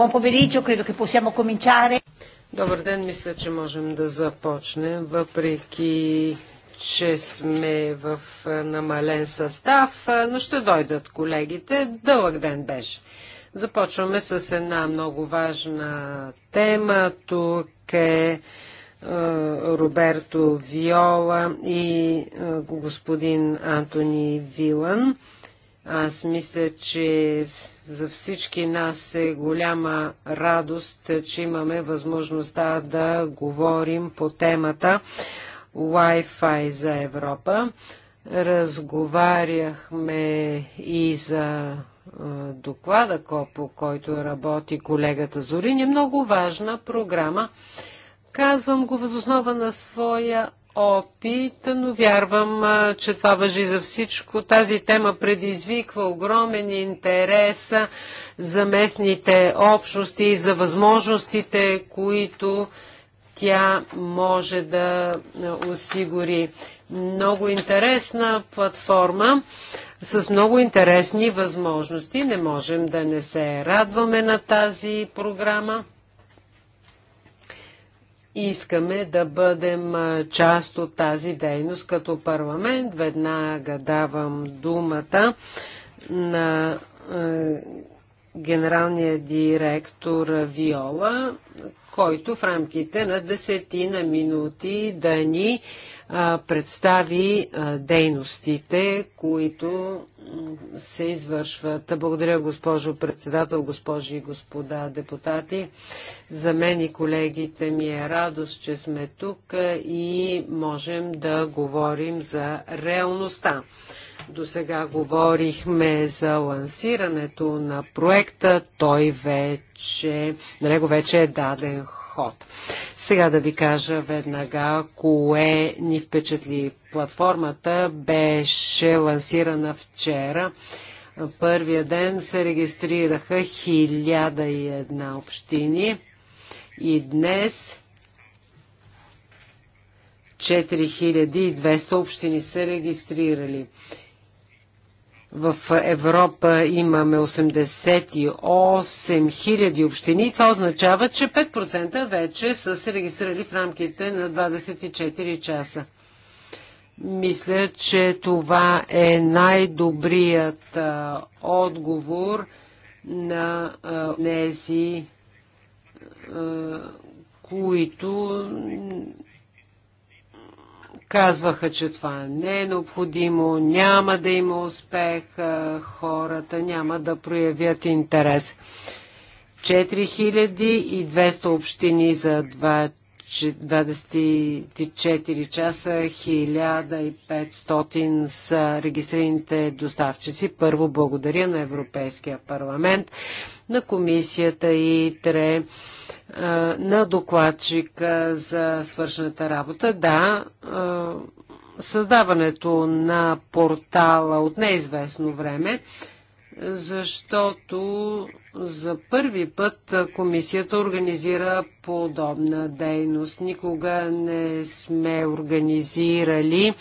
Buon pomeriggio, credo che possiamo cominciare. Добър ден, мисля, че можем да започнем, въпреки че сме в е, намален състав, е, но ще дойдат колегите. Дълъг ден беше. Започваме с една много важна тема. Тук е, е Роберто Виола и господин Антони Вилан. Аз мисля, че за всички нас е голяма радост, че имаме възможността да говорим по темата Wi-Fi за Европа. Разговаряхме и за доклада, по който работи колегата Зорин, е много важна програма. Казвам го възоснова на своя опит, но вярвам, че това въжи за всичко. Тази тема предизвиква огромен интерес за местните общности и за възможностите, които тя може да осигури. Много интересна платформа с много интересни възможности. Не можем да не се радваме на тази програма искаме да бъдем част от тази дейност като парламент. Веднага давам думата на генералния директор Виола, който в рамките на десетина минути да ни а, представи а, дейностите, които се извършват. Благодаря, госпожо председател, госпожи и господа депутати. За мен и колегите ми е радост, че сме тук и можем да говорим за реалността. До сега говорихме за лансирането на проекта. Той вече, на него вече е даден ход. Сега да ви кажа веднага, кое ни впечатли. Платформата беше лансирана вчера. Първия ден се регистрираха 1001 общини и днес 4200 общини са регистрирали. В Европа имаме 88 000 общини. Това означава, че 5% вече са се регистрирали в рамките на 24 часа. Мисля, че това е най-добрият отговор на тези, които Казваха, че това не е необходимо, няма да има успех, хората няма да проявят интерес. 4200 общини за 24 часа, 1500 са регистрираните доставчици. Първо благодаря на Европейския парламент, на комисията и ТРЕ на докладчика за свършената работа. Да, създаването на портала от неизвестно време, защото за първи път комисията организира подобна дейност. Никога не сме организирали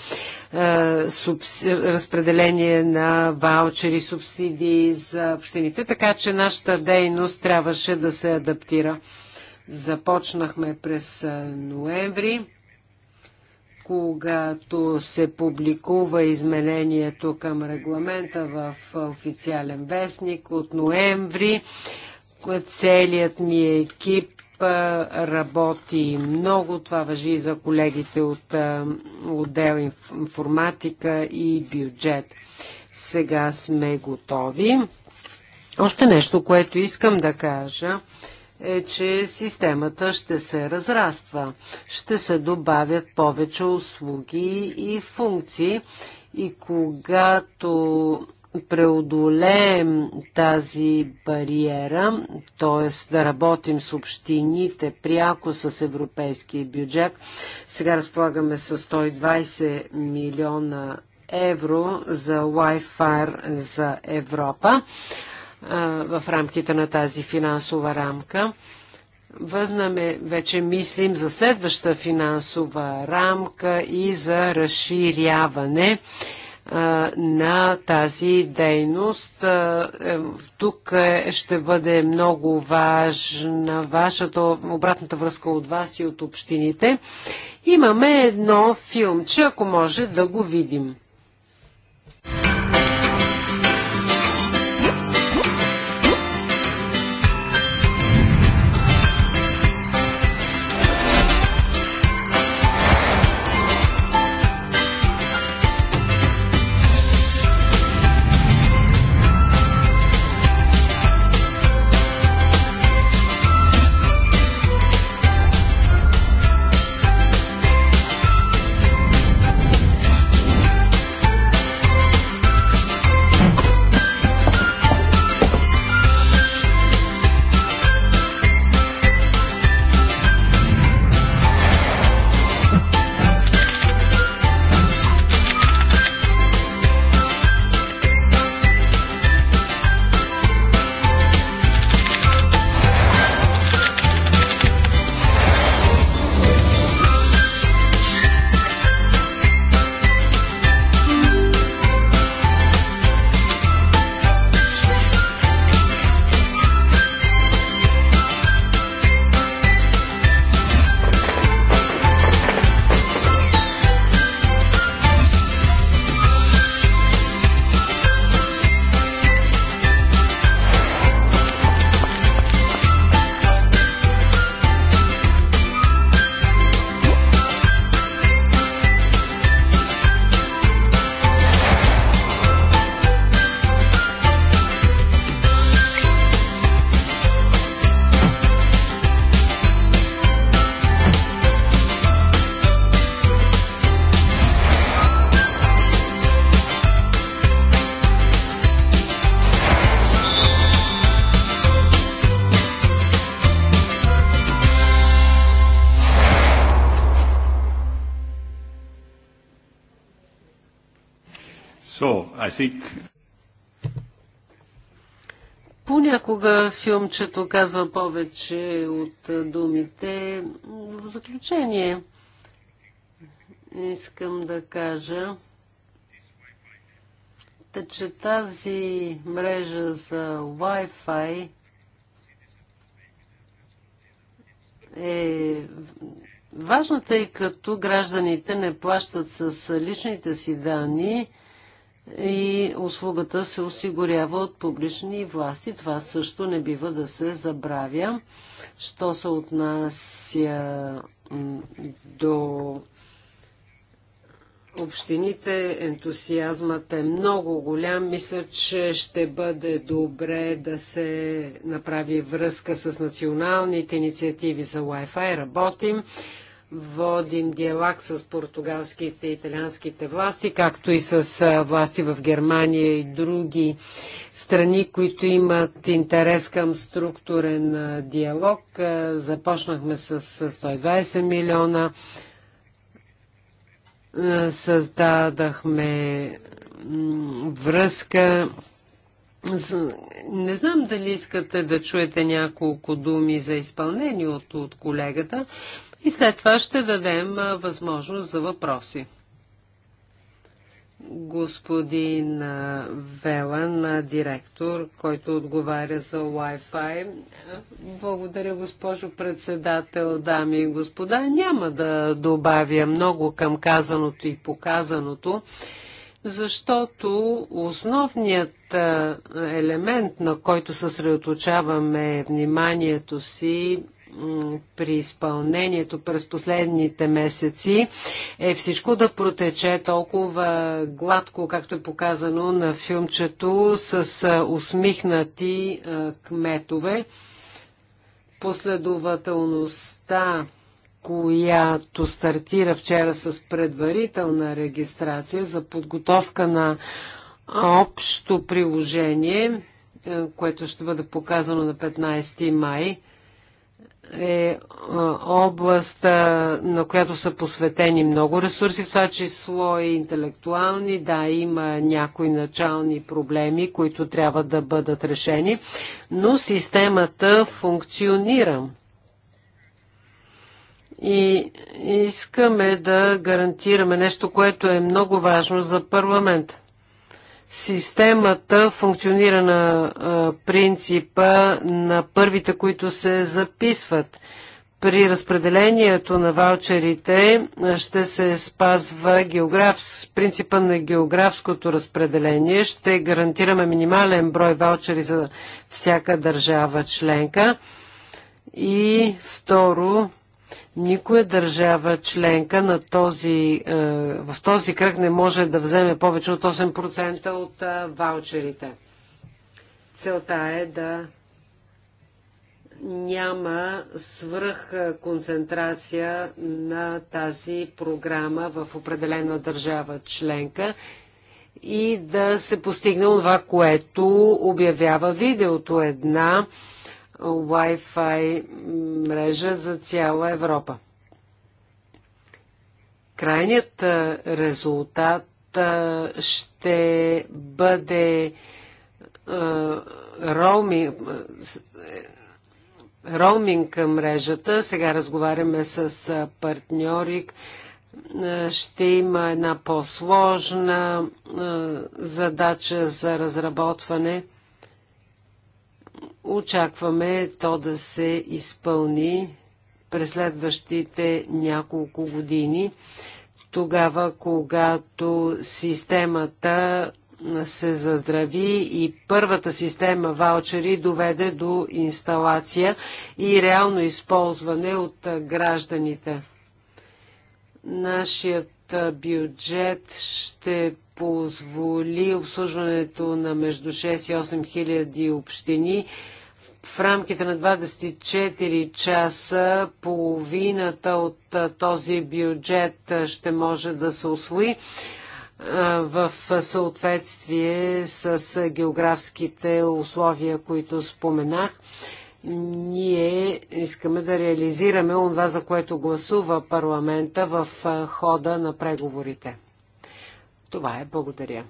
разпределение на ваучери, субсидии за общините, така че нашата дейност трябваше да се адаптира. Започнахме през ноември, когато се публикува изменението към регламента в официален вестник. От ноември целият ни екип работи много. Това въжи и за колегите от отдел информатика и бюджет. Сега сме готови. Още нещо, което искам да кажа е, че системата ще се разраства. Ще се добавят повече услуги и функции и когато преодолеем тази бариера, т.е. да работим с общините пряко с европейския бюджет. Сега разполагаме с 120 милиона евро за Wi-Fi за Европа в рамките на тази финансова рамка. Възнаме, вече мислим за следваща финансова рамка и за разширяване на тази дейност. Е, тук е, ще бъде много важна вашата обратната връзка от вас и от общините. Имаме едно филмче, ако може да го видим. think... Понякога филмчето казва повече от думите. В заключение искам да кажа, че тази мрежа за Wi-Fi е важна, тъй като гражданите не плащат с личните си данни и услугата се осигурява от публични власти. Това също не бива да се забравя. Що се отнася до общините, ентусиазмът е много голям. Мисля, че ще бъде добре да се направи връзка с националните инициативи за Wi-Fi. Работим. Водим диалог с португалските и италианските власти, както и с власти в Германия и други страни, които имат интерес към структурен диалог. Започнахме с 120 милиона. Създадахме връзка не знам дали искате да чуете няколко думи за изпълнението от колегата, и след това ще дадем възможност за въпроси. Господин Велан, директор, който отговаря за Wi-Fi. Благодаря, госпожо председател, дами и господа. Няма да добавя много към казаното и показаното защото основният елемент, на който съсредоточаваме вниманието си, при изпълнението през последните месеци е всичко да протече толкова гладко, както е показано на филмчето с усмихнати кметове. Последователността която стартира вчера с предварителна регистрация за подготовка на общо приложение, което ще бъде показано на 15 май е, е област, на която са посветени много ресурси, в това число и интелектуални. Да, има някои начални проблеми, които трябва да бъдат решени, но системата функционира. И искаме да гарантираме нещо, което е много важно за парламента. Системата функционира на принципа на първите, които се записват. При разпределението на ваучерите ще се спазва географ... принципа на географското разпределение. Ще гарантираме минимален брой ваучери за всяка държава членка. И второ, Никоя държава членка на този, е, в този кръг не може да вземе повече от 8% от е, ваучерите. Целта е да няма свръхконцентрация е, на тази програма в определена държава членка и да се постигне това, което обявява видеото. Една Wi-Fi мрежа за цяла Европа. Крайният резултат ще бъде роуминг, роуминг към мрежата. Сега разговаряме с партньори. Ще има една по-сложна задача за разработване – Очакваме то да се изпълни през следващите няколко години, тогава когато системата се заздрави и първата система ваучери доведе до инсталация и реално използване от гражданите. Нашият бюджет ще позволи обслужването на между 6 и 8 хиляди общини. В рамките на 24 часа половината от този бюджет ще може да се освои в съответствие с географските условия, които споменах. Ние искаме да реализираме това, за което гласува парламента в хода на преговорите. Това е. Благодаря.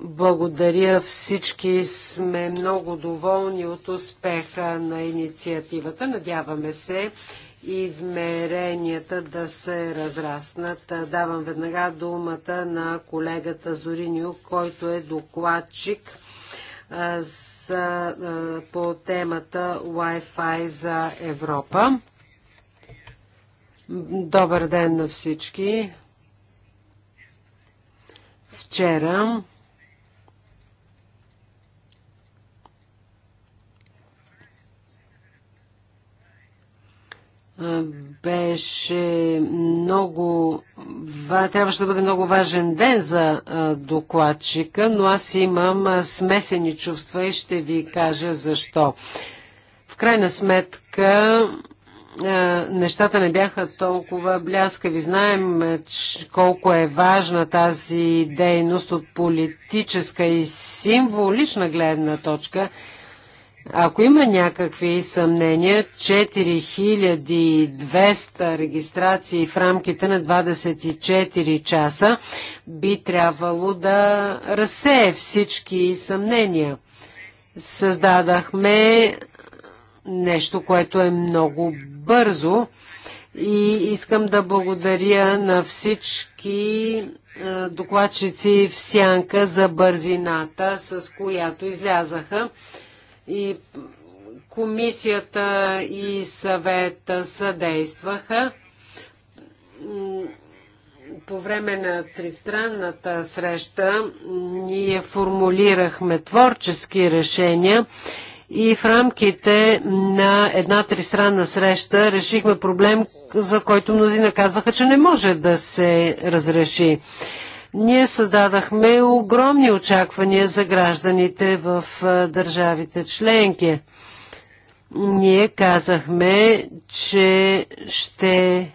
Благодаря. Всички сме много доволни от успеха на инициативата. Надяваме се измеренията да се разраснат. Давам веднага думата на колегата Зориню, който е докладчик за, по темата Wi-Fi за Европа. Добър ден на всички! Вчера беше много... Трябваше да бъде много важен ден за докладчика, но аз имам смесени чувства и ще ви кажа защо. В крайна сметка е, нещата не бяха толкова бляскави. Знаем е, колко е важна тази дейност от политическа и символична гледна точка. Ако има някакви съмнения, 4200 регистрации в рамките на 24 часа би трябвало да разсее всички съмнения. Създадахме нещо, което е много бързо. И искам да благодаря на всички докладчици в сянка за бързината, с която излязаха. И комисията и съвета съдействаха. По време на тристранната среща ние формулирахме творчески решения и в рамките на една тристранна среща решихме проблем, за който мнози наказваха, че не може да се разреши. Ние създадахме огромни очаквания за гражданите в държавите членки. Ние казахме, че ще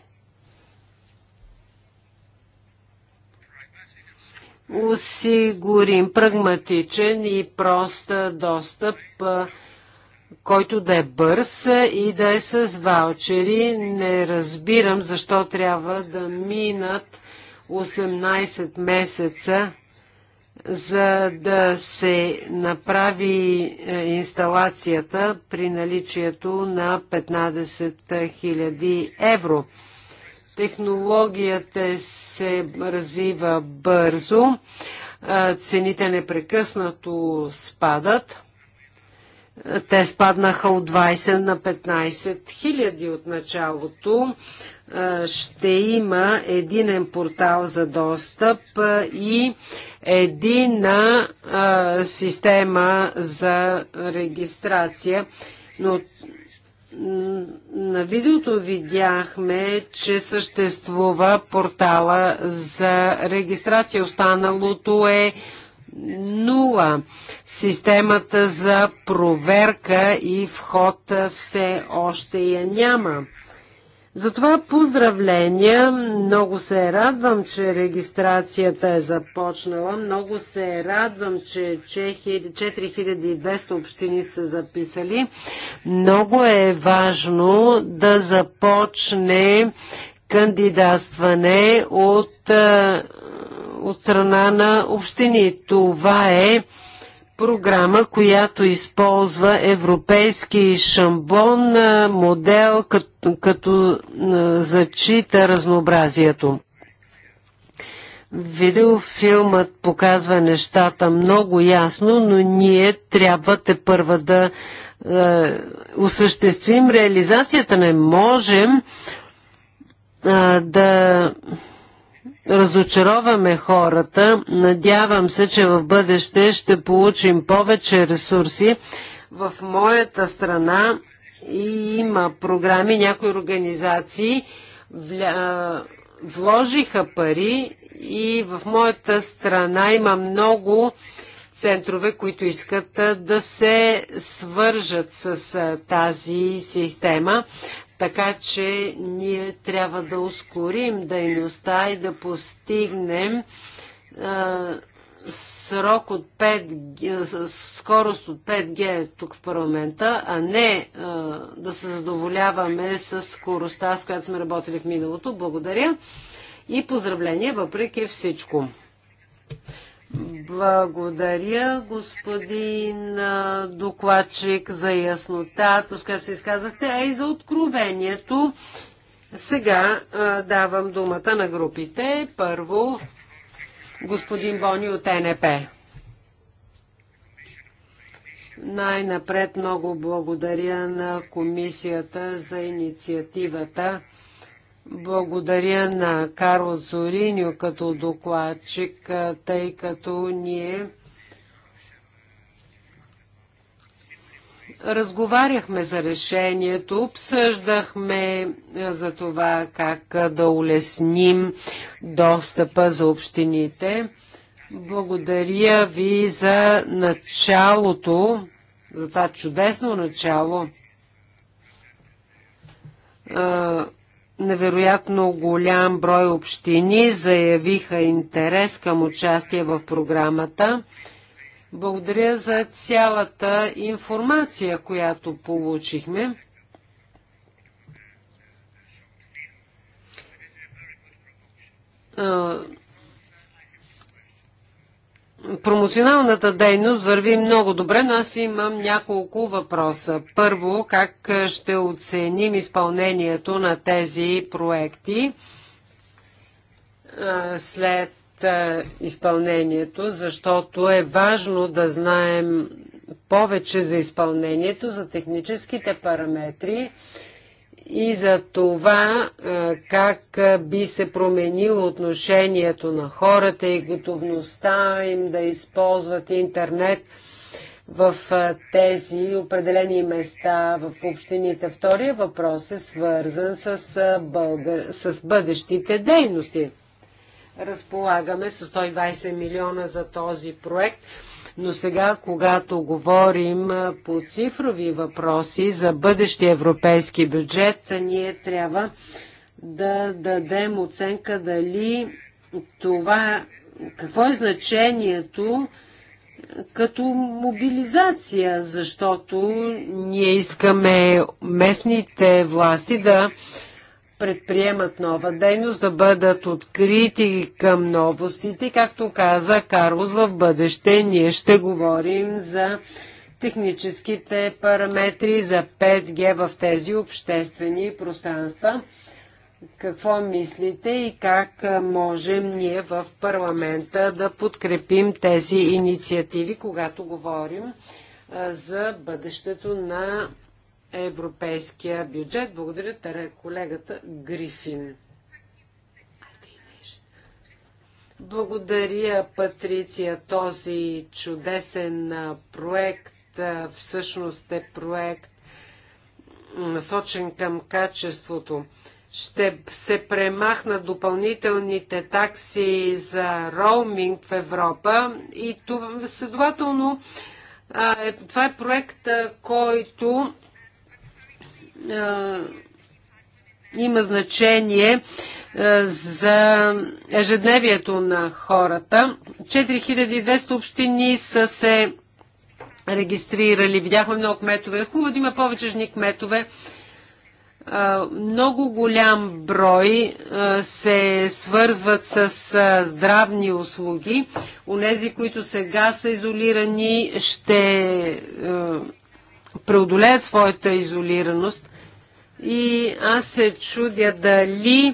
осигурим прагматичен и прост достъп който да е бърз и да е с ваучери. Не разбирам защо трябва да минат 18 месеца, за да се направи е, инсталацията при наличието на 15 000 евро. Технологията се развива бързо, е, цените непрекъснато спадат те спаднаха от 20 на 15 хиляди от началото. Е, ще има единен портал за достъп е, и едина е, система за регистрация. Но на видеото видяхме, че съществува портала за регистрация. Останалото е нула. Системата за проверка и вход все още я няма. Затова поздравления! Много се радвам, че регистрацията е започнала. Много се радвам, че 4200 общини са записали. Много е важно да започне кандидатстване от от страна на общини. Това е програма, която използва европейски шамбон модел, като, като зачита разнообразието. Видеофилмът показва нещата много ясно, но ние трябва те първа да е, осъществим реализацията. Не можем е, да разочароваме хората. Надявам се, че в бъдеще ще получим повече ресурси. В моята страна има програми, някои организации вложиха пари и в моята страна има много центрове, които искат да се свържат с тази система. Така че ние трябва да ускорим дейността и да постигнем а, срок от 5G, скорост от 5G тук в парламента, а не а, да се задоволяваме с скоростта, с която сме работили в миналото. Благодаря и поздравления въпреки всичко. Благодаря, господин докладчик, за яснотата, с която се изказахте, а и за откровението. Сега а, давам думата на групите. Първо, господин Бони от НП. Най-напред много благодаря на комисията за инициативата благодаря на Карло Зориньо като докладчик, тъй като ние разговаряхме за решението, обсъждахме за това как да улесним достъпа за общините. Благодаря ви за началото, за това чудесно начало невероятно голям брой общини заявиха интерес към участие в програмата. Благодаря за цялата информация, която получихме. Uh, Промоционалната дейност върви много добре, но аз имам няколко въпроса. Първо, как е, ще оценим изпълнението на тези проекти е, след е, изпълнението, защото е важно да знаем повече за изпълнението, за техническите параметри и за това как би се променило отношението на хората и готовността им да използват интернет в тези определени места в общините. Втория въпрос е свързан с, българ... с бъдещите дейности. Разполагаме с 120 милиона за този проект но сега, когато говорим по цифрови въпроси за бъдещия европейски бюджет, ние трябва да дадем оценка дали това, какво е значението като мобилизация, защото ние искаме местните власти да предприемат нова дейност, да бъдат открити към новостите. Както каза Карлос, в бъдеще ние ще говорим за техническите параметри за 5G в тези обществени пространства. Какво мислите и как можем ние в парламента да подкрепим тези инициативи, когато говорим за бъдещето на европейския бюджет. Благодаря търе, колегата Грифин. Благодаря, Патриция, този чудесен проект всъщност е проект насочен към качеството. Ще се премахна допълнителните такси за роуминг в Европа и това, следователно е, това е проект, който има значение за ежедневието на хората. 4200 общини са се регистрирали. Видяхме много кметове. Хубаво да има повече жени кметове. Много голям брой се свързват с здравни услуги. Онези, които сега са изолирани, ще преодолеят своята изолираност и аз се чудя дали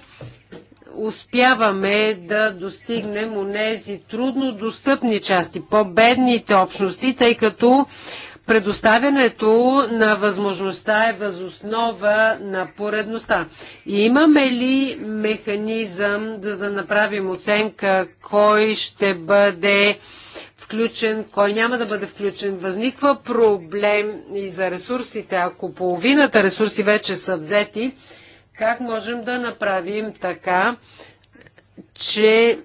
успяваме да достигнем онези трудно достъпни части, по-бедните общности, тъй като предоставянето на възможността е възоснова на поредността. И имаме ли механизъм да, да направим оценка кой ще бъде включен, кой няма да бъде включен. Възниква проблем и за ресурсите. Ако половината ресурси вече са взети, как можем да направим така, че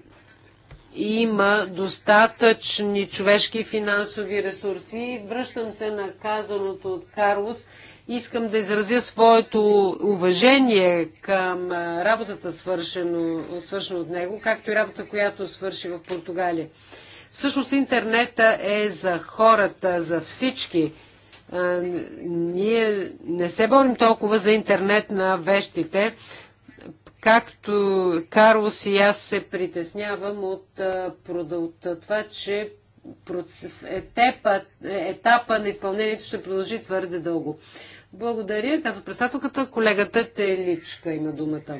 има достатъчни човешки финансови ресурси. Връщам се на казаното от Карлос. Искам да изразя своето уважение към работата, свършено, свършено от него, както и работа, която свърши в Португалия. Всъщност интернета е за хората, за всички. ние не се борим толкова за интернет на вещите, както Карлос и аз се притеснявам от, от това, че етапа, етапа на изпълнението ще продължи твърде дълго. Благодаря. Казва председателката, колегата Теличка има думата.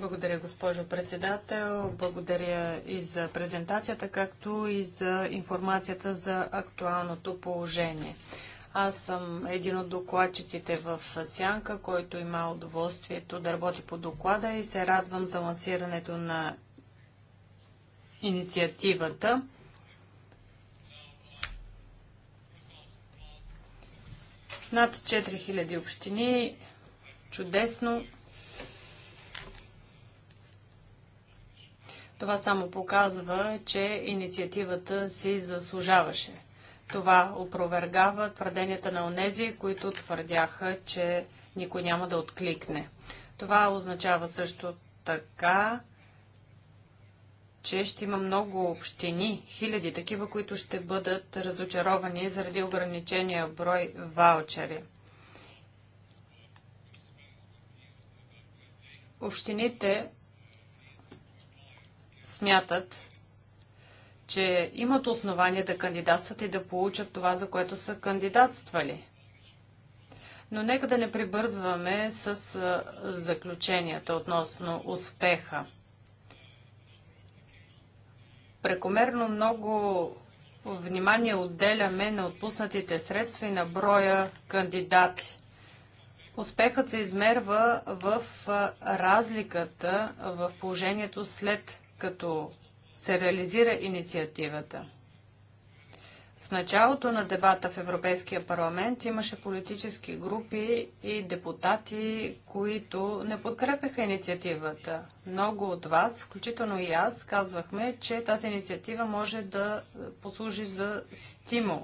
Благодаря, госпожо председател. Благодаря и за презентацията, както и за информацията за актуалното положение. Аз съм един от докладчиците в Сянка, който има удоволствието да работи по доклада и се радвам за лансирането на инициативата. Над 4000 общини. Чудесно. Това само показва, че инициативата си заслужаваше. Това опровергава твърденията на онези, които твърдяха, че никой няма да откликне. Това означава също така, че ще има много общини, хиляди такива, които ще бъдат разочаровани заради ограничения брой ваучери. Общините смятат, че имат основания да кандидатстват и да получат това, за което са кандидатствали. Но нека да не прибързваме с заключенията относно успеха. Прекомерно много внимание отделяме на отпуснатите средства и на броя кандидати. Успехът се измерва в разликата в положението след като се реализира инициативата. В началото на дебата в Европейския парламент имаше политически групи и депутати, които не подкрепяха инициативата. Много от вас, включително и аз, казвахме, че тази инициатива може да послужи за стимул.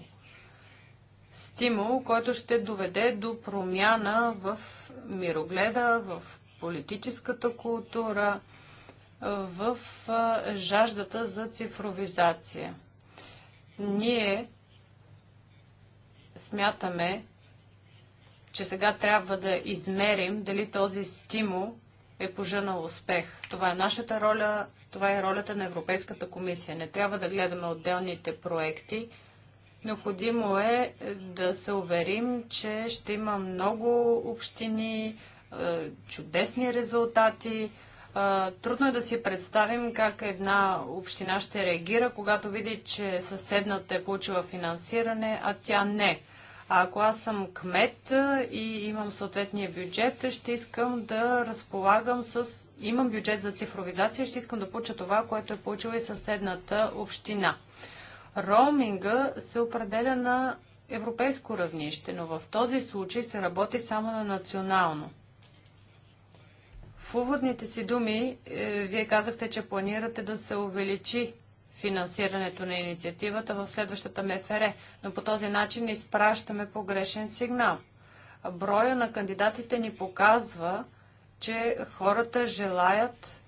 Стимул, който ще доведе до промяна в мирогледа, в политическата култура – в жаждата за цифровизация. Ние смятаме, че сега трябва да измерим дали този стимул е пожънал успех. Това е нашата роля, това е ролята на Европейската комисия. Не трябва да гледаме отделните проекти. Необходимо е да се уверим, че ще има много общини, чудесни резултати, Трудно е да си представим как една община ще реагира, когато види, че съседната е получила финансиране, а тя не. А ако аз съм кмет и имам съответния бюджет, ще искам да разполагам с... Имам бюджет за цифровизация, ще искам да получа това, което е получила и съседната община. Роуминга се определя на европейско равнище, но в този случай се работи само на национално. В уводните си думи е, вие казахте, че планирате да се увеличи финансирането на инициативата в следващата МФР, но по този начин изпращаме погрешен сигнал. Броя на кандидатите ни показва, че хората желаят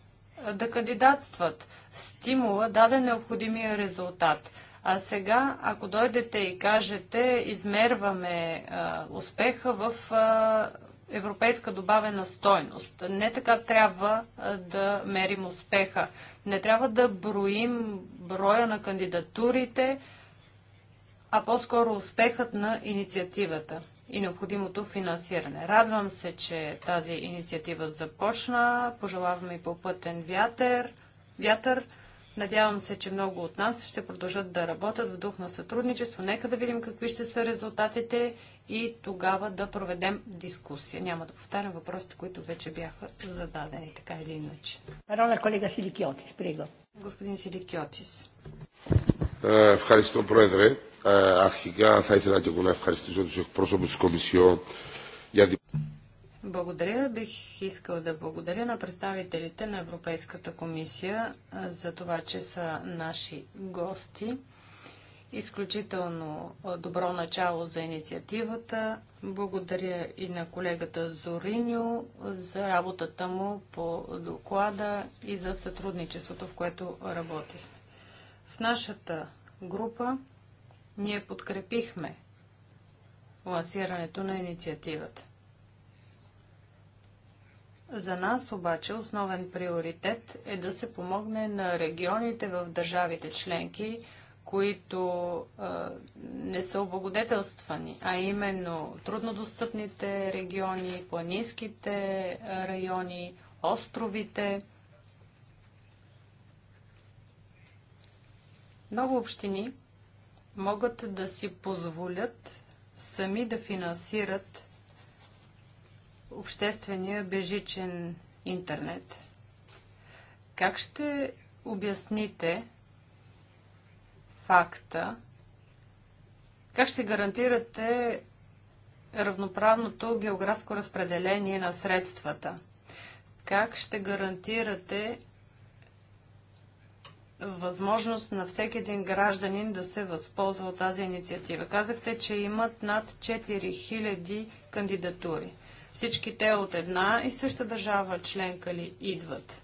е, да кандидатстват. Стимула даде необходимия резултат. А сега, ако дойдете и кажете, измерваме а, е, успеха в а, европейска добавена стойност. Не така трябва да мерим успеха. Не трябва да броим броя на кандидатурите, а по-скоро успехът на инициативата и необходимото финансиране. Радвам се, че тази инициатива започна. Пожелаваме и по пътен вятър. вятър. Надявам се, че много от нас ще продължат да работят в дух на сътрудничество. Нека да видим какви ще са резултатите и тогава да проведем дискусия. Няма да повтарям въпросите, които вече бяха зададени, така или иначе. Роля колега Силикиотис, приго. Господин Силикиотис. Е, ευχαριστώ, Πρόεδρε. Е, αρχικά θα ήθελα και εγώ να ευχαριστήσω τους εκπρόσωπους της Κομισιόν για την... Благодаря. Бих искал да благодаря на представителите на Европейската комисия за това, че са наши гости. Изключително добро начало за инициативата. Благодаря и на колегата Зориньо за работата му по доклада и за сътрудничеството, в което работих. В нашата група ние подкрепихме лансирането на инициативата. За нас обаче основен приоритет е да се помогне на регионите в държавите членки, които е, не са облагодетелствани, а именно труднодостъпните региони, планинските райони, островите. Много общини могат да си позволят сами да финансират обществения бежичен интернет. Как ще обясните факта, как ще гарантирате равноправното географско разпределение на средствата? Как ще гарантирате възможност на всеки един гражданин да се възползва от тази инициатива? Казахте, че имат над 4000 кандидатури. Всички те от една и съща държава членка ли идват?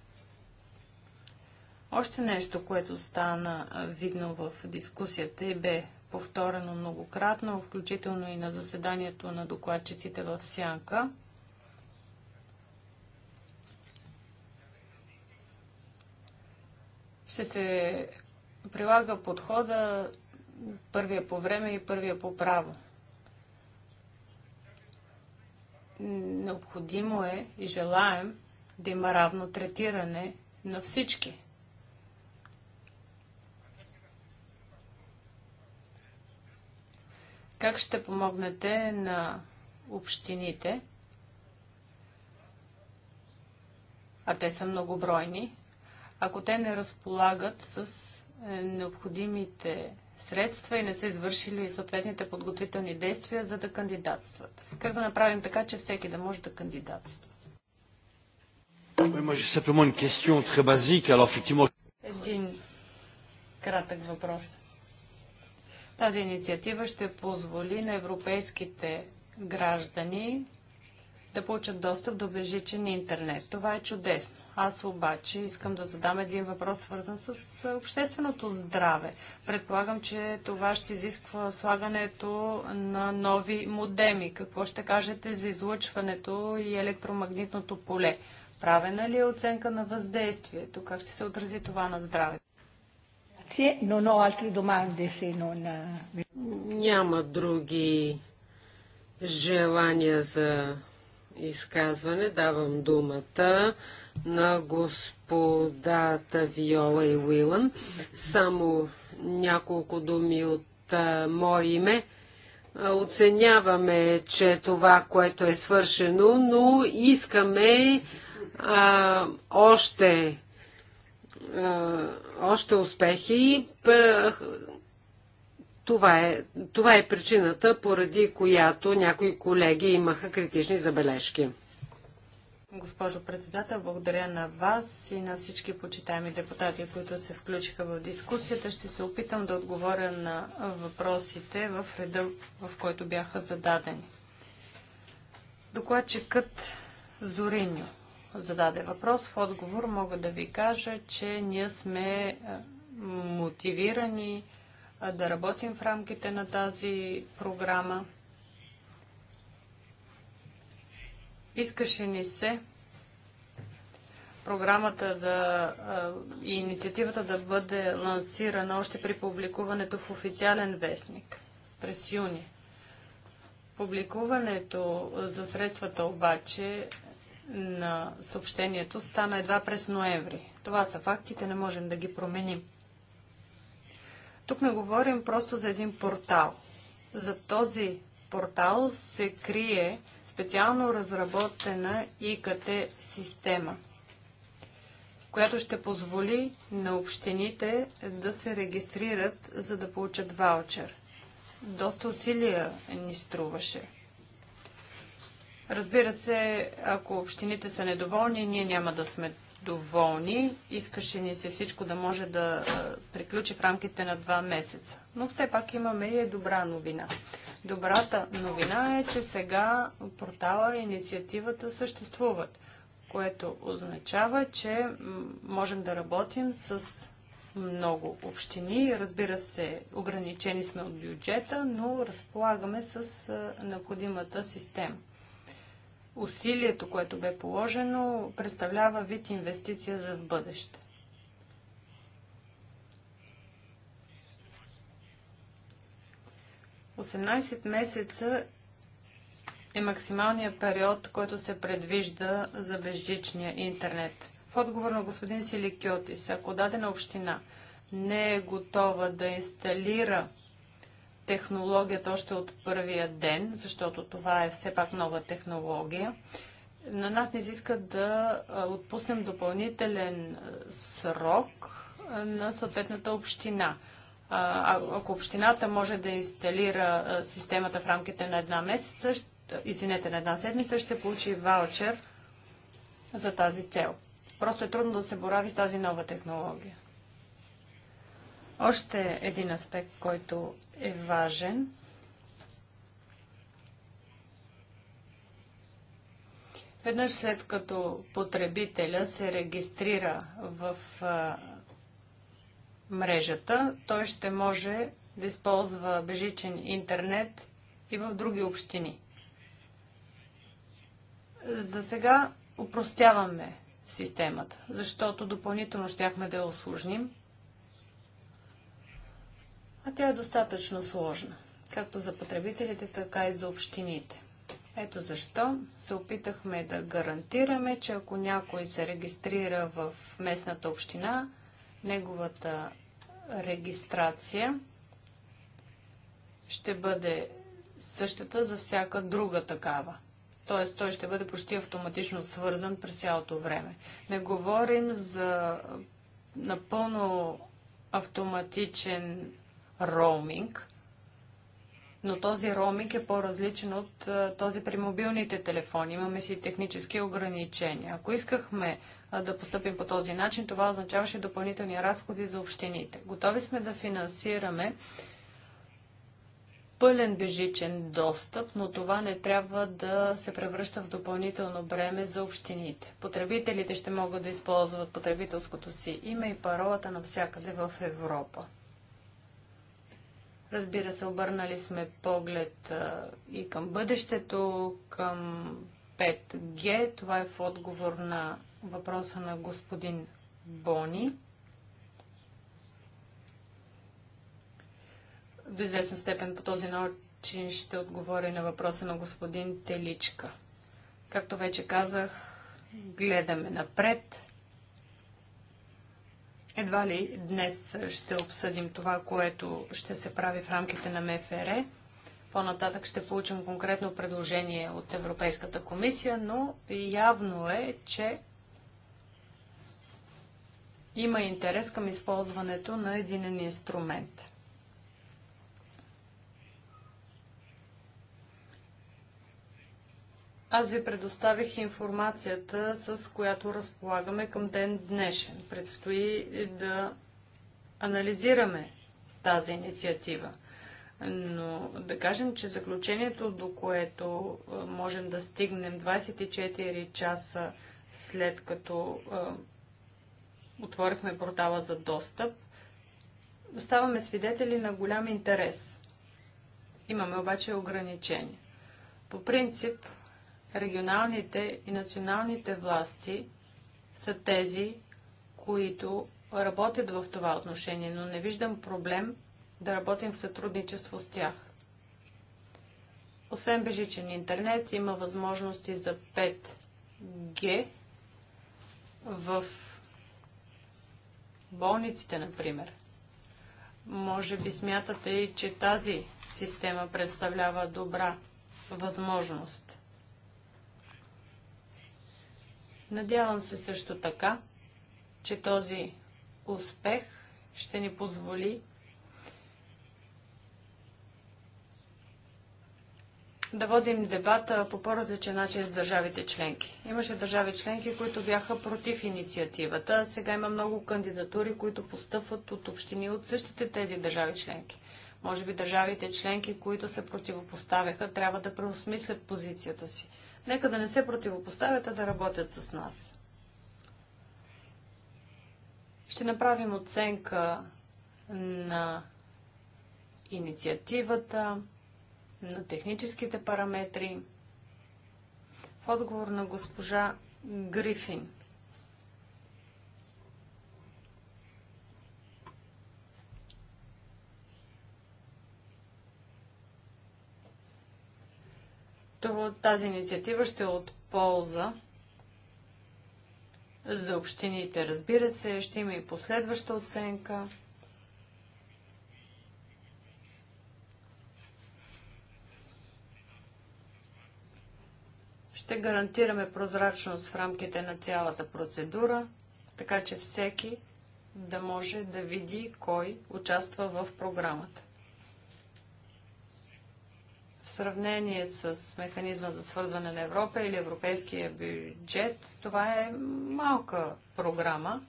Още нещо, което стана видно в дискусията и бе повторено многократно, включително и на заседанието на докладчиците в Сянка. Ще се прилага подхода първия по време и първия по право. Необходимо е и желаем да има равно третиране на всички. Как ще помогнете на общините? А те са многобройни. Ако те не разполагат с е, необходимите средства и не са извършили съответните подготвителни действия, за да кандидатстват? Как да направим така, че всеки да може да кандидатства? Един кратък въпрос. Тази инициатива ще позволи на европейските граждани да получат достъп до бежичен интернет. Това е чудесно. Аз обаче искам да задам един въпрос, свързан с общественото здраве. Предполагам, че това ще изисква слагането на нови модеми. Какво ще кажете за излъчването и електромагнитното поле? Правена ли е оценка на въздействието? Как ще се отрази това на здравето? Eh, Няма други желания за изказване. Давам думата на господата Виола и Уилън. Само няколко думи от а, мое име. А, оценяваме, че това, което е свършено, но искаме а, още, а, още успехи. Това е, това е причината, поради която някои колеги имаха критични забележки. Госпожо председател, благодаря на вас и на всички почитаеми депутати, които се включиха в дискусията. Ще се опитам да отговоря на въпросите в реда, в който бяха зададени. Докладчикът Зориньо зададе въпрос. В отговор мога да ви кажа, че ние сме е, мотивирани да работим в рамките на тази програма. Искаше ни се програмата да, и инициативата да бъде лансирана още при публикуването в официален вестник през юни. Публикуването за средствата обаче на съобщението стана едва през ноември. Това са фактите, не можем да ги променим. Тук не говорим просто за един портал. За този портал се крие специално разработена ИКТ система, която ще позволи на общините да се регистрират, за да получат ваучер. Доста усилия ни струваше. Разбира се, ако общините са недоволни, ние няма да сме доволни. Искаше ни се всичко да може да приключи в рамките на два месеца. Но все пак имаме и добра новина. Добрата новина е, че сега портала и инициативата съществуват, което означава, че можем да работим с много общини. Разбира се, ограничени сме от бюджета, но разполагаме с необходимата система усилието, което бе положено, представлява вид инвестиция за в бъдеще. Осемнайсет месеца е максималният период, който се предвижда за безжичния интернет. В отговор на господин Силикиотис, ако дадена община не е готова да инсталира технологията още от първия ден, защото това е все пак нова технология. На нас не изиска да отпуснем допълнителен срок на съответната община. А, ако общината може да инсталира системата в рамките на една месеца, извинете, на една седмица, ще получи ваучер за тази цел. Просто е трудно да се борави с тази нова технология. Още един аспект, който е важен. Веднъж след като потребителя се регистрира в а, мрежата, той ще може да използва бежичен интернет и в други общини. За сега упростяваме системата, защото допълнително щяхме да я осложним а тя е достатъчно сложна, както за потребителите, така и за общините. Ето защо се опитахме да гарантираме, че ако някой се регистрира в местната община, неговата регистрация ще бъде същата за всяка друга такава. Т.е. той ще бъде почти автоматично свързан през цялото време. Не говорим за напълно автоматичен роуминг, но този роуминг е по-различен от този при мобилните телефони. Имаме си технически ограничения. Ако искахме да поступим по този начин, това означаваше допълнителни разходи за общините. Готови сме да финансираме пълен бежичен достъп, но това не трябва да се превръща в допълнително бреме за общините. Потребителите ще могат да използват потребителското си име и паролата навсякъде в Европа. Разбира се, обърнали сме поглед а, и към бъдещето, към 5G. Това е в отговор на въпроса на господин Бони. До известен степен по този начин ще отговоря на въпроса на господин Теличка. Както вече казах, гледаме напред. Едва ли днес ще обсъдим това, което ще се прави в рамките на МФР. По-нататък ще получим конкретно предложение от Европейската комисия, но явно е, че има интерес към използването на един инструмент. Аз ви предоставих информацията, с която разполагаме към ден днешен. Предстои да анализираме тази инициатива. Но да кажем, че заключението, до което можем да стигнем 24 часа след като отворихме портала за достъп, ставаме свидетели на голям интерес. Имаме обаче ограничения. По принцип, регионалните и националните власти са тези, които работят в това отношение, но не виждам проблем да работим в сътрудничество с тях. Освен бежичен интернет, има възможности за 5G в болниците, например. Може би смятате, и че тази система представлява добра възможност. Надявам се също така, че този успех ще ни позволи да водим дебата по по-различен начин с държавите членки. Имаше държави членки, които бяха против инициативата. Сега има много кандидатури, които постъпват от общини от същите тези държави членки. Може би държавите членки, които се противопоставяха, трябва да преосмислят позицията си. Нека да не се противопоставят, а да работят с нас. Ще направим оценка на инициативата, на техническите параметри. В отговор на госпожа Грифин. тази инициатива ще е от полза за общините. Разбира се, ще има и последваща оценка. Ще гарантираме прозрачност в рамките на цялата процедура, така че всеки да може да види кой участва в програмата. В сравнение с механизма за свързване на Европа или европейския бюджет, това е малка програма.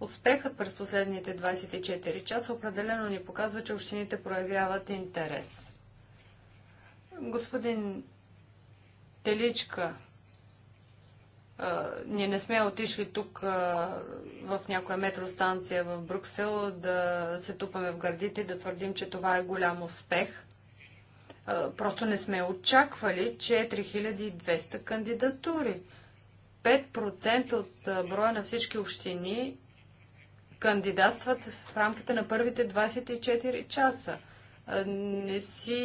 Успехът през последните 24 часа определено ни показва, че общините проявяват интерес. Господин Теличка а, ние не сме отишли тук а, в някоя метростанция в Брюксел да се тупаме в гърдите и да твърдим, че това е голям успех. А, просто не сме очаквали 4200 кандидатури. 5% от броя на всички общини кандидатстват в рамките на първите 24 часа. Не си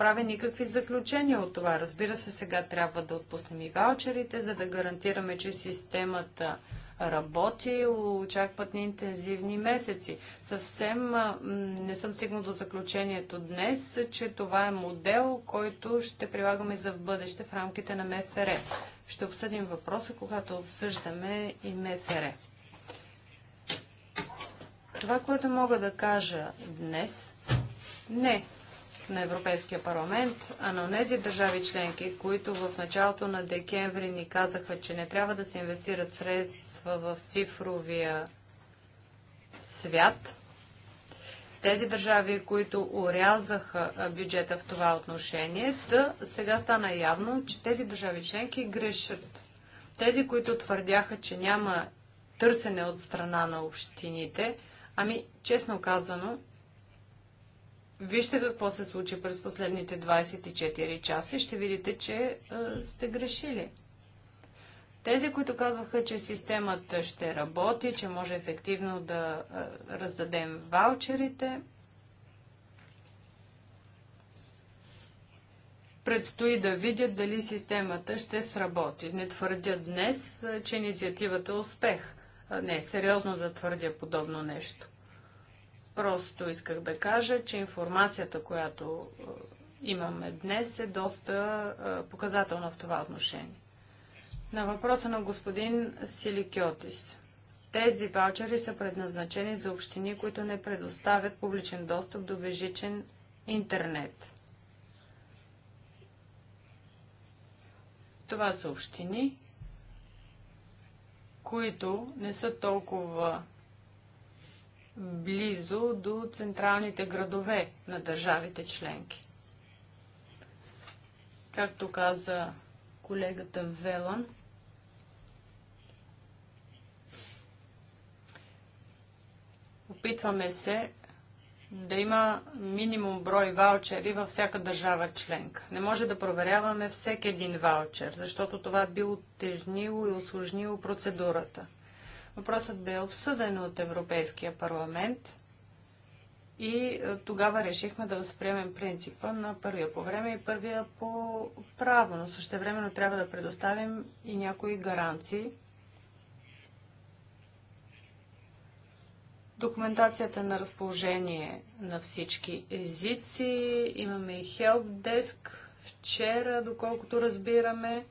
правя никакви заключения от това. Разбира се, сега трябва да отпуснем и ваучерите, за да гарантираме, че системата работи, очакват ни интензивни месеци. Съвсем не съм стигнал до заключението днес, че това е модел, който ще прилагаме за в бъдеще в рамките на МФР. Ще обсъдим въпроса, когато обсъждаме и МФР. Това, което мога да кажа днес, не на Европейския парламент, а на тези държави членки, които в началото на декември ни казаха, че не трябва да се инвестират средства в цифровия свят, тези държави, които урязаха бюджета в това отношение, да сега стана явно, че тези държави членки грешат. Тези, които твърдяха, че няма търсене от страна на общините, ами честно казано, Вижте какво се случи през последните 24 часа и ще видите, че а, е, сте грешили. Тези, които казваха, че системата ще работи, че може ефективно да а, е, раздадем ваучерите, предстои да видят дали системата ще сработи. Не твърдя днес, е, че инициативата е успех. Не е сериозно да твърдя подобно нещо. Просто исках да кажа, че информацията, която е, имаме днес, е доста е, показателна в това отношение. На въпроса на господин Силикиотис. Тези ваучери са предназначени за общини, които не предоставят публичен достъп до бежичен интернет. Това са общини, които не са толкова близо до централните градове на държавите членки. Както каза колегата Велан, опитваме се да има минимум брой ваучери във всяка държава членка. Не може да проверяваме всеки един ваучер, защото това би отежнило и осложнило процедурата. Въпросът бе обсъден от Европейския парламент и е, тогава решихме да възприемем принципа на първия по време и първия по право, но също времено трябва да предоставим и някои гаранции. Документацията е на разположение на всички езици, имаме и Хелп деск вчера, доколкото разбираме.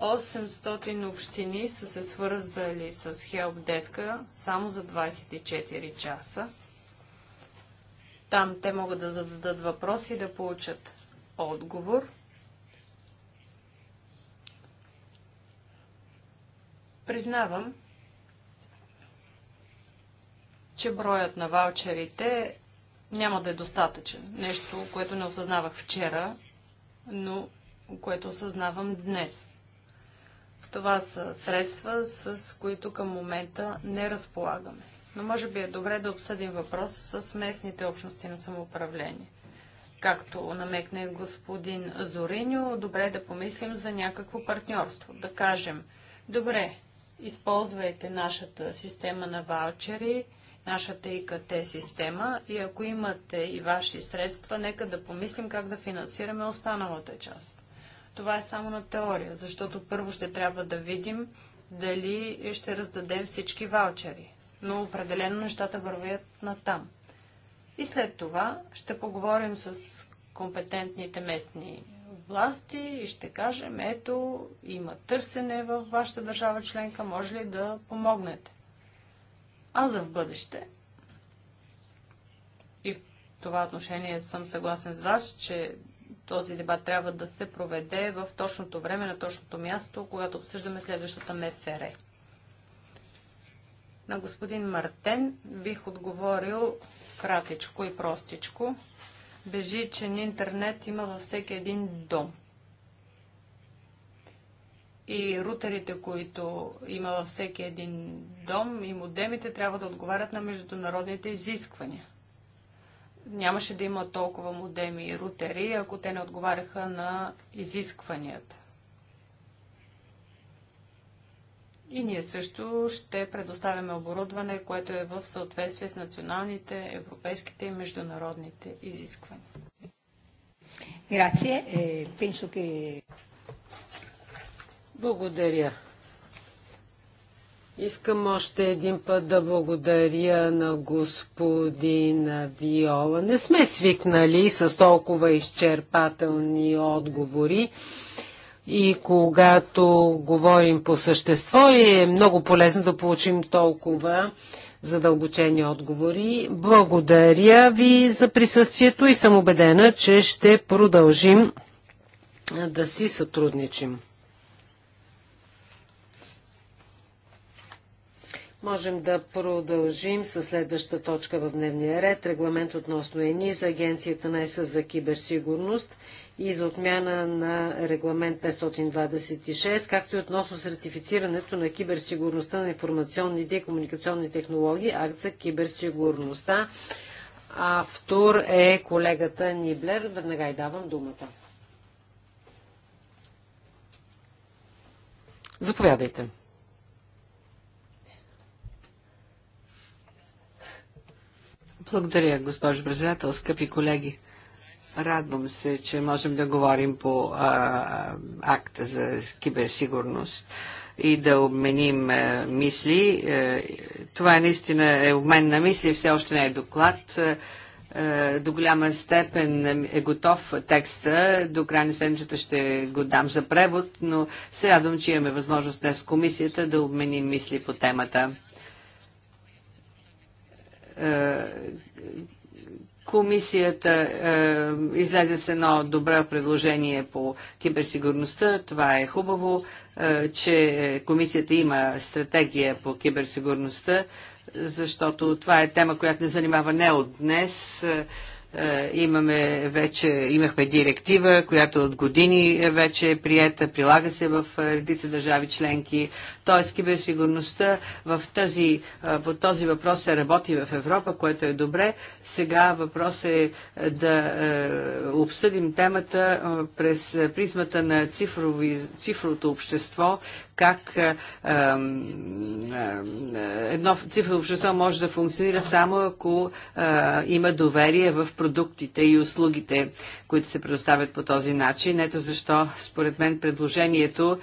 800 общини са се свързали с хелпдеска само за 24 часа. Там те могат да зададат въпроси и да получат отговор. Признавам, че броят на ваучерите няма да е достатъчен. Нещо, което не осъзнавах вчера, но което осъзнавам днес. Това са средства, с които към момента не разполагаме. Но може би е добре да обсъдим въпрос с местните общности на самоуправление. Както намекне господин Зориньо, добре е да помислим за някакво партньорство. Да кажем, добре, използвайте нашата система на ваучери, нашата ИКТ система и ако имате и ваши средства, нека да помислим как да финансираме останалата част това е само на теория, защото първо ще трябва да видим дали ще раздадем всички ваучери. Но определено нещата вървят на там. И след това ще поговорим с компетентните местни власти и ще кажем, ето, има търсене във вашата държава членка, може ли да помогнете? А за в бъдеще, и в това отношение съм съгласен с вас, че този дебат трябва да се проведе в точното време, на точното място, когато обсъждаме следващата МФР. На господин Мартен бих отговорил кратичко и простичко. Бежичен интернет има във всеки един дом. И рутерите, които има във всеки един дом и модемите трябва да отговарят на международните изисквания нямаше да има толкова модеми и рутери, ако те не отговаряха на изискванията. И ние също ще предоставяме оборудване, което е в съответствие с националните, европейските и международните изисквания. Е, Благодаря. Искам още един път да благодаря на господина Виола. Не сме свикнали с толкова изчерпателни отговори. И когато говорим по същество, е много полезно да получим толкова задълбочени отговори. Благодаря ви за присъствието и съм убедена, че ще продължим да си сътрудничим. Можем да продължим с следваща точка в дневния ред. Регламент относно ЕНИ за Агенцията на ЕС за киберсигурност и за отмяна на регламент 526, както и относно сертифицирането на киберсигурността на информационните и комуникационни технологии, акт за киберсигурността. Автор е колегата Ниблер. Веднага й давам думата. Заповядайте. Благодаря, госпожо председател, скъпи колеги. Радвам се, че можем да говорим по а, акта за киберсигурност и да обменим е, мисли. Е, това е наистина е обмен на мисли, все още не е доклад. Е, е, до голяма степен е готов текста. До края на седмицата ще го дам за превод, но се радвам, че имаме възможност днес в комисията да обменим мисли по темата е, Комисията е, излезе с едно добро предложение по киберсигурността. Това е хубаво, е, че комисията има стратегия по киберсигурността, защото това е тема, която не занимава не от днес. Е, е, имаме вече, имахме директива, която от години е вече е приета, прилага се в е, редица държави членки. Т.е. киберсигурността в тази, по този въпрос се работи в Европа, което е добре. Сега въпрос е да обсъдим темата през призмата на цифрови, цифровото общество, как едно цифрово общество може да функционира само ако има доверие в продуктите и услугите, които се предоставят по този начин. Ето защо, според мен, предложението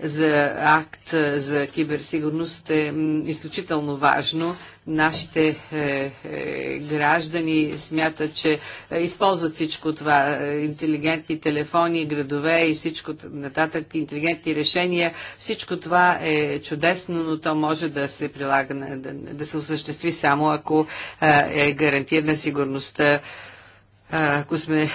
за акт за киберсигурност е изключително важно. Нашите е, е, граждани смятат, че е, използват всичко това, е, интелигентни телефони, градове и всичко нататък, интелигентни решения. Всичко това е чудесно, но то може да се прилага, да, да се осъществи само ако е, е гарантирана сигурността ако сме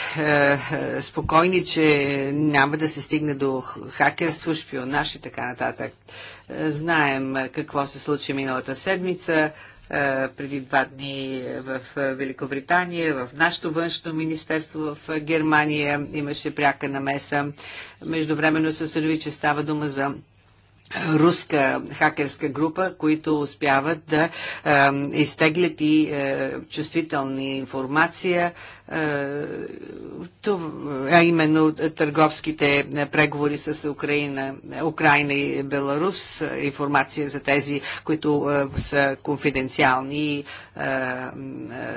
спокойни, че няма да се стигне до хакерство, шпионаж и така нататък. Знаем какво се случи миналата седмица, преди два дни в Великобритания, в нашето външно министерство в Германия имаше пряка намеса. Междувременно се съдови, че става дума за руска хакерска група, които успяват да е, изтеглят и е, чувствителна информация, е, а именно търговските е, преговори с Украина, Украина и Беларус, е, информация за тези, които е, са конфиденциални и е,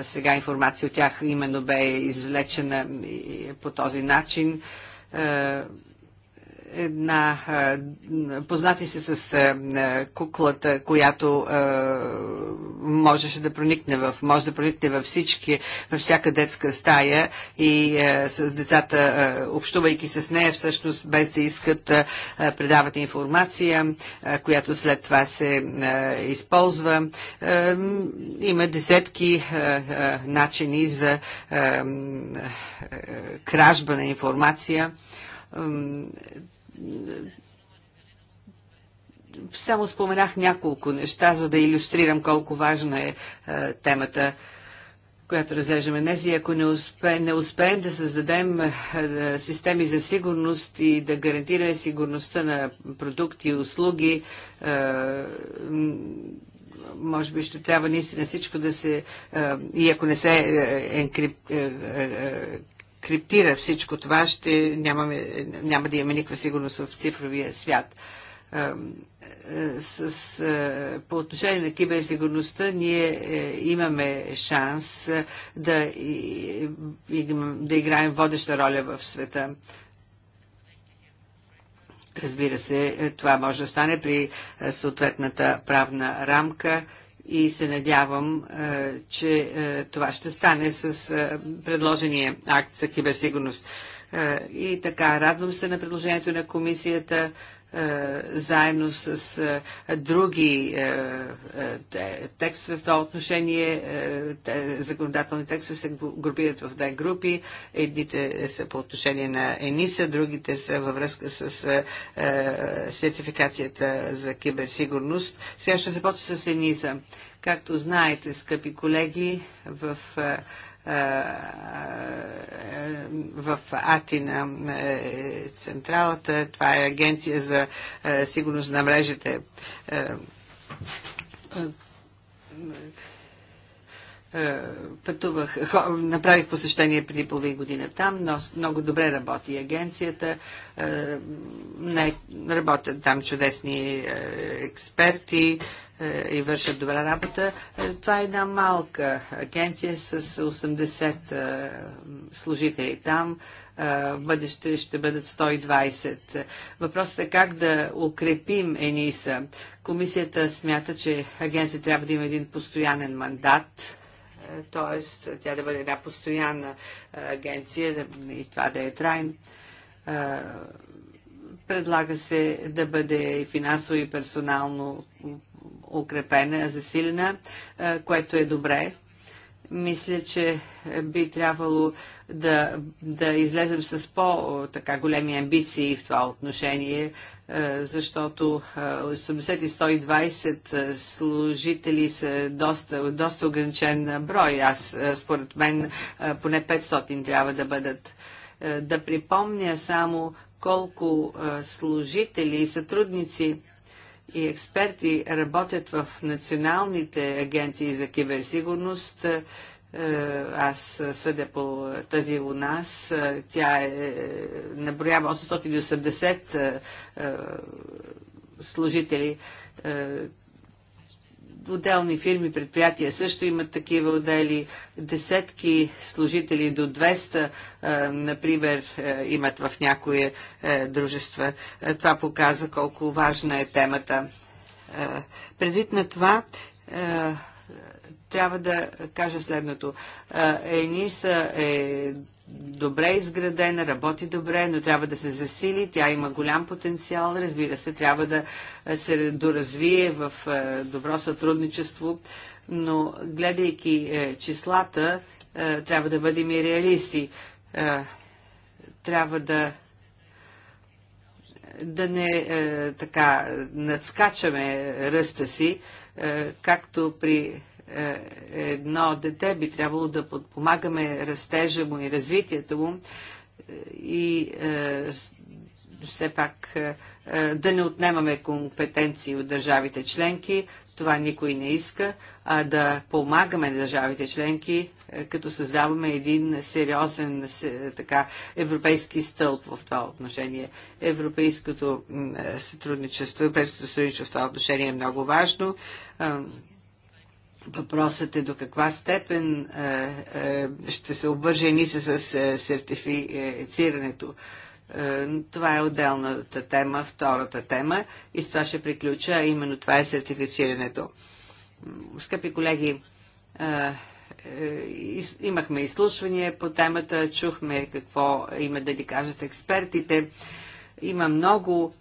е, сега информация от тях именно бе извлечена е, по този начин. Е, една, познати се с куклата, която можеше да проникне в, може да проникне във всички, във всяка детска стая и с децата, общувайки с нея, всъщност без да искат, предават информация, която след това се използва. Има десетки начини за кражба на информация само споменах няколко неща, за да иллюстрирам колко важна е, е темата, която разглеждаме днес. И ако не, успе, не успеем да създадем е, е, системи за сигурност и да гарантираме сигурността на продукти и услуги, е, може би ще трябва наистина всичко да се, е, и ако не се е, криптира всичко това, ще нямаме, няма да имаме никаква сигурност в цифровия свят. Е, с, с, е, по отношение на киберсигурността ние е, имаме шанс да, да играем водеща роля в света. Разбира се, това може да стане при съответната правна рамка и се надявам, е, че е, това ще стане с е, предложения акт за киберсигурност. И така, радвам се на предложението на комисията е, заедно с е, други е, текстове в това отношение. Законодателни текстове се групират в две групи. Едните са по отношение на ЕНИСА, другите са във връзка с сертификацията за киберсигурност. Сега ще започна с ЕНИСА. Както знаете, скъпи колеги, в в Атина е, централата. Това е агенция за е, сигурност на мрежите е, пътувах, направих посещение преди половин година там, но много добре работи агенцията. Не, работят там чудесни експерти, е, и вършат добра работа. Е, това е една малка агенция с 80 е, служители там. В бъдеще ще бъдат 120. Въпросът е как да укрепим ЕНИСА. Комисията смята, че агенция трябва да има един постоянен мандат, т.е. тя да бъде една постоянна агенция и това да е трайно. Предлага се да бъде финансово и персонално укрепена, засилена, което е добре. Мисля, че би трябвало да, да излезем с по-големи амбиции в това отношение, защото 80 и 120 служители са доста, доста ограничен брой. Аз, според мен, поне 500 трябва да бъдат. Да припомня само колко служители и сътрудници и експерти работят в националните агенции за киберсигурност. Е, аз съдя по тази у нас. Е, тя е, наброява 880 е, служители Отделни фирми, предприятия също имат такива отдели. Десетки служители до 200, е, например, е, имат в някои е, дружества. Това показва колко важна е темата. Предвид на това, трябва да кажа следното. ЕНИСА е добре изградена, работи добре, но трябва да се засили. Тя има голям потенциал. Разбира се, трябва да се доразвие в е, добро сътрудничество, но гледайки е, числата, е, трябва да бъдем и реалисти. Трябва да да не така надскачаме ръста си, както при е, едно дете, би трябвало да подпомагаме растежа му и развитието му и е, все пак е, да не отнемаме компетенции от държавите членки, това никой не иска, а да помагаме държавите членки, като създаваме един сериозен така, европейски стълб в това отношение. Европейското сътрудничество, европейското сътрудничество в това отношение е много важно. Въпросът е до каква степен е, е, ще се обвърже ниса с сертифицирането. Е, това е отделната тема, втората тема и с това ще приключа, а именно това е сертифицирането. Скъпи колеги, имахме изслушвания по темата, чухме какво има да ни кажат експертите. Има много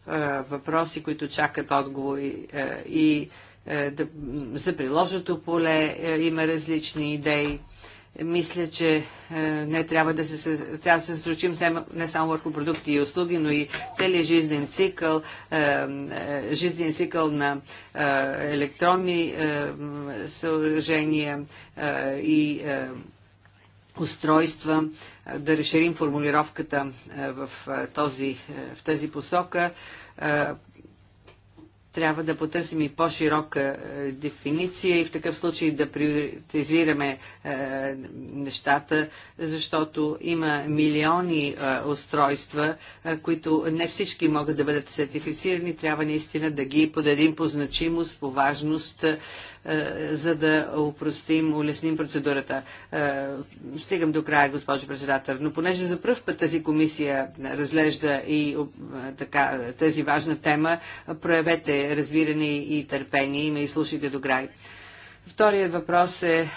въпроси, които чакат отговори и е, да, за приложното поле е, има различни идеи. Мисля, че е, не трябва да се, трябва да се случим не само върху продукти и услуги, но и целият жизнен цикъл, жизнен цикъл на електронни съоръжения и устройства, да разширим формулировката в, този, в тази посока трябва да потърсим и по-широка е, дефиниция и в такъв случай да приоритизираме е, нещата, защото има милиони е, устройства, е, които не всички могат да бъдат сертифицирани. Трябва наистина да ги подадим по значимост, по важност е, е, за да упростим, улесним процедурата. Е, стигам до края, госпожо председател, но понеже за първ път тази комисия разглежда и е, така, тази важна тема, проявете разбиране и търпение и ме изслушайте до край. Вторият въпрос е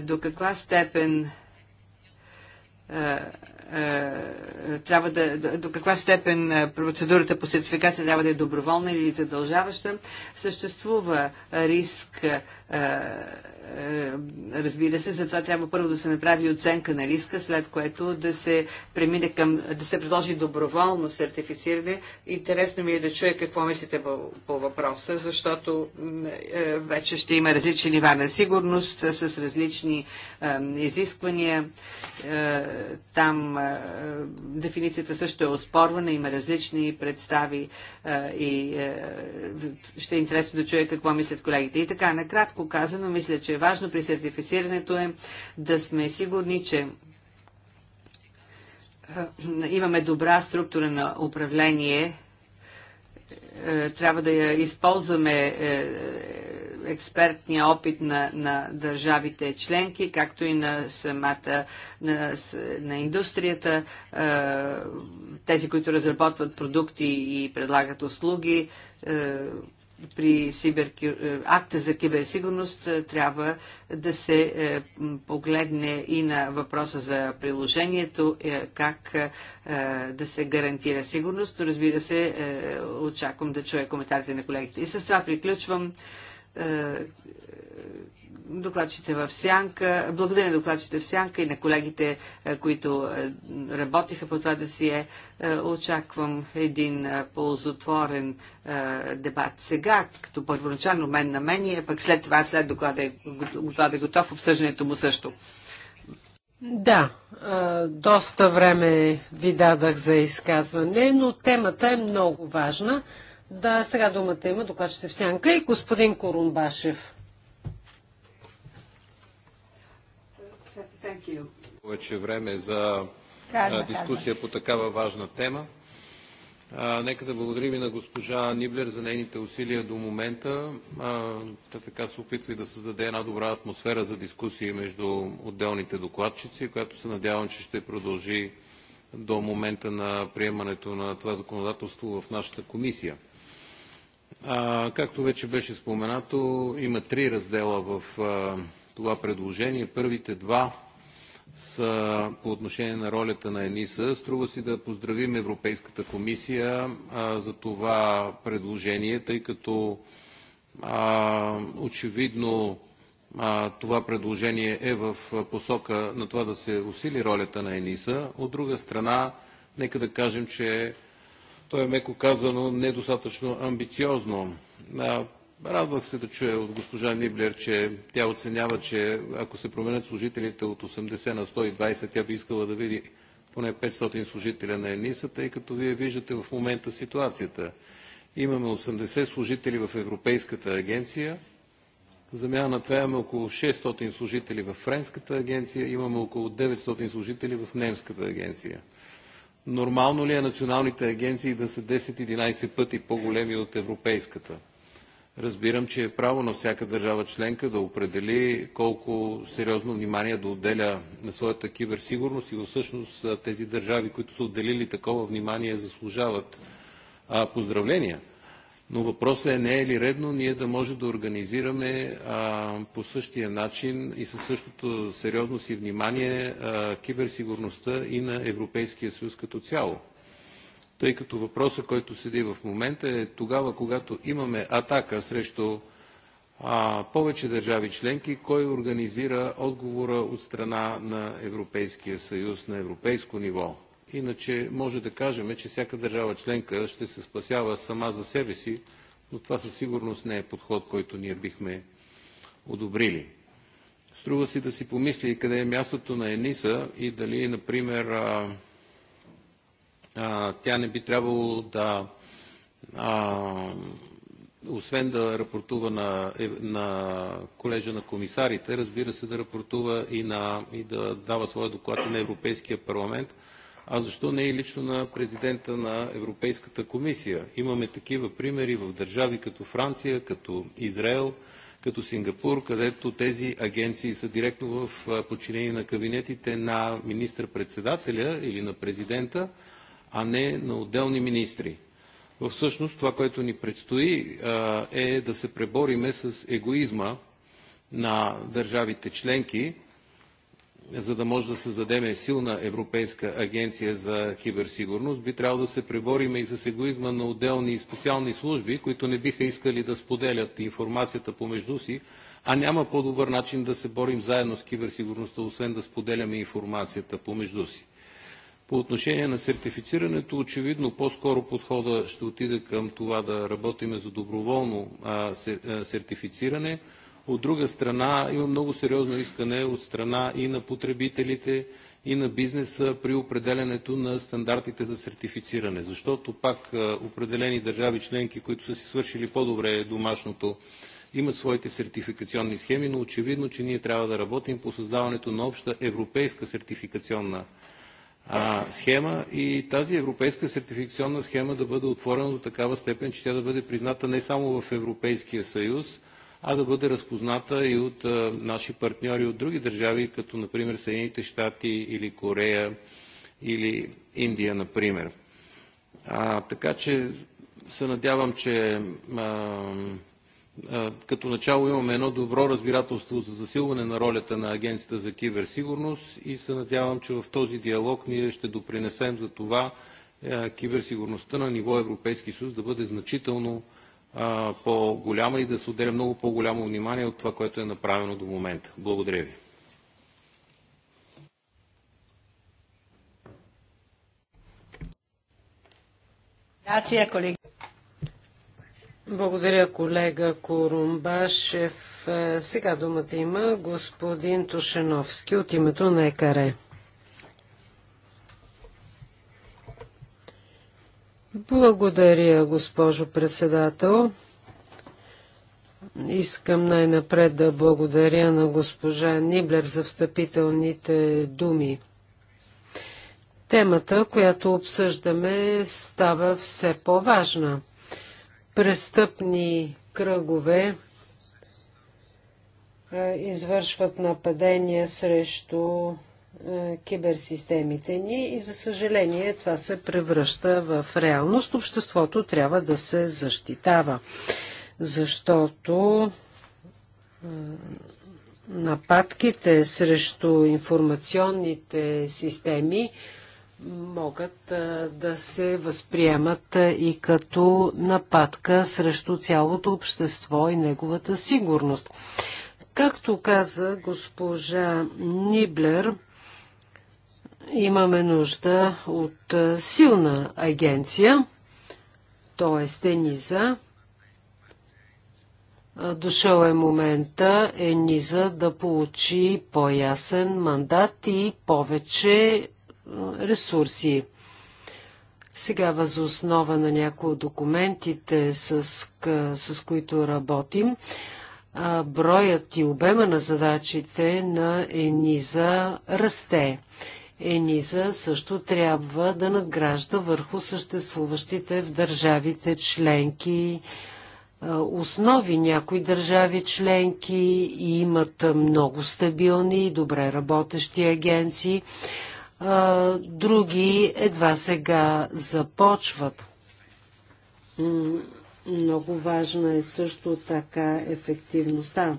до каква степен е, трябва да, до каква степен е, процедурата по сертификация трябва да е доброволна или задължаваща, съществува риск е, е, разбира се, затова трябва първо да се направи оценка на риска, след което да се премине към, да се предложи доброволно сертифициране. Интересно ми е да чуя какво мислите по, по въпроса, защото е, вече ще има различни нива на сигурност е, с различни е, изисквания. Е, там е, дефиницията също е оспорвана, има различни представи е, и е, ще е интересно да чуя какво мислят колегите. И така, накратко казано, мисля, че е важно при сертифицирането е да сме сигурни, че имаме добра структура на управление, е, трябва да я използваме е, експертния опит на, на държавите членки, както и на самата на, на индустрията, е, тези, които разработват продукти и предлагат услуги, при сибер, акта за киберсигурност е, трябва да се е, погледне и на въпроса за приложението, е, как да се гарантира сигурност, но разбира се, очаквам да чуя коментарите на колегите. И с това приключвам докладчите в Сянка, благодаря на докладчите в Сянка и на колегите, е, които е, работиха по това досие. Е, очаквам един ползотворен дебат сега, като първоначално мен на мен, а пък след това, след доклада е, доклада е готов, обсъждането му също. Да, доста време ви дадах за изказване, но темата е много важна. Да, сега думата има докладчите в Сянка и господин Корумбашев. Повече време за дискусия по такава важна тема. нека да благодарим и на госпожа Ниблер за нейните усилия до момента. Та така се опитва и да създаде една добра атмосфера за дискусии между отделните докладчици, която се надявам, че ще продължи до момента на приемането на това законодателство в нашата комисия. както вече беше споменато, има три раздела в това предложение. Първите два са по отношение на ролята на ЕНИСА. Струва си да поздравим Европейската комисия а, за това предложение, тъй като а, очевидно а, това предложение е в посока на това да се усили ролята на ЕНИСА. От друга страна, нека да кажем, че то е меко казано недостатъчно амбициозно. Радвах се да чуя от госпожа Ниблер, че тя оценява, че ако се променят служителите от 80 на 120, тя би искала да види поне 500 служителя на ЕНИСА, тъй като вие виждате в момента ситуацията. Имаме 80 служители в Европейската агенция, замяна на това имаме около 600 служители в Френската агенция, имаме около 900 служители в Немската агенция. Нормално ли е националните агенции да са 10-11 пъти по-големи от Европейската? Разбирам, че е право на всяка държава членка да определи колко сериозно внимание да отделя на своята киберсигурност и всъщност тези държави, които са отделили такова внимание, заслужават а, поздравления. Но въпросът е не е ли редно ние да може да организираме а, по същия начин и със същото сериозност и внимание а, киберсигурността и на Европейския съюз като цяло тъй като въпросът, който седи в момента е тогава, когато имаме атака срещу а, повече държави членки, кой организира отговора от страна на Европейския съюз на европейско ниво. Иначе може да кажем, че всяка държава членка ще се спасява сама за себе си, но това със сигурност не е подход, който ние бихме одобрили. Струва си да си помисли къде е мястото на ЕНИСА и дали, например, а, тя не би трябвало да а, освен да рапортува на, на колежа на комисарите, разбира се да рапортува и, на, и да дава своя доклад на Европейския парламент, а защо не и лично на президента на Европейската комисия. Имаме такива примери в държави като Франция, като Израел, като Сингапур, където тези агенции са директно в подчинение на кабинетите на министър-председателя или на президента – а не на отделни министри. Всъщност това, което ни предстои е да се пребориме с егоизма на държавите членки, за да може да създадем силна Европейска агенция за киберсигурност, би трябвало да се пребориме и с егоизма на отделни и специални служби, които не биха искали да споделят информацията помежду си, а няма по-добър начин да се борим заедно с киберсигурността, освен да споделяме информацията помежду си. По отношение на сертифицирането, очевидно по-скоро подхода ще отиде към това да работим за доброволно сертифициране. От друга страна, има много сериозно искане от страна и на потребителите, и на бизнеса при определенето на стандартите за сертифициране. Защото пак определени държави членки, които са си свършили по-добре домашното, имат своите сертификационни схеми, но очевидно, че ние трябва да работим по създаването на обща европейска сертификационна схема а, схема и тази европейска сертификационна схема да бъде отворена до такава степен, че тя да бъде призната не само в Европейския съюз, а да бъде разпозната и от а, наши партньори от други държави, като например Съединените щати или Корея или Индия, например. А, така че се надявам, че а, като начало имаме едно добро разбирателство за засилване на ролята на Агенцията за киберсигурност и се надявам, че в този диалог ние ще допринесем за това е, киберсигурността на ниво Европейски съюз да бъде значително по-голяма и да се отделя много по-голямо внимание от това, което е направено до момента. Благодаря ви. Grazie, colleghi. Благодаря, колега Корумбашев. Е, сега думата има господин Тушеновски от името на ЕКАРЕ. Благодаря, госпожо председател. Искам най-напред да благодаря на госпожа Ниблер за встъпителните думи. Темата, която обсъждаме, става все по-важна – престъпни кръгове е, извършват нападения срещу е, киберсистемите ни и за съжаление това се превръща в реалност. Обществото трябва да се защитава, защото е, нападките срещу информационните системи могат да се възприемат и като нападка срещу цялото общество и неговата сигурност. Както каза госпожа Ниблер, имаме нужда от силна агенция, т.е. Ениза. Дошъл е момента Ениза да получи по-ясен мандат и повече ресурси. Сега възоснова на някои от документите, с, с които работим, броят и обема на задачите на ЕНИЗА расте. ЕНИЗА също трябва да надгражда върху съществуващите в държавите членки основи. Някои държави членки имат много стабилни и добре работещи агенции а, други едва сега започват. Много важна е също така ефективността.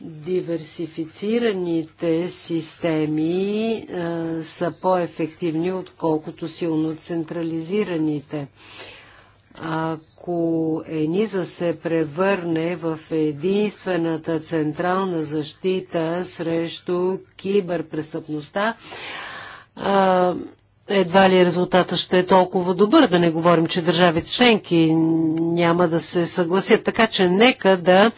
Диверсифицираните системи а, са по-ефективни, отколкото силно централизираните. Ако ЕНИЗА се превърне в единствената централна защита срещу киберпрестъпността, а, едва ли резултата ще е толкова добър, да не говорим, че държавите членки няма да се съгласят. Така че нека да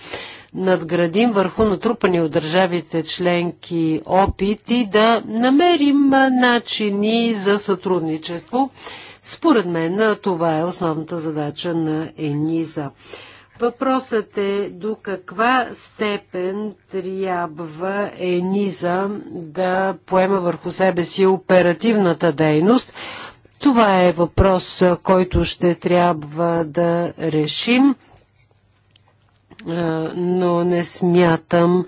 надградим върху натрупани от държавите членки опит и да намерим начини за сътрудничество. Според мен това е основната задача на ЕНИЗА. Въпросът е до каква степен трябва ЕНИЗА да поема върху себе си оперативната дейност. Това е въпрос, който ще трябва да решим, но не смятам,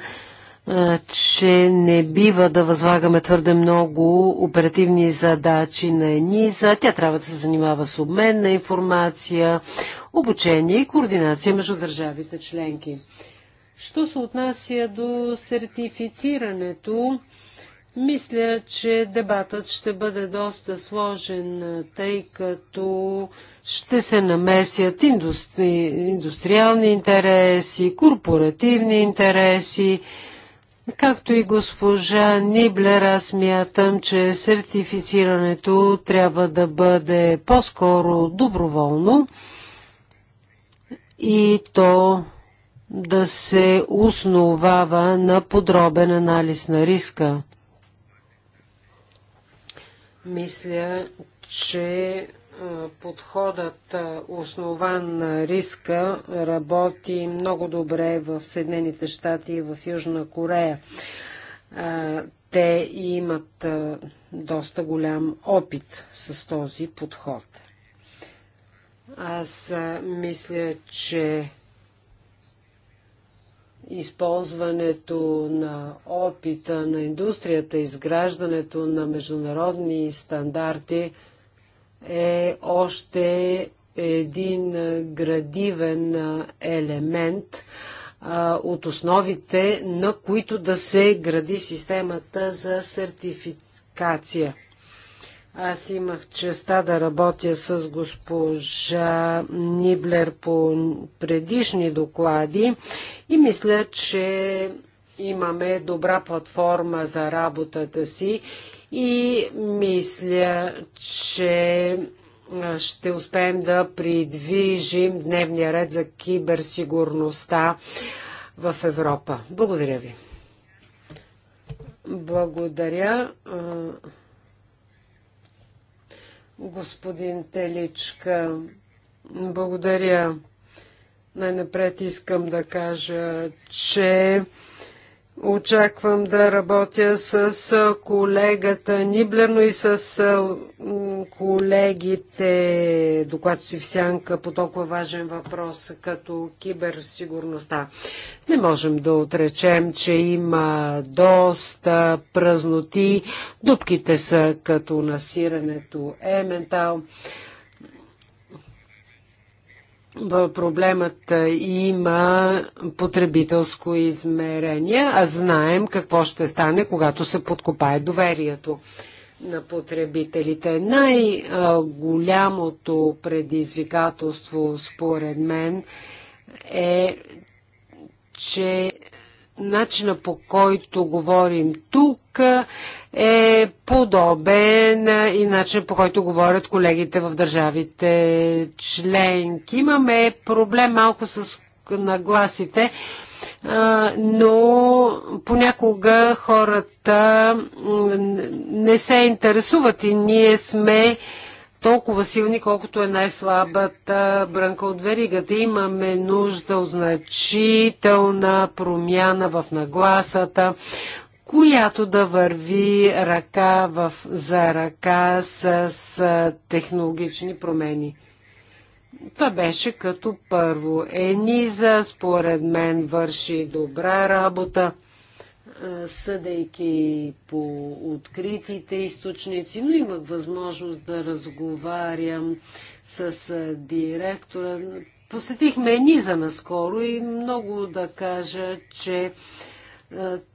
че не бива да възлагаме твърде много оперативни задачи на ЕНИЗА. Тя трябва да се занимава с обмен на информация, обучение и координация между държавите членки. Що се отнася до сертифицирането, мисля, че дебатът ще бъде доста сложен, тъй като ще се намесят индустри... индустриални интереси, корпоративни интереси. Както и госпожа Ниблер, аз мятам, че сертифицирането трябва да бъде по-скоро доброволно и то да се основава на подробен анализ на риска. Мисля, че подходът основан на риска работи много добре в Съединените щати и в Южна Корея. Те имат доста голям опит с този подход. Аз мисля, че използването на опита на индустрията, изграждането на международни стандарти е още един градивен елемент а, от основите, на които да се гради системата за сертификация. Аз имах честа да работя с госпожа Ниблер по предишни доклади и мисля, че имаме добра платформа за работата си и мисля, че ще успеем да придвижим дневния ред за киберсигурността в Европа. Благодаря ви. Благодаря господин Теличка. Благодаря. Най-напред искам да кажа, че Очаквам да работя с колегата но и с колегите, докато в сянка, по толкова важен въпрос като киберсигурността. Не можем да отречем, че има доста празноти. Дупките са като насирането Ементал. ментал проблемът има потребителско измерение, а знаем какво ще стане, когато се подкопае доверието на потребителите. Най-голямото предизвикателство, според мен, е, че начина по който говорим тук е подобен и начин по който говорят колегите в държавите членки. Имаме проблем малко с нагласите, но понякога хората не се интересуват и ние сме толкова силни, колкото е най-слабата брънка от веригата. Имаме нужда от значителна промяна в нагласата, която да върви ръка в, за ръка с, с технологични промени. Това беше като първо. Ениза, според мен, върши добра работа съдейки по откритите източници, но имах възможност да разговарям с директора. Посетихме Ениза наскоро и много да кажа, че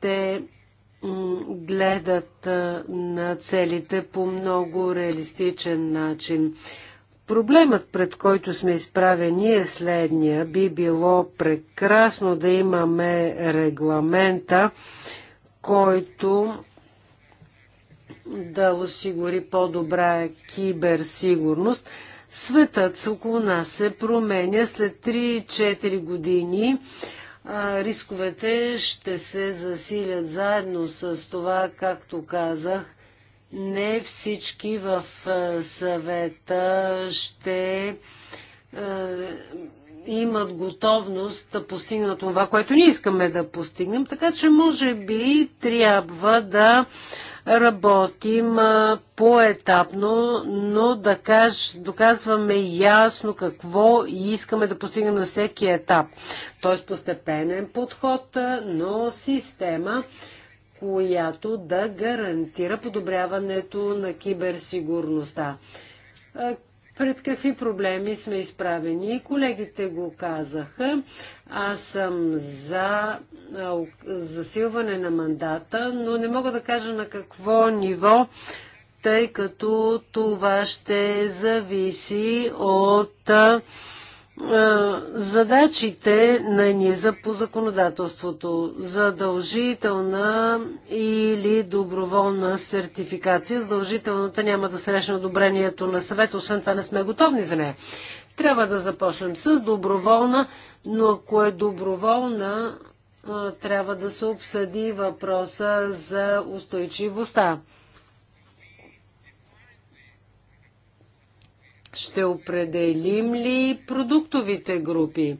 те гледат на целите по много реалистичен начин. Проблемът, пред който сме изправени е следния. Би било прекрасно да имаме регламента, който да осигури по-добра киберсигурност. Светът около нас се променя след 3-4 години. рисковете ще се засилят заедно с това, както казах, не всички в съвета ще имат готовност да постигнат това, което ние искаме да постигнем, така че може би трябва да работим поетапно, но да каж, доказваме ясно какво искаме да постигнем на всеки етап. Т.е. постепенен подход, но система, която да гарантира подобряването на киберсигурността. Пред какви проблеми сме изправени? Колегите го казаха. Аз съм за засилване на мандата, но не мога да кажа на какво ниво, тъй като това ще зависи от задачите на НИЗА по законодателството задължителна или доброволна сертификация. Задължителната няма да срещне одобрението на съвет, освен това не сме готовни за нея. Трябва да започнем с доброволна, но ако е доброволна, трябва да се обсъди въпроса за устойчивостта. Ще определим ли продуктовите групи?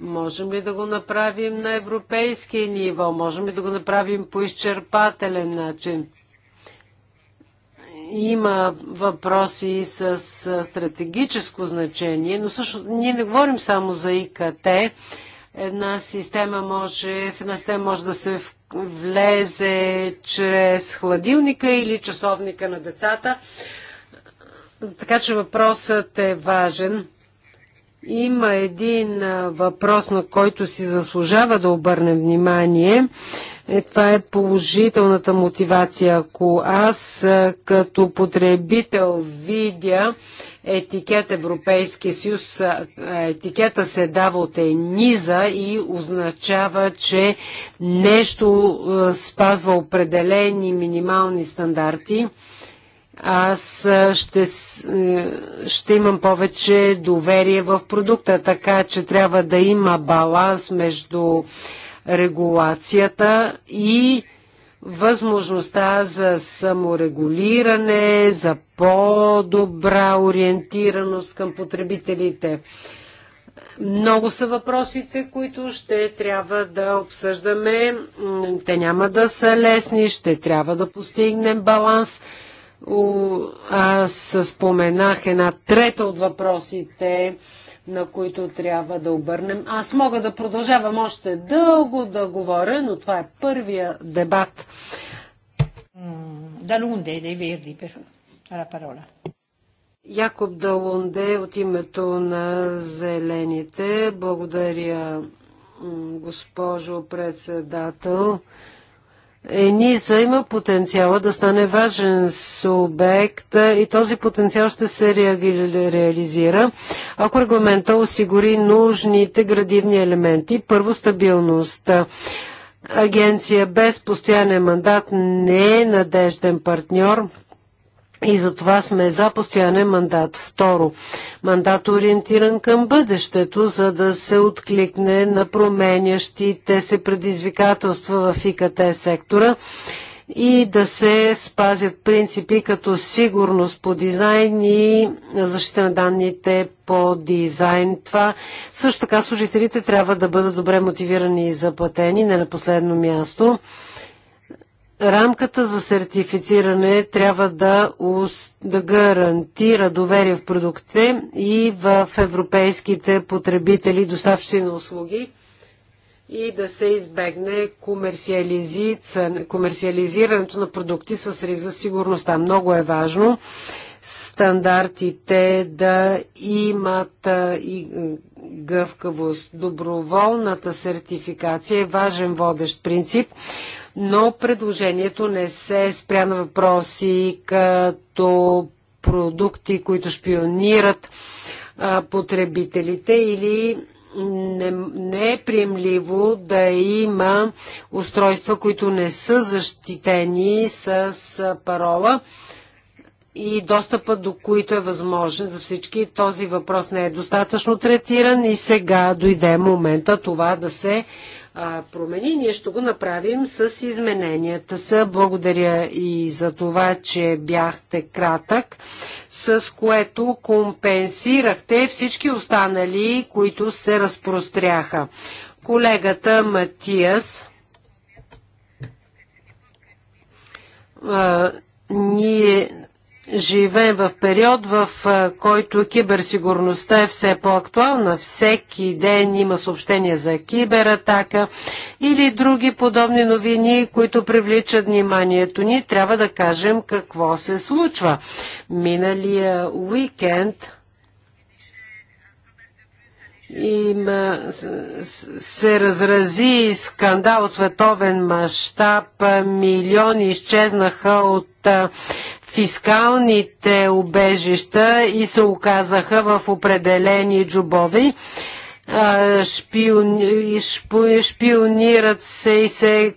Можем ли да го направим на европейски ниво? Можем ли да го направим по изчерпателен начин? Има въпроси с стратегическо значение, но също ние не говорим само за ИКТ. Една система може, в една система може да се влезе чрез хладилника или часовника на децата. Така че въпросът е важен. Има един въпрос, на който си заслужава да обърнем внимание. Е, това е положителната мотивация. Ако аз като потребител видя етикет Европейски съюз, етикета се дава от ениза и означава, че нещо спазва определени минимални стандарти аз ще, е, ще имам повече доверие в продукта, така че трябва да има баланс между регулацията и възможността за саморегулиране, за по-добра ориентираност към потребителите. Много са въпросите, които ще трябва да обсъждаме. Те няма да са лесни, ще трябва да постигнем баланс аз споменах една трета от въпросите, на които трябва да обърнем. Аз мога да продължавам още дълго да говоря, но това е първия дебат. Далунде, да Верди, la парола. Якоб Далунде от името на Зелените. Благодаря, госпожо председател. ЕНИСА има потенциала да стане важен субект и този потенциал ще се реализира, ако регламента осигури нужните градивни елементи. Първо стабилност. Агенция без постоянен мандат не е надежден партньор и затова сме за постоянен мандат. Второ, мандат ориентиран към бъдещето, за да се откликне на променящите се предизвикателства в ИКТ сектора и да се спазят принципи като сигурност по дизайн и защита на данните по дизайн. Това също така служителите трябва да бъдат добре мотивирани и заплатени, не на последно място. Рамката за сертифициране трябва да, да гарантира доверие в продуктите и в европейските потребители, доставчици на услуги и да се избегне комерциализи... комерциализирането на продукти с риск за сигурността. Много е важно стандартите да имат и гъвкавост. Доброволната сертификация е важен водещ принцип но предложението не се спря на въпроси като продукти, които шпионират а, потребителите или не, не е приемливо да има устройства, които не са защитени с парола и достъпа до които е възможен за всички. Този въпрос не е достатъчно третиран и сега дойде момента това да се промени, ние ще го направим с измененията са. Благодаря и за това, че бяхте кратък, с което компенсирахте всички останали, които се разпростряха. Колегата Матиас ние живеем в период, в който киберсигурността е все по-актуална. Всеки ден има съобщения за кибератака или други подобни новини, които привличат вниманието ни. Трябва да кажем какво се случва. Миналия уикенд има, се разрази скандал от световен мащаб. Милиони изчезнаха от фискалните убежища и се оказаха в определени джубови, Шпиони, шпионират се и се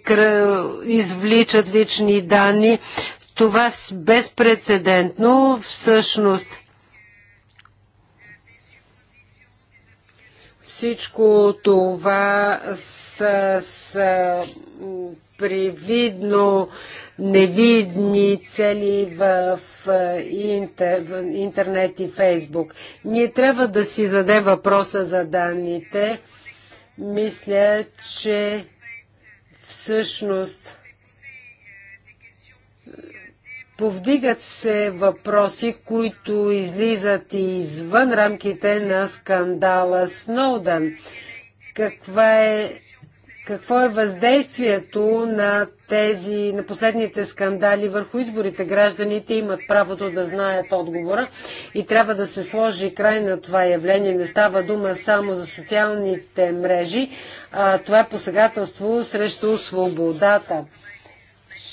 извличат лични данни. Това безпредседентно всъщност Всичко това с, с привидно невидни цели е, в интернет и Фейсбук. Ние трябва да си заде въпроса за данните. Мисля, че всъщност Повдигат се въпроси, които излизат и извън рамките на скандала Сноудън. Каква е, какво е въздействието на тези, на последните скандали върху изборите? Гражданите имат правото да знаят отговора и трябва да се сложи край на това явление. Не става дума само за социалните мрежи, а това е посегателство срещу свободата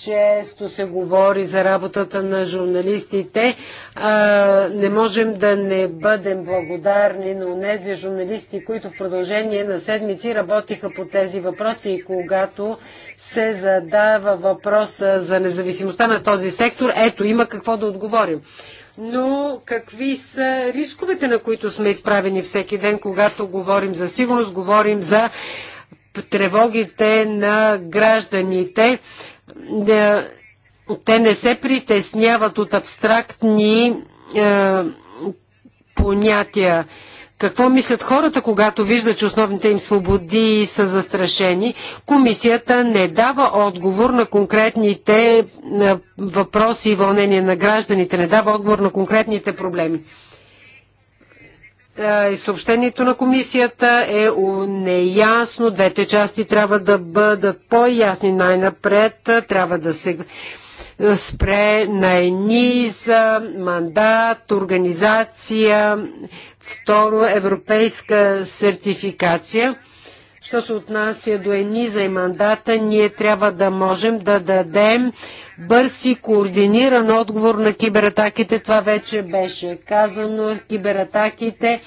често се говори за работата на журналистите. А, не можем да не бъдем благодарни на тези журналисти, които в продължение на седмици работиха по тези въпроси и когато се задава въпрос за независимостта на този сектор, ето има какво да отговорим. Но какви са рисковете, на които сме изправени всеки ден, когато говорим за сигурност, говорим за тревогите на гражданите не, те не се притесняват от абстрактни е, понятия. Какво мислят хората, когато виждат, че основните им свободи са застрашени? Комисията не дава отговор на конкретните е, въпроси и вълнения на гражданите, не дава отговор на конкретните проблеми. Е, съобщението на комисията е неясно. Двете части трябва да бъдат по-ясни най-напред. Е, трябва да се спре на за мандат, организация, второ европейска сертификация. Що се отнася до ЕНИЗА и мандата, ние трябва да можем да дадем бърз и координиран отговор на кибератаките. Това вече беше казано. Кибератаките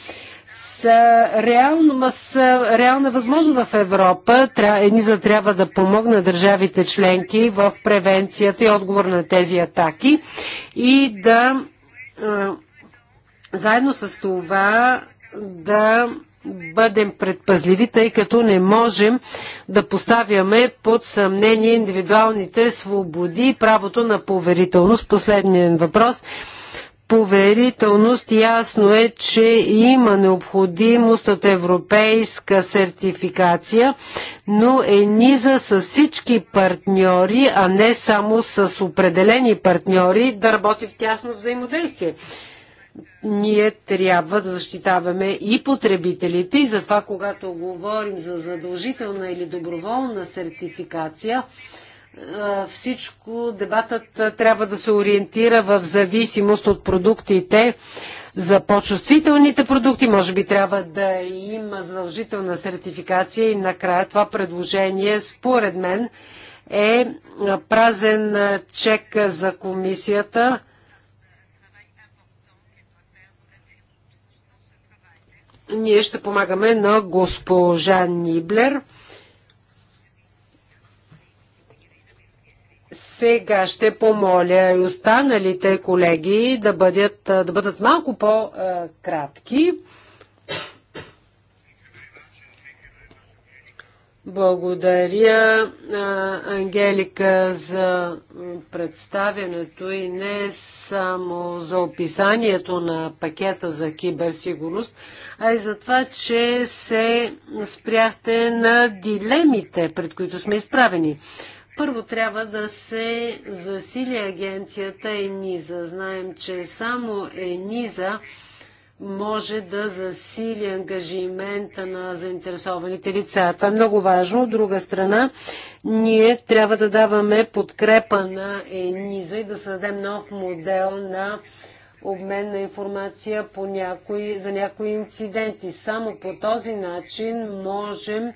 са, реално, са реална възможност в Европа. ЕНИЗА трябва да помогне държавите членки в превенцията и отговор на тези атаки и да заедно с това да бъдем предпазливи, тъй като не можем да поставяме под съмнение индивидуалните свободи и правото на поверителност. Последният въпрос поверителност. Ясно е, че има необходимост от европейска сертификация, но е низа с всички партньори, а не само с определени партньори, да работи в тясно взаимодействие ние трябва да защитаваме и потребителите и затова, когато говорим за задължителна или доброволна сертификация, всичко, дебатът трябва да се ориентира в зависимост от продуктите. За по-чувствителните продукти може би трябва да има задължителна сертификация и накрая това предложение според мен е празен чек за комисията Ние ще помагаме на госпожа Ниблер. Сега ще помоля и останалите колеги да бъдат, да бъдат малко по-кратки. Е, Благодаря, Ангелика, за представянето и не само за описанието на пакета за киберсигурност, а и за това, че се спряхте на дилемите, пред които сме изправени. Първо трябва да се засили агенцията ЕНИЗА. Знаем, че само ЕНИЗА може да засили ангажимента на заинтересованите лица. Това е много важно. От друга страна, ние трябва да даваме подкрепа на ЕНИЗА и да създадем нов модел на обмен на информация по някои, за някои инциденти. Само по този начин можем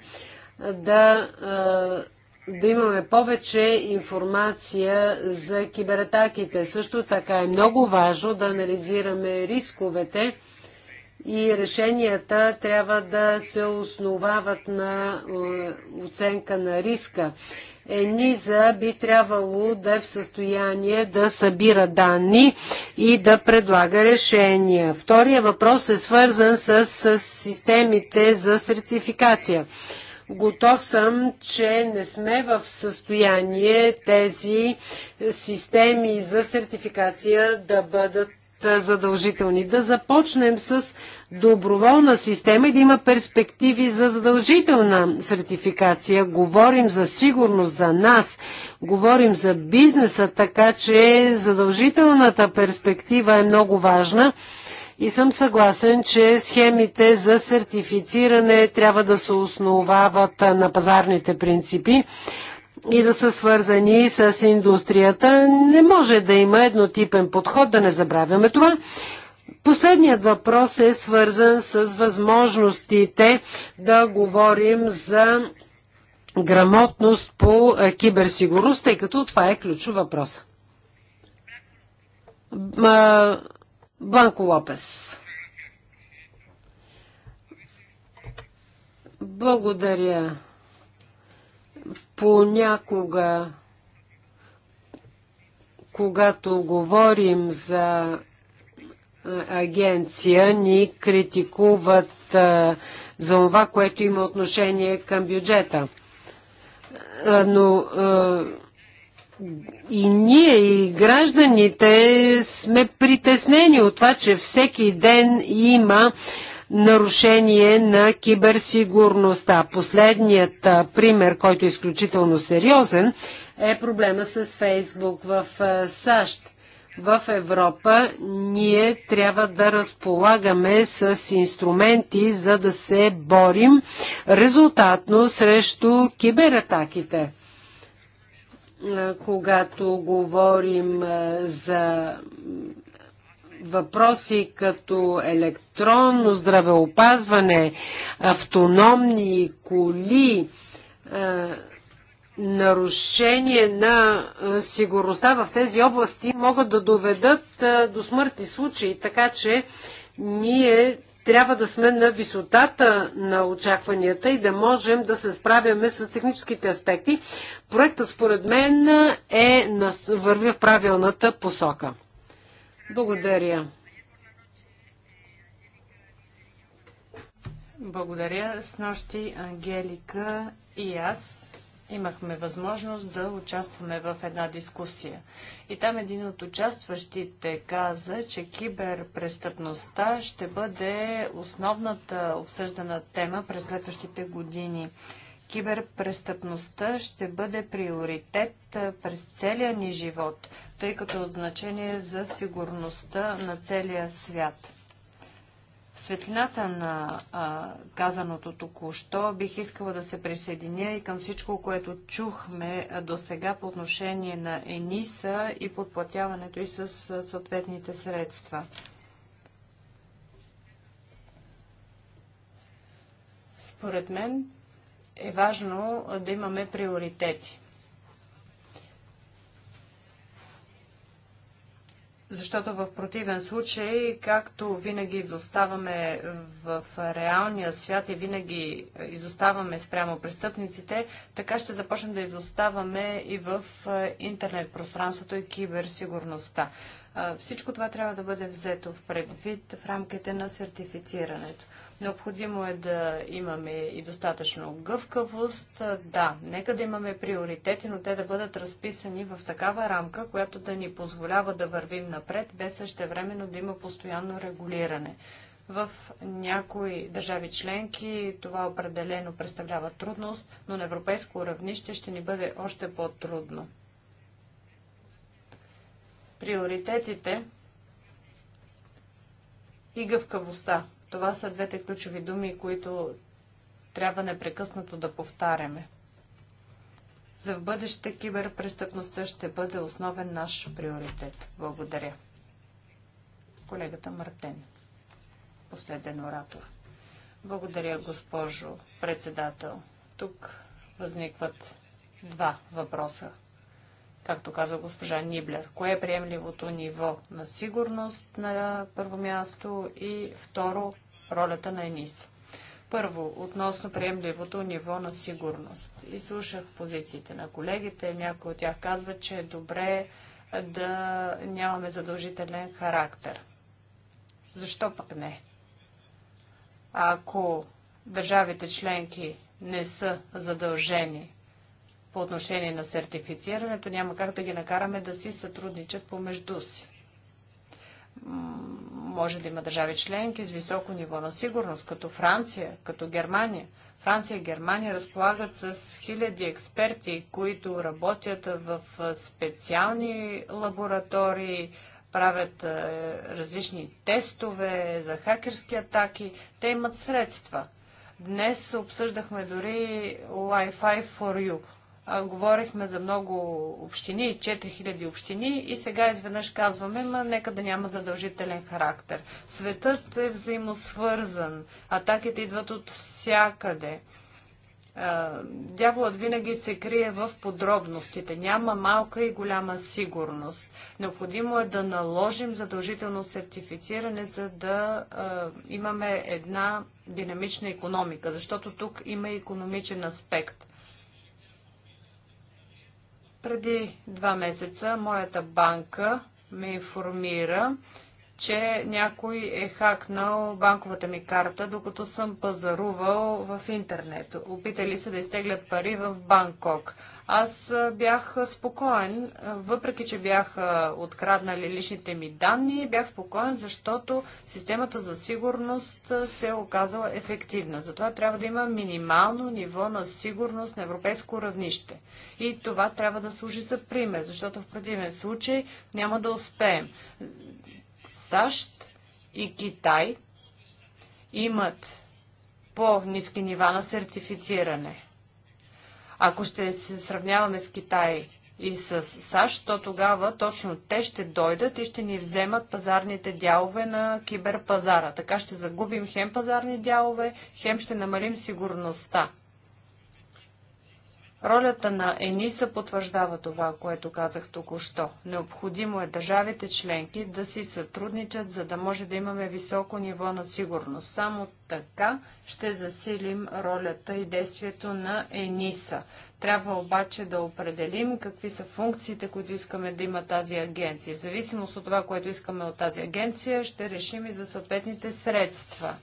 да, да имаме повече информация за кибератаките. Също така е много важно да анализираме рисковете и решенията трябва да се основават на е, оценка на риска. ЕНИЗА би трябвало да е в състояние да събира данни и да предлага решения. Втория въпрос е свързан с, с системите за сертификация. Готов съм, че не сме в състояние тези системи за сертификация да бъдат задължителни. Да започнем с доброволна система и да има перспективи за задължителна сертификация. Говорим за сигурност за нас, говорим за бизнеса, така че задължителната перспектива е много важна. И съм съгласен, че схемите за сертифициране трябва да се основават на пазарните принципи и да са свързани с индустрията. Не може да има еднотипен подход, да не забравяме това. Последният въпрос е свързан с възможностите да говорим за грамотност по е, киберсигурност, тъй като това е ключов въпрос. Бланко Лопес. Благодаря, Понякога, когато говорим за агенция, ни критикуват за това, което има отношение към бюджета. Но и ние, и гражданите сме притеснени от това, че всеки ден има нарушение на киберсигурността. Последният пример, който е изключително сериозен, е проблема с Фейсбук в САЩ. В Европа ние трябва да разполагаме с инструменти, за да се борим резултатно срещу кибератаките. Когато говорим за въпроси като електронно здравеопазване, автономни коли, е, нарушение на е, сигурността в тези области могат да доведат е, до смъртни случаи, така че ние трябва да сме на висотата на очакванията и да можем да се справяме с техническите аспекти. Проектът според мен е върви в правилната посока. Благодаря. Благодаря. С нощи Ангелика и аз имахме възможност да участваме в една дискусия. И там един от участващите каза, че киберпрестъпността ще бъде основната обсъждана тема през следващите години киберпрестъпността ще бъде приоритет през целия ни живот, тъй като е от значение за сигурността на целия свят. В светлината на а, казаното току-що бих искала да се присъединя и към всичко, което чухме до сега по отношение на ЕНИСА и подплатяването и с съответните средства. Според мен е важно да имаме приоритети. Защото в противен случай, както винаги изоставаме в реалния свят и винаги изоставаме спрямо престъпниците, така ще започнем да изоставаме и в интернет пространството и киберсигурността. Всичко това трябва да бъде взето в предвид в рамките на сертифицирането. Необходимо е да имаме и достатъчно гъвкавост. Да, нека да имаме приоритети, но те да бъдат разписани в такава рамка, която да ни позволява да вървим напред, без времено да има постоянно регулиране. В някои държави членки това определено представлява трудност, но на европейско равнище ще ни бъде още по-трудно. Приоритетите и гъвкавостта това са двете ключови думи, които трябва непрекъснато да повтаряме. За в бъдеще киберпрестъпността ще бъде основен наш приоритет. Благодаря. Колегата Мартен, последен оратор. Благодаря, госпожо председател. Тук възникват два въпроса. Както каза госпожа Ниблер, кое е приемливото ниво на сигурност на първо място и второ, ролята на ЕНИС. Първо, относно приемливото ниво на сигурност. И слушах позициите на колегите. Някои от тях казват, че е добре да нямаме задължителен характер. Защо пък не? Ако държавите членки не са задължени по отношение на сертифицирането, няма как да ги накараме да си сътрудничат помежду си може да има държави членки с високо ниво на сигурност, като Франция, като Германия. Франция и Германия разполагат с хиляди експерти, които работят в специални лаборатории, правят различни тестове за хакерски атаки. Те имат средства. Днес обсъждахме дори Wi-Fi for You, говорихме за много общини, 4000 общини и сега изведнъж казваме, ма нека да няма задължителен характер. Светът е взаимосвързан, атаките идват от всякъде. Дяволът винаги се крие в подробностите. Няма малка и голяма сигурност. Необходимо е да наложим задължително сертифициране, за да а, имаме една динамична економика, защото тук има економичен аспект. Преди два месеца моята банка ме информира, че някой е хакнал банковата ми карта, докато съм пазарувал в интернет. Опитали се да изтеглят пари в Банкок. Аз бях спокоен, въпреки че бях откраднали личните ми данни, бях спокоен, защото системата за сигурност се е оказала ефективна. Затова трябва да има минимално ниво на сигурност на европейско равнище. И това трябва да служи за пример, защото в противен случай няма да успеем. САЩ и Китай имат по-низки нива на сертифициране. Ако ще се сравняваме с Китай и с САЩ, то тогава точно те ще дойдат и ще ни вземат пазарните дялове на киберпазара. Така ще загубим хем пазарни дялове, хем ще намалим сигурността. Ролята на ЕНИСА потвърждава това, което казах току-що. Необходимо е държавите членки да си сътрудничат, за да може да имаме високо ниво на сигурност. Само така ще засилим ролята и действието на ЕНИСА. Трябва обаче да определим какви са функциите, които искаме да има тази агенция. В зависимост от това, което искаме от тази агенция, ще решим и за съответните средства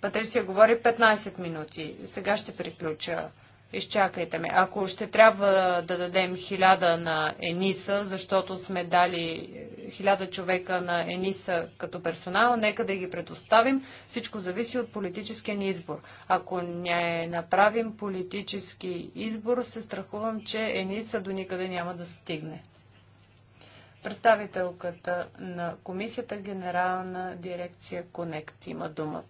Патрисия говори 15 минути. Сега ще приключа. Изчакайте ме. Ако ще трябва да дадем 1000 на Ениса, защото сме дали 1000 човека на Ениса като персонал, нека да ги предоставим. Всичко зависи от политическия ни избор. Ако не направим политически избор, се страхувам, че Ениса до никъде няма да стигне. Представителката на комисията, генерална дирекция Конект, има думата.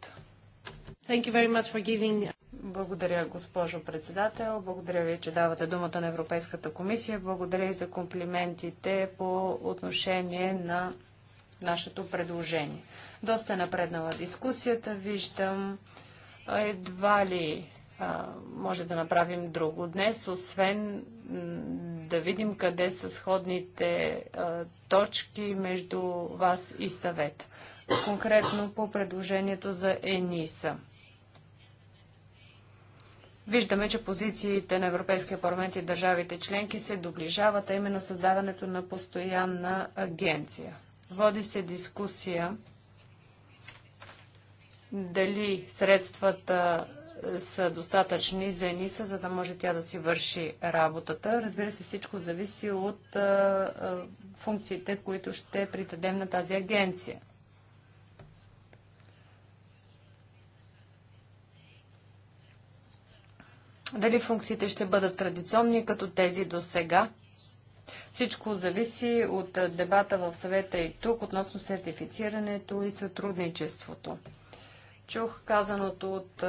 Giving... Благодаря, госпожо председател. Благодаря ви, че давате думата на Европейската комисия. Благодаря и за комплиментите по отношение на нашето предложение. Доста е напреднала дискусията. Виждам едва ли а, може да направим друго днес, освен да видим къде са сходните а, точки между вас и съвета. Конкретно по предложението за ЕНИСА. Виждаме, че позициите на Европейския парламент и държавите членки се доближават, а именно създаването на постоянна агенция. Води се дискусия дали средствата е, са достатъчни за ЕНИСА, за да може тя да си върши работата. Разбира се, всичко зависи от е, е, функциите, които ще притадем на тази агенция. Дали функциите ще бъдат традиционни, като тези до сега? Всичко зависи от дебата в съвета и тук относно сертифицирането и сътрудничеството. Чух казаното от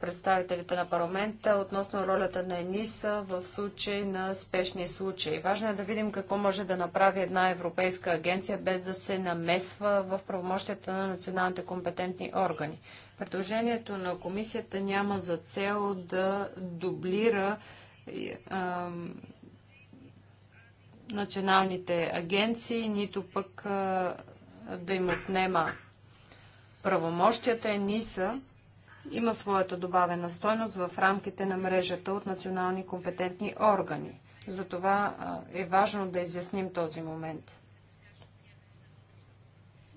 представителите на парламента относно ролята на ЕНИСА в случай на спешни случаи. Важно е да видим какво може да направи една европейска агенция без да се намесва в правомощията на националните компетентни органи. Предложението на комисията няма за цел да дублира е, националните агенции, нито пък е, да им отнема правомощията. ЕНИСА има своята добавена стойност в рамките на мрежата от национални компетентни органи. Затова е важно да изясним този момент.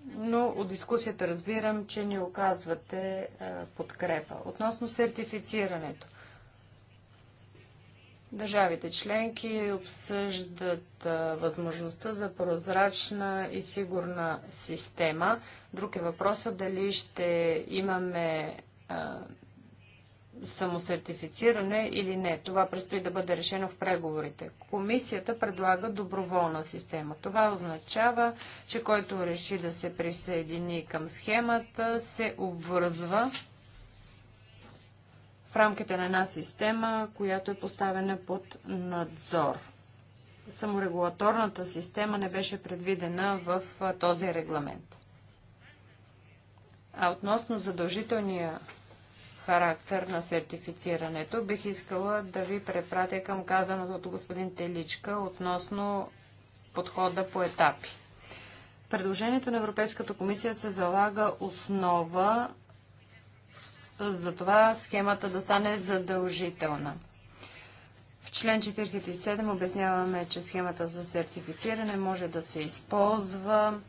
Но от дискусията разбирам, че ни оказвате подкрепа. Относно сертифицирането. Държавите членки обсъждат възможността за прозрачна и сигурна система. Друг е въпросът дали ще имаме самосертифициране или не. Това предстои да бъде решено в преговорите. Комисията предлага доброволна система. Това означава, че който реши да се присъедини към схемата, се обвързва в рамките на една система, която е поставена под надзор. Саморегулаторната система не беше предвидена в този регламент. А относно задължителния характер на сертифицирането. Бих искала да ви препратя към казаното от господин Теличка относно подхода по етапи. Предложението на Европейската комисия се залага основа за това схемата да стане задължителна. В член 47 обясняваме, че схемата за сертифициране може да се използва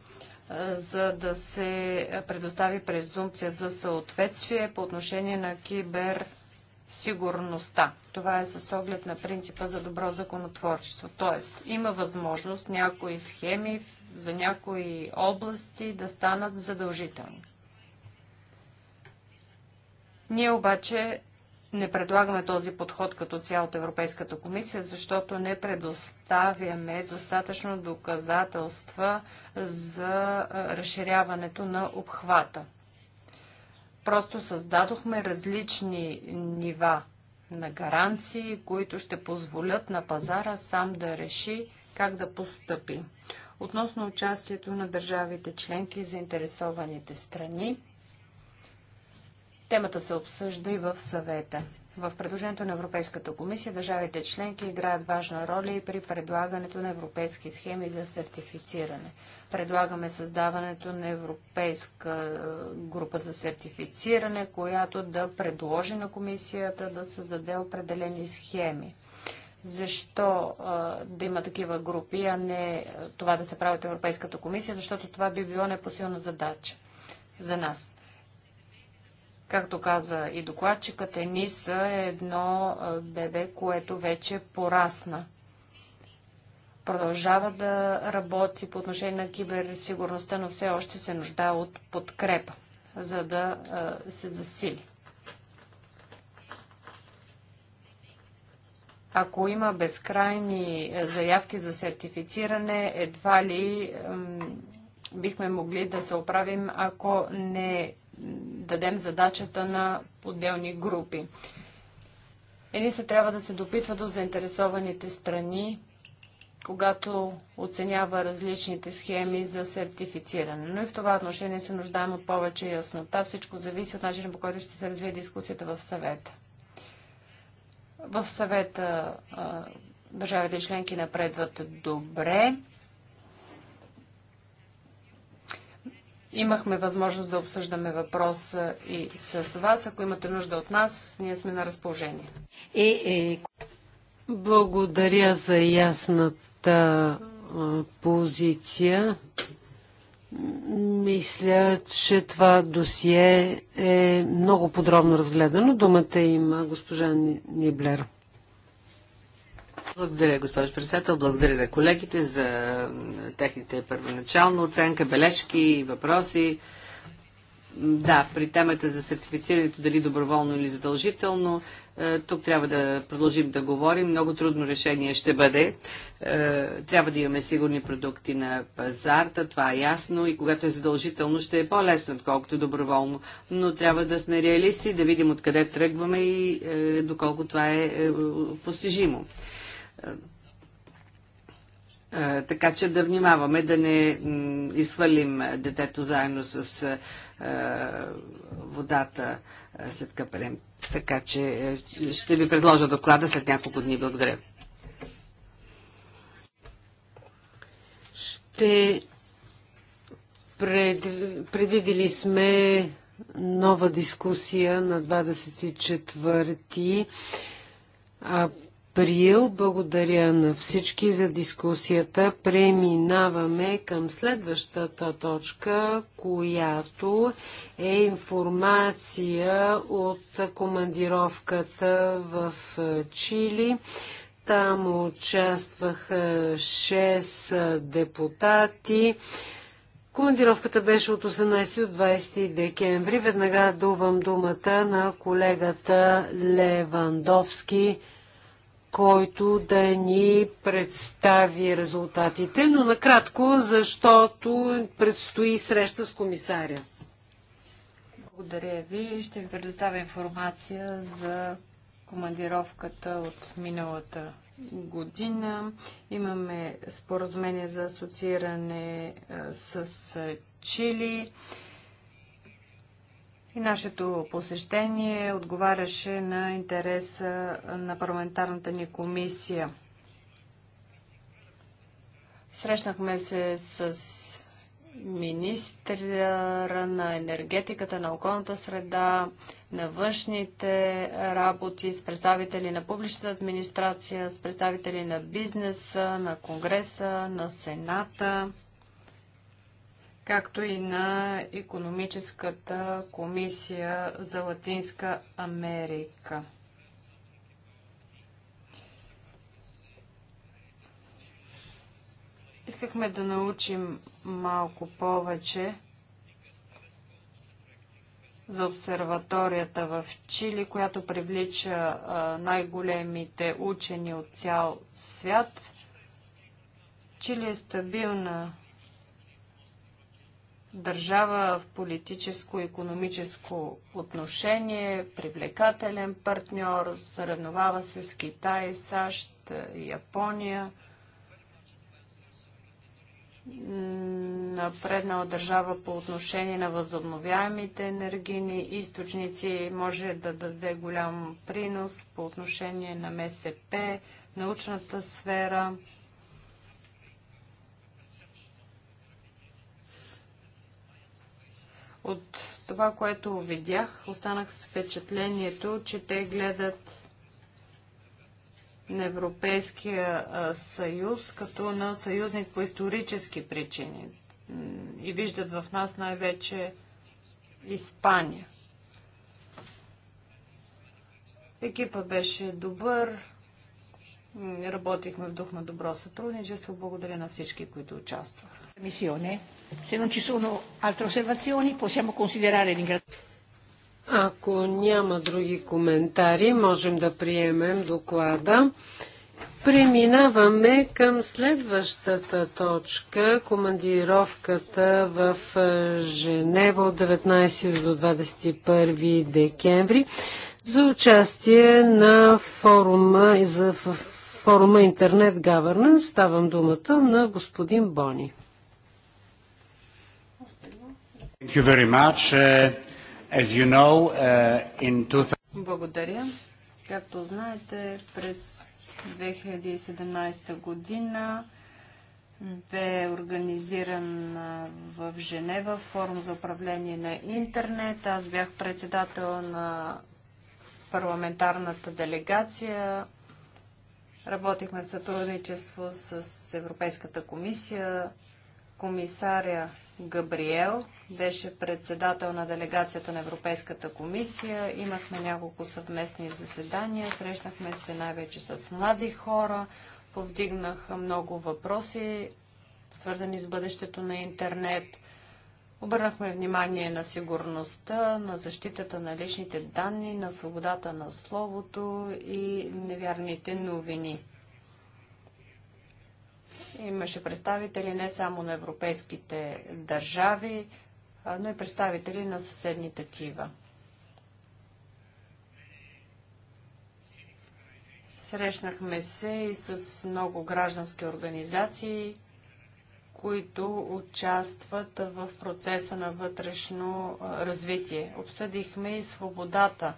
за да се предостави презумпция за съответствие по отношение на киберсигурността. Това е с оглед на принципа за добро законотворчество. Тоест, има възможност някои схеми за някои области да станат задължителни. Ние обаче не предлагаме този подход като цял от Европейската комисия, защото не предоставяме достатъчно доказателства за разширяването на обхвата. Просто създадохме различни нива на гаранции, които ще позволят на пазара сам да реши как да постъпи. Относно участието на държавите членки и заинтересованите страни, Темата се обсъжда и в съвета. В предложението на Европейската комисия държавите членки играят важна роля и при предлагането на европейски схеми за сертифициране. Предлагаме създаването на европейска е, група за сертифициране, която да предложи на комисията да създаде определени схеми защо а, е, да има такива групи, а не е, това да се прави от Европейската комисия, защото това би било непосилна задача за нас. Както каза и докладчикът, Ениса е едно бебе, което вече порасна. Продължава да работи по отношение на киберсигурността, но все още се нуждае от подкрепа, за да се засили. ако има безкрайни заявки за сертифициране, едва ли бихме могли да се оправим, ако не дадем задачата на отделни групи. Едни се трябва да се допитва до заинтересованите страни, когато оценява различните схеми за сертифициране. Но и в това отношение се нуждаем от повече яснота. Всичко зависи от начина по който ще се развие дискусията в съвета. В съвета държавите членки напредват добре. Имахме възможност да обсъждаме въпроса и с вас. Ако имате нужда от нас, ние сме на разположение. Е, е. Благодаря за ясната позиция. Мисля, че това досие е много подробно разгледано. Думата има госпожа Ниблер. Благодаря, госпожо председател. Благодаря на колегите за техните първоначална оценка, бележки и въпроси. Да, при темата за сертифицирането, дали доброволно или задължително, е, тук трябва да продължим да говорим. Много трудно решение ще бъде. Е, трябва да имаме сигурни продукти на пазарта, това е ясно. И когато е задължително, ще е по-лесно, отколкото доброволно. Но трябва да сме реалисти, да видим откъде тръгваме и е, доколко това е постижимо така че да внимаваме да не изхвърлим детето заедно с водата след капелем. Така че ще ви предложа доклада след няколко дни. Благодаря. Ще пред... предвидели сме нова дискусия на 24 ти Приел Благодаря на всички за дискусията. Преминаваме към следващата точка, която е информация от командировката в е, Чили. Там участваха 6 е, депутати. Командировката беше от 18 до 20 декември. Веднага давам думата на колегата Левандовски който да ни представи резултатите, но накратко, защото предстои среща с комисаря. Благодаря ви. Ще ви предоставя информация за командировката от миналата година. Имаме споразумение за асоцииране с Чили. И нашето посещение отговаряше на интереса на парламентарната ни комисия. Срещнахме се с министра на енергетиката, на околната среда, на външните работи, с представители на публичната администрация, с представители на бизнеса, на Конгреса, на Сената както и на економическата комисия за Латинска Америка. Искахме да научим малко повече за обсерваторията в Чили, която привлича най-големите учени от цял свят. Чили е стабилна държава в политическо-економическо отношение, привлекателен партньор, съревновава се с Китай, САЩ, Япония. Напреднала държава по отношение на възобновяемите енергийни източници може да даде голям принос по отношение на МСП, научната сфера – От това, което видях, останах с впечатлението, че те гледат на Европейския съюз като на съюзник по исторически причини и виждат в нас най-вече Испания. Екипа беше добър, работихме в дух на добро сътрудничество. Благодаря на всички, които участваха. Мисионе. Se non ci sono altre osservazioni, possiamo considerare l'ingresso. Ако няма други коментари, можем да приемем доклада. Преминаваме към следващата точка командировката в е, Женева от 19 до 21 декември за участие на форума, за форума Интернет Governance. Ставам думата на господин Бони. Thank you very much. Uh, as you know, uh, in 2000... Благодаря. Както знаете, през 2017 година бе организиран в Женева форум за управление на интернет. Аз бях председател на парламентарната делегация. Работихме в сътрудничество с Европейската комисия, комисаря Габриел беше председател на делегацията на Европейската комисия. Имахме няколко съвместни заседания, срещнахме се най-вече с млади хора, повдигнах много въпроси, свързани с бъдещето на интернет. Обърнахме внимание на сигурността, на защитата на личните данни, на свободата на словото и невярните новини. Имаше представители не само на европейските държави, но и представители на съседни такива. Срещнахме се и с много граждански организации, които участват в процеса на вътрешно развитие. Обсъдихме и свободата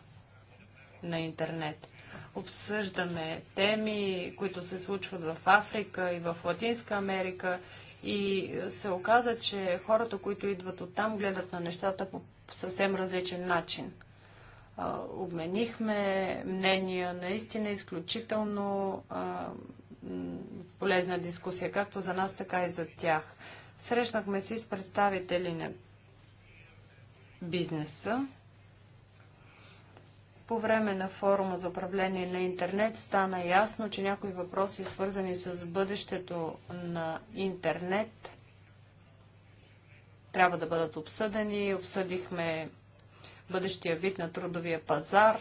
на интернет. Обсъждаме теми, които се случват в Африка и в Латинска Америка и се оказа, че хората, които идват от там, гледат на нещата по съвсем различен начин. обменихме мнения, наистина изключително полезна дискусия, както за нас, така и за тях. Срещнахме се с представители на бизнеса, по време на форума за управление на интернет стана ясно, че някои въпроси, свързани с бъдещето на интернет, трябва да бъдат обсъдени. Обсъдихме бъдещия вид на трудовия пазар,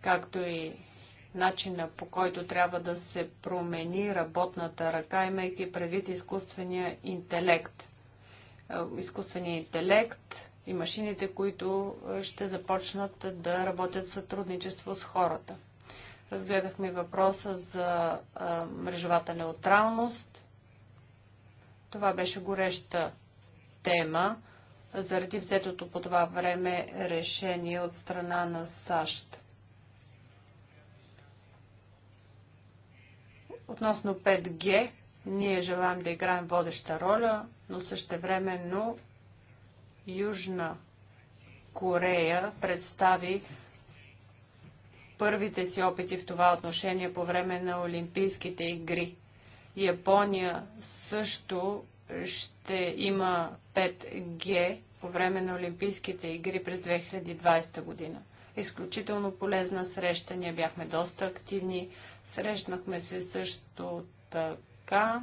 както и начина по който трябва да се промени работната ръка, имайки предвид изкуствения интелект. Е, Изкуственият интелект и машините, които е, ще започнат да работят в сътрудничество с хората. Разгледахме въпроса за е, мрежовата неутралност. Това беше гореща тема заради взетото по това време решение от страна на САЩ. Относно 5G, ние желаем да играем водеща роля, но същевременно Южна Корея представи първите си опити в това отношение по време на Олимпийските игри. Япония също ще има 5G по време на Олимпийските игри през 2020 година. Изключително полезна среща. Ние бяхме доста активни. Срещнахме се също така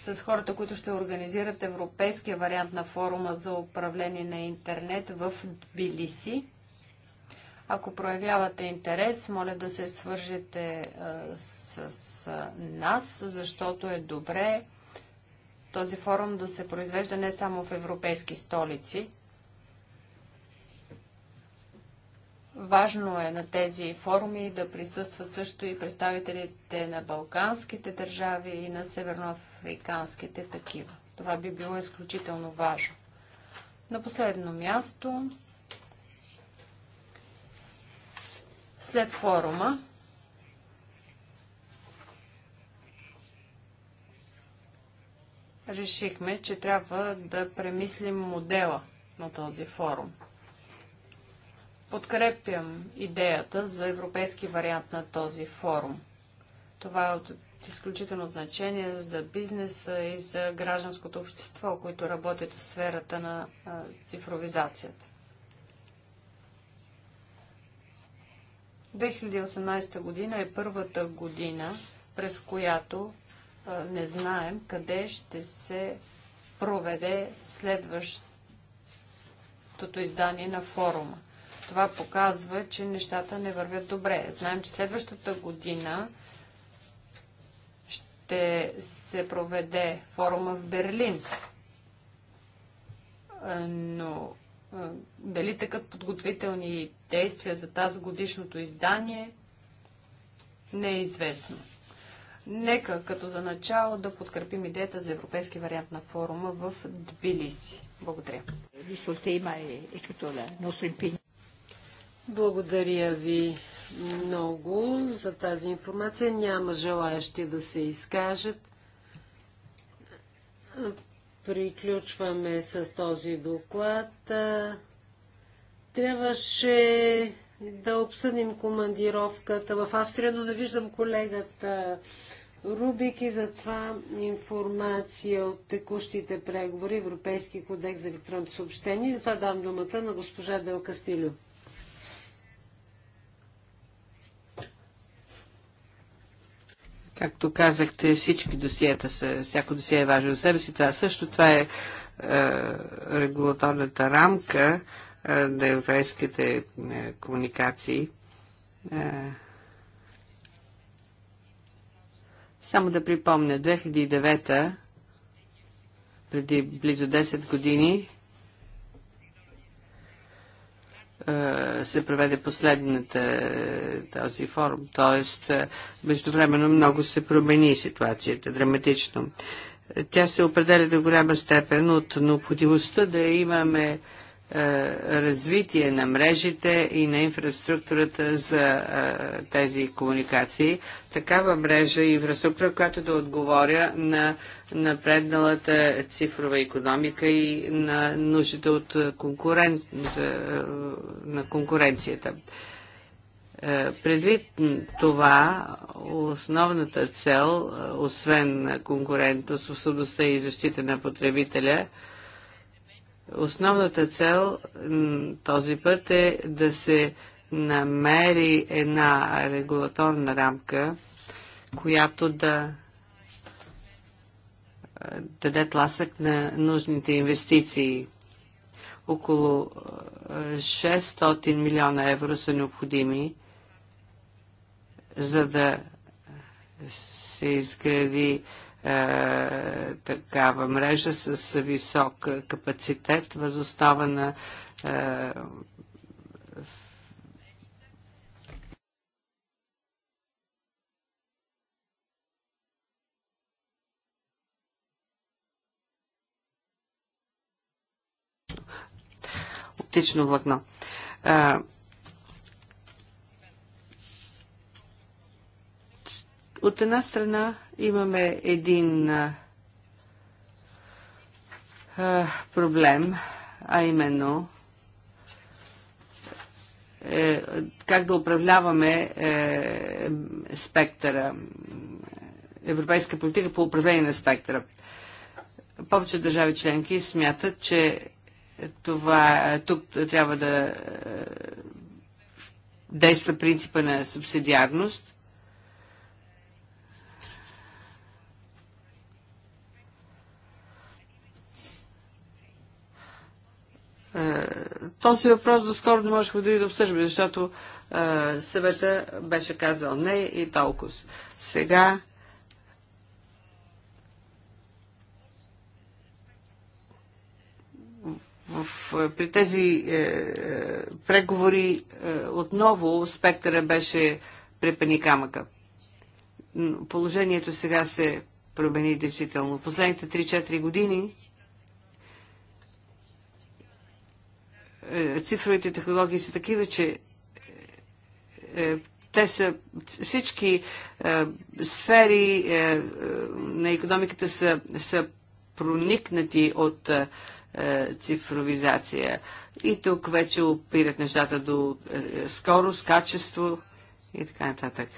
с хората, които ще организират европейския вариант на форума за управление на интернет в Билиси. Ако проявявате интерес, моля да се свържете е, с, с е, нас, защото е добре този форум да се произвежда не само в европейски столици. Важно е на тези форуми да присъстват също и представителите на балканските държави и на северноафриканските африканските такива. Това би било изключително важно. На последно място, след форума, решихме, че трябва да премислим модела на този форум. Подкрепям идеята за европейски вариант на този форум. Това е от изключително значение за бизнеса и за гражданското общество, които работят в сферата на цифровизацията. 2018 година е първата година, през която не знаем къде ще се проведе следващото издание на форума. Това показва, че нещата не вървят добре. Знаем, че следващата година ще се проведе форума в Берлин. Но дали тъкат подготвителни действия за тази годишното издание, не е известно. Нека като за начало да подкрепим идеята за европейски вариант на форума в Тбилиси. Благодаря. Благодаря ви много за тази информация. Няма желаящи да се изкажат. Приключваме с този доклад. Трябваше да обсъдим командировката в Австрия, но не виждам колегата Рубик и затова информация от текущите преговори, Европейски кодекс за електронни съобщения. Затова дам думата на госпожа Дел Кастилю. Както казахте, всички досиета са, всяко досие е важно за себе си. Това също това е, е регулаторната рамка е, на европейските е, комуникации. Е, само да припомня, 2009 преди близо 10 години е, се проведе последната е, този форум. Тоест, е, междувременно много се промени ситуацията драматично. Тя се определя до голяма степен от необходимостта да имаме е, развитие на мрежите и на инфраструктурата за е, тези комуникации. Такава мрежа и инфраструктура, която да отговоря на напредналата цифрова економика и на нуждите от конкурен... Е, на конкуренцията. Предвид това, основната цел, освен конкурентоспособността и защита на потребителя, Основната цел този път е да се намери една регулаторна рамка, която да даде тласък на нужните инвестиции. Около 600 милиона евро са необходими, за да се изгради е, такава мрежа с висок капацитет, възостава на е, оптично влакно. Е, От една страна имаме един а, проблем, а именно е, как да управляваме е, спектъра, европейска политика по управление на спектъра. Повече държави членки смятат, че това, е, тук трябва да е, действа принципа на субсидиарност Е, този въпрос доскоро не да и да обсъждаме, защото е, съвета беше казал не и толкова. Сега в, е, при тези е, преговори е, отново спектъра беше препани камъка. Положението сега се промени действително. Последните 3-4 години Е, цифровите технологии са такива, че е, те са всички е, сфери на економиката са, са проникнати от цифровизация. И тук вече опират нещата до скорост, качество и така нататък.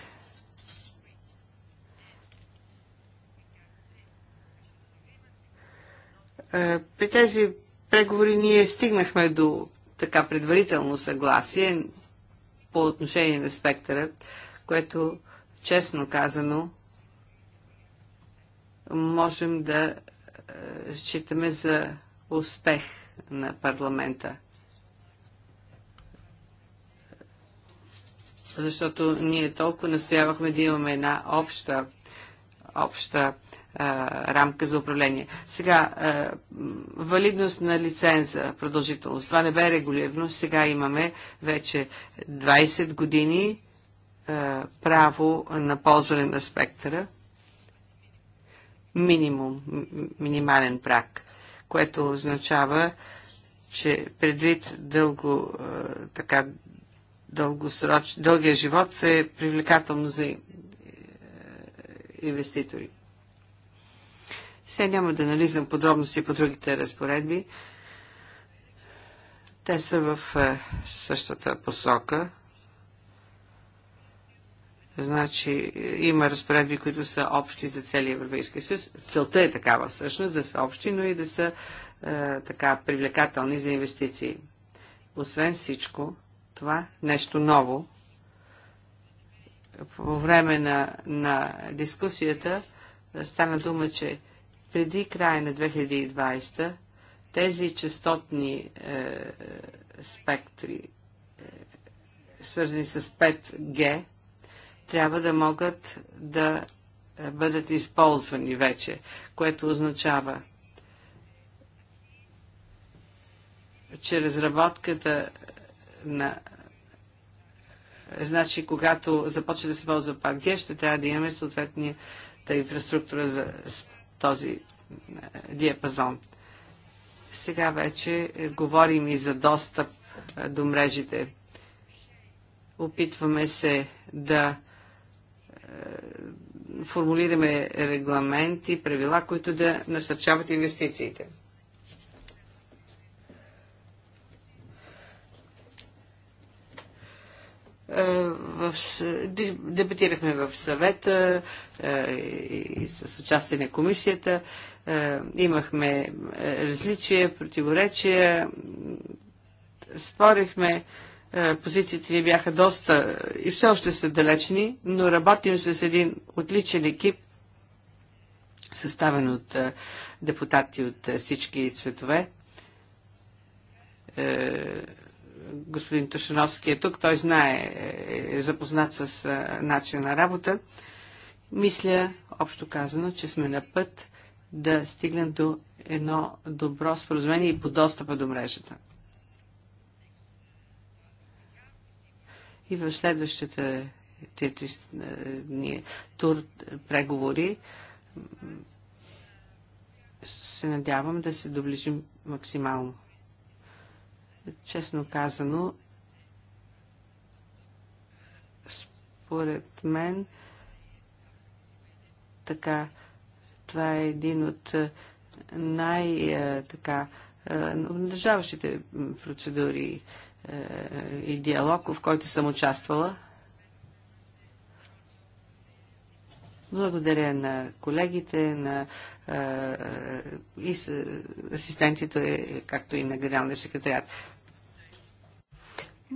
при тези преговори ние стигнахме до така предварително съгласие по отношение на спектъра, което честно казано можем да е, считаме за успех на парламента. Защото ние толкова настоявахме да имаме една обща, обща рамка за управление. Сега, а, валидност на лиценза, продължителност. Това не бе регулирано. Сега имаме вече 20 години а, право на ползване на спектъра. Минимум, минимален прак, което означава, че предвид дълго, а, така, дългосроч, дългия живот е привлекателно за инвеститори. Сега няма да нализам подробности по другите разпоредби. Те са в е, същата посока. Значи е, има разпоредби, които са общи за целия Европейски съюз. Целта е такава всъщност, да са общи, но и да са е, така привлекателни за инвестиции. Освен всичко, това нещо ново. По време на, на дискусията е, стана дума, че преди края на 2020 тези частотни е, спектри, е, свързани с 5G, трябва да могат да е, бъдат използвани вече, което означава, че разработката на значи когато започне да се ползва 5G, ще трябва да имаме съответния инфраструктура за този е, диапазон. Сега вече е, говорим и за достъп е, до мрежите. Опитваме се да формулираме регламенти, правила, които да насърчават инвестициите. Е, в, дебатирахме в съвета е, и с участие на комисията. Е, имахме различия, противоречия, спорихме, позициите ни бяха доста и все още са далечни, но работим с един отличен екип, съставен от депутати от всички цветове господин Тушановски е тук, той знае, е запознат с е, начин на работа. Мисля, общо казано, че сме на път да стигнем до едно добро споразумение и по достъпа до мрежата. И в следващата е, е, тур преговори се надявам да се доближим максимално. Честно казано, според мен, така, това е един от е, най-така е, е, обнадежаващите процедури и диалог, в който съм участвала. Благодаря на колегите, на и асистентите, както и на генералния секретарят.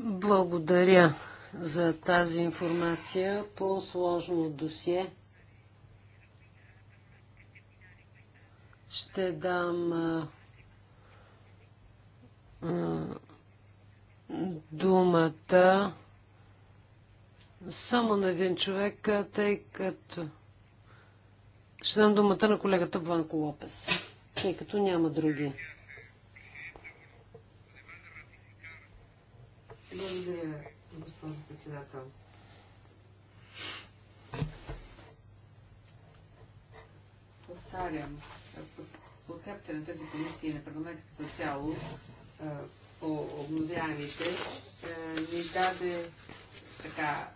Благодаря за тази информация по сложно досие. Ще дам а, а, думата само на един човек, тъй като ще дам думата на колегата Бланко Лопес, тъй като няма други. Благодаря, госпожо председател. Повтарям, подкрепите на тази комисия и на парламента като цяло по обновяемите ни даде така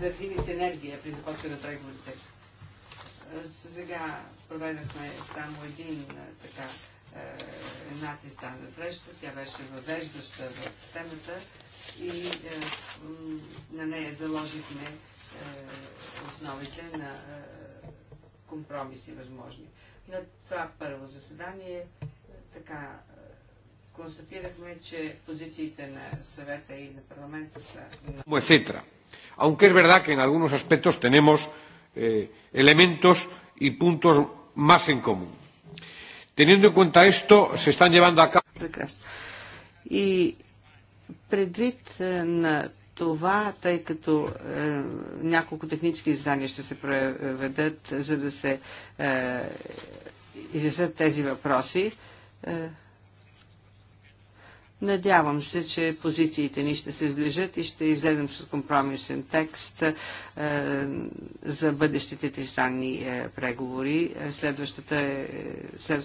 заради ми с енергия при започване на преговорите. Сега проведахме само един така една стана среща. Тя беше въвеждаща в темата и е, на нея заложихме е, основите на е, компромиси възможни. На това първо заседание така констатирахме, че позициите на съвета и на парламента са... Etcétera. Aunque es verdad que en algunos aspectos tenemos eh, elementos y puntos más en común. Teniendo en cuenta esto, se están llevando a cabo. И предвид е, на това, тъй като е, няколко технически издания ще се проведат, за да се е, тези въпроси, е, Надявам се, че позициите ни ще се сближат и ще излезем с компромисен текст е, за бъдещите тристранни е, преговори е, следващата е, е,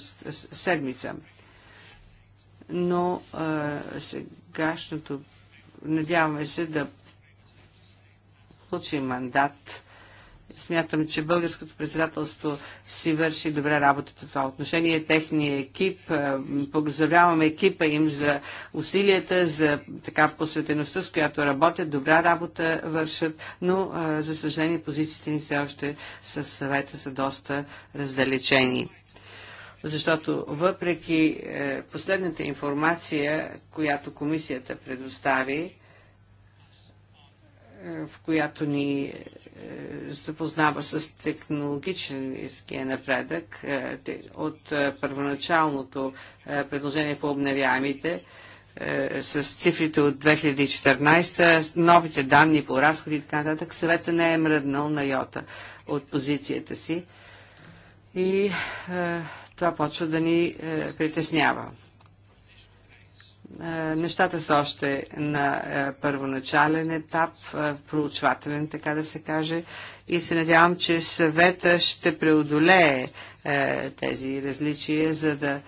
седмица. Но е, сегашното, надяваме се да получим мандат Смятам, че българското председателство си върши добре работата в това отношение. Техния екип, е, поздравяваме екипа им за усилията, за така посветеността, с която работят, добра работа вършат, но е, за съжаление позициите ни все още с съвета са доста раздалечени защото въпреки е, последната информация, която комисията предостави, в която ни запознава е, с технологическия напредък е, от е, първоначалното предложение по обновяемите с цифрите от 2014, новите данни по разходи и така нататък, съвета не е мръднал на йота от позицията си и това почва да ни притеснява. Е, нещата са още на е, първоначален етап, е, проучвателен, така да се каже, и се надявам, че съвета ще преодолее тези различия, за да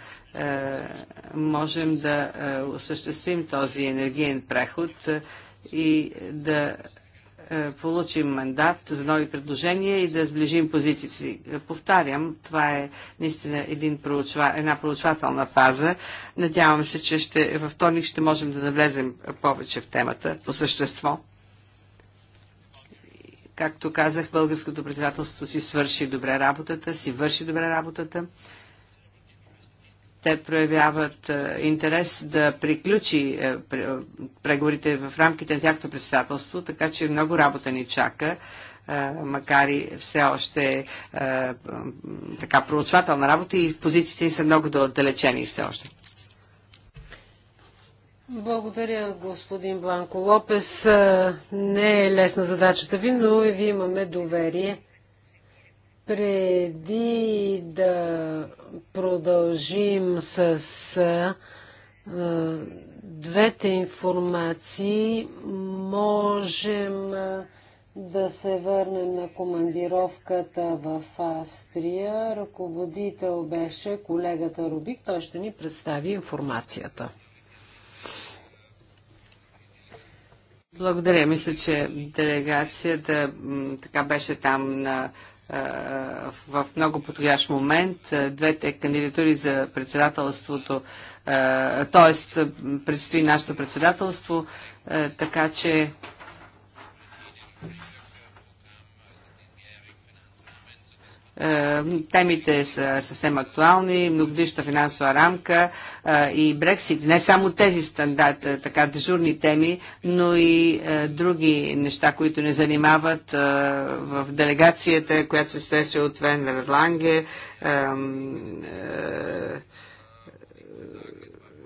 можем да осъществим този енергиен преход и да е, получим мандат за нови предложения и да сближим позициите си. Повтарям, това е наистина един проучва, една проучвателна фаза. Надявам се, че ще, във вторник ще можем да навлезем повече в темата по същество. Както казах, българското председателство си свърши добре работата, си върши добре работата те проявяват е, интерес да приключи е, преговорите в рамките на тяхното председателство, така че много работа ни чака е, макар и все още така проучвателна работа и позициите ни са много отдалечени все още. Благодаря, господин Бланко Лопес. Не е лесна задачата ви, но и ви имаме доверие. Преди да продължим с двете информации, можем да се върнем на командировката в Австрия. Ръководител беше колегата Рубик. Той ще ни представи информацията. Благодаря. Мисля, че делегацията така беше там на в много подходящ момент. Двете кандидатури за председателството, т.е. предстои нашето председателство, така че Е, темите са съвсем актуални, многодишна финансова рамка е, и Брексит. Не само тези стандарт, е, така дежурни теми, но и други неща, които не занимават в делегацията, която се среща от Венвер Ланге,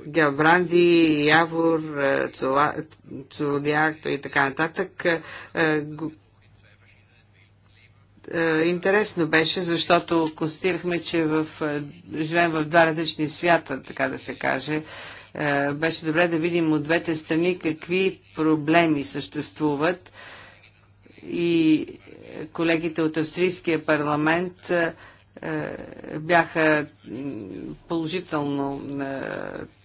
Гелбранди, Явор, Цулодиакто и така нататък. Е, интересно беше, защото констатирахме, че в, е, живеем в два различни свята, така да се каже. Е, беше добре да видим от двете страни какви проблеми съществуват и колегите от Австрийския парламент бяха положително, е,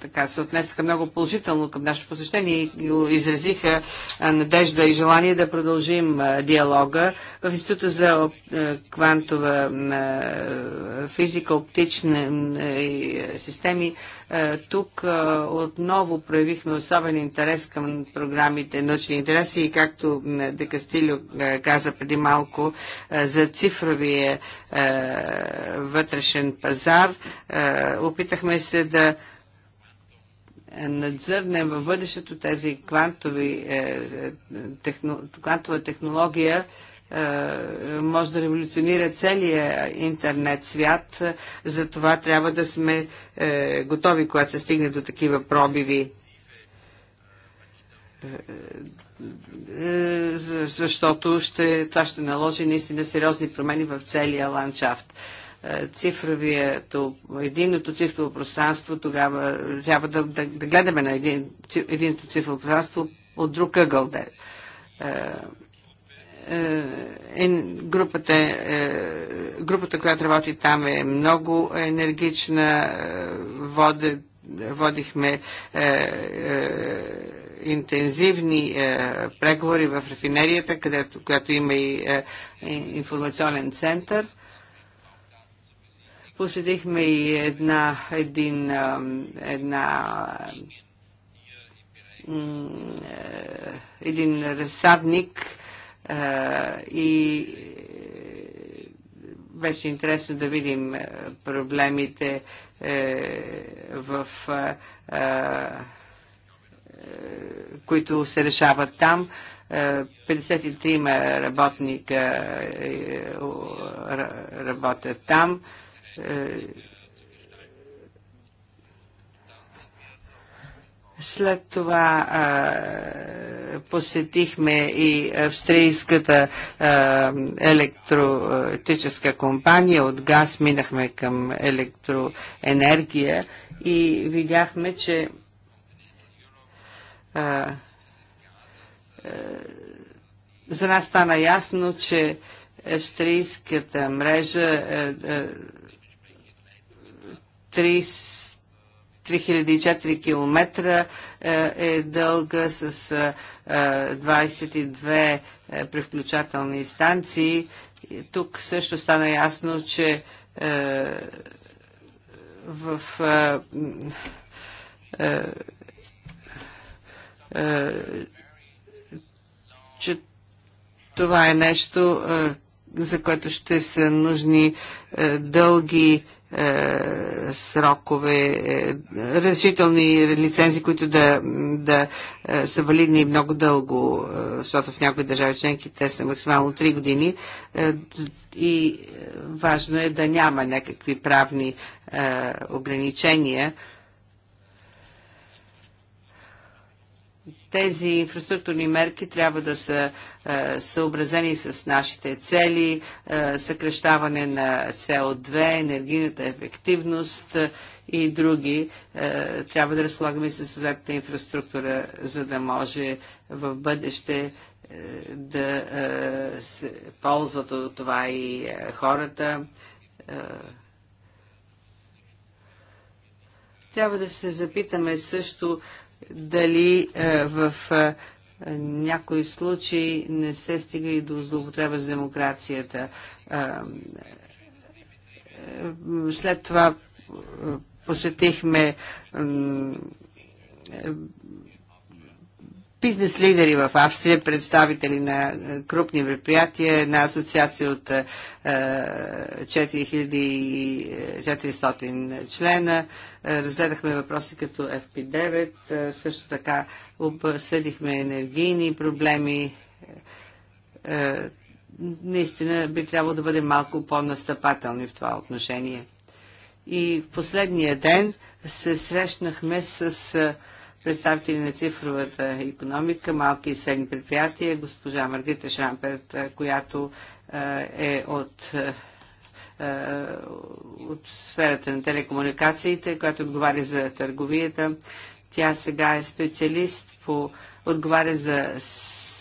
така се отнесаха много положително към нашето посещение и изразиха е, надежда и желание да продължим е, диалога. В Института за квантова физика, оптични системи, тук отново проявихме особен интерес към програмите научни интереси и както Де Кастилю каза преди малко за цифровия вътрешен пазар, пазар. Е, опитахме се да надзърнем в бъдещето тези квантови, е, квантова технология, е, може да революционира целия интернет свят. За това трябва да сме готови, когато се стигне до такива пробиви. Защото ще, това ще наложи наистина сериозни промени в целия ландшафт. Е, цифровието, единното цифрово пространство, тогава трябва да, да, да гледаме на един, единното цифрово пространство от друг ъгъл. Да, е, е групата, е, групата, която работи там е много енергична, е, водихме е, е, интензивни е, преговори в рафинерията, където, която има и е, информационен център. Посетихме и една, един, една е, един разсадник е, и е, беше интересно да видим проблемите в които се решават там. 53 работника работят там. Е, след това посетихме и австрийската електротическа компания. От газ минахме към електроенергия и видяхме, че е, за нас стана ясно, че австрийската мрежа е. е 3004 км е, е дълга с 22 е, е, превключателни станции. Тук също стана ясно, че в че това е нещо, за което ще са нужни дълги е, срокове, е, разрешителни лицензии, които да, да е, са валидни много дълго, защото в някои държави членки те са максимално 3 години и важно е да няма някакви правни ограничения Тези инфраструктурни мерки трябва да са е, съобразени с нашите цели, е, съкрещаване на CO2, енергийната ефективност е, и други. Е, трябва да разполагаме с съответната инфраструктура, за да може в бъдеще е, да е, се ползват от това и хората. Трябва да се запитаме също дали е, в е, някои случаи не се стига и до злоупотреба с демокрацията. Е, след това посетихме бизнес лидери в Австрия, представители на е, крупни предприятия, една асоциация от 4400 е, е, члена. Разгледахме въпроси като FP9, също така обсъдихме енергийни проблеми. Наистина би трябвало да бъдем малко по-настъпателни в това отношение. И в последния ден се срещнахме с представители на цифровата економика, малки и средни предприятия, госпожа Маргита Шрамперт, която е от от сферата на телекомуникациите, която отговаря за търговията. Тя сега е специалист по отговаря за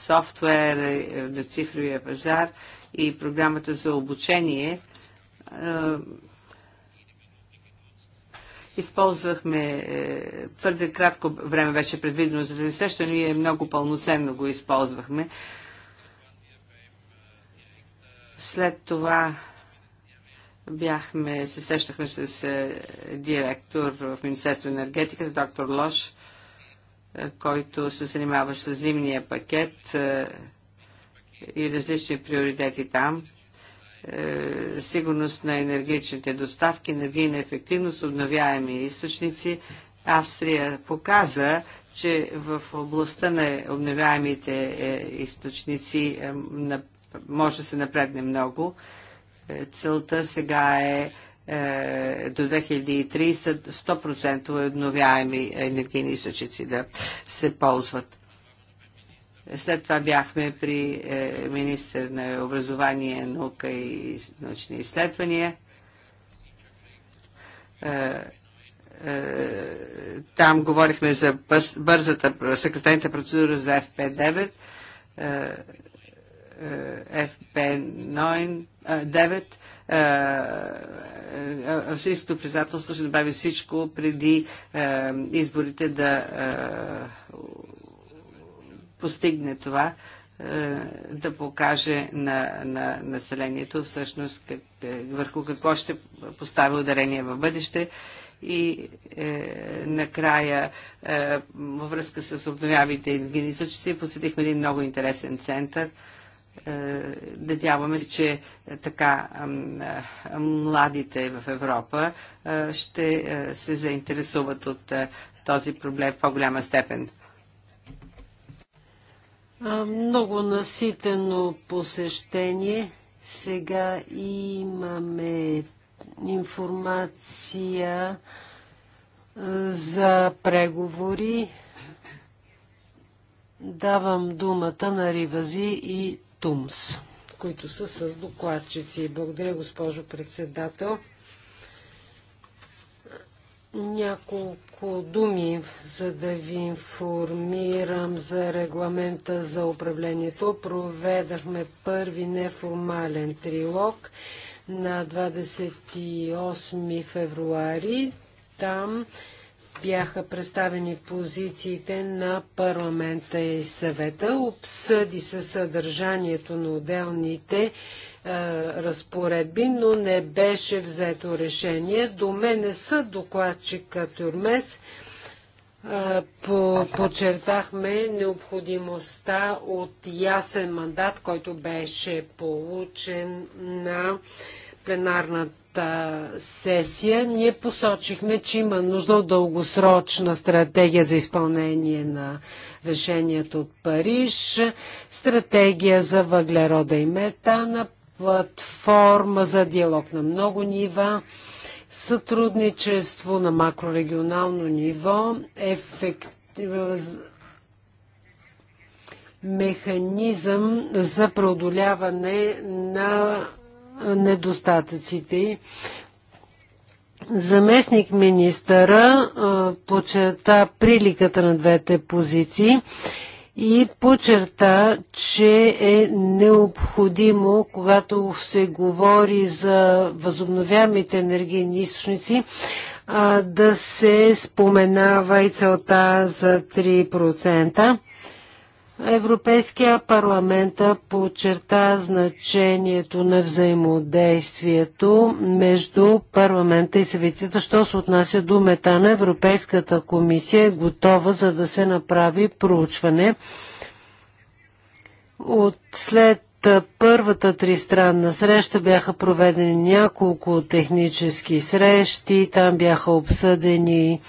софтуер е, на цифровия пазар и програмата за обучение Използвахме е, твърде кратко време беше предвидено за тази среща, но ние много пълноценно го използвахме. След това бяхме, се срещахме с е, директор в Министерство на енергетиката, доктор Лош, е, който се занимаваше с зимния пакет и различни приоритети там. Е, сигурност на енергичните доставки, енергийна ефективност, обновяеми източници. Австрия показа, че в областта на обновяемите е, източници е, може да се напредне много. Целта сега е до 2030 100% обновяеми енергийни източници да се ползват. След това бяхме при е, министър на образование, наука и научни изследвания. Е, е, там говорихме за бързата съкратената процедура за FP9, FP9, 9 австрийското председателство ще направи всичко преди изборите да постигне това, е, да покаже на, на населението всъщност как, е, върху какво ще постави ударение в бъдеще и е, накрая е, във връзка с обновявите генезичици посетихме един много интересен център. Е, надяваме се, че е, така е, младите в Европа е, ще е, се заинтересуват от е, този проблем в по-голяма степен. Много наситено посещение. Сега имаме информация за преговори. Давам думата на Ривази и Тумс, които са с докладчици. Благодаря, госпожо председател. Няколко думи, за да ви информирам за регламента за управлението. Проведахме първи неформален трилог на 28 февруари. Там бяха представени позициите на парламента и съвета. Обсъди се съдържанието на отделните разпоредби, но не беше взето решение. До мене са докладчика Тюрмес. По почертахме необходимостта от ясен мандат, който беше получен на пленарната сесия. Ние посочихме, че има нужда от дългосрочна стратегия за изпълнение на решението от Париж, стратегия за въглерода и метана, платформа за диалог на много нива, сътрудничество на макрорегионално ниво, ефект... механизъм за преодоляване на недостатъците. Заместник министъра подчерта приликата на двете позиции и почерта, че е необходимо, когато се говори за възобновяемите енергийни източници, да се споменава и целта за 3%. Европейския парламент подчерта значението на взаимодействието между парламента и съветите, що се отнася до метана. Европейската комисия е готова за да се направи проучване. От след първата тристранна среща бяха проведени няколко технически срещи, там бяха обсъдени е,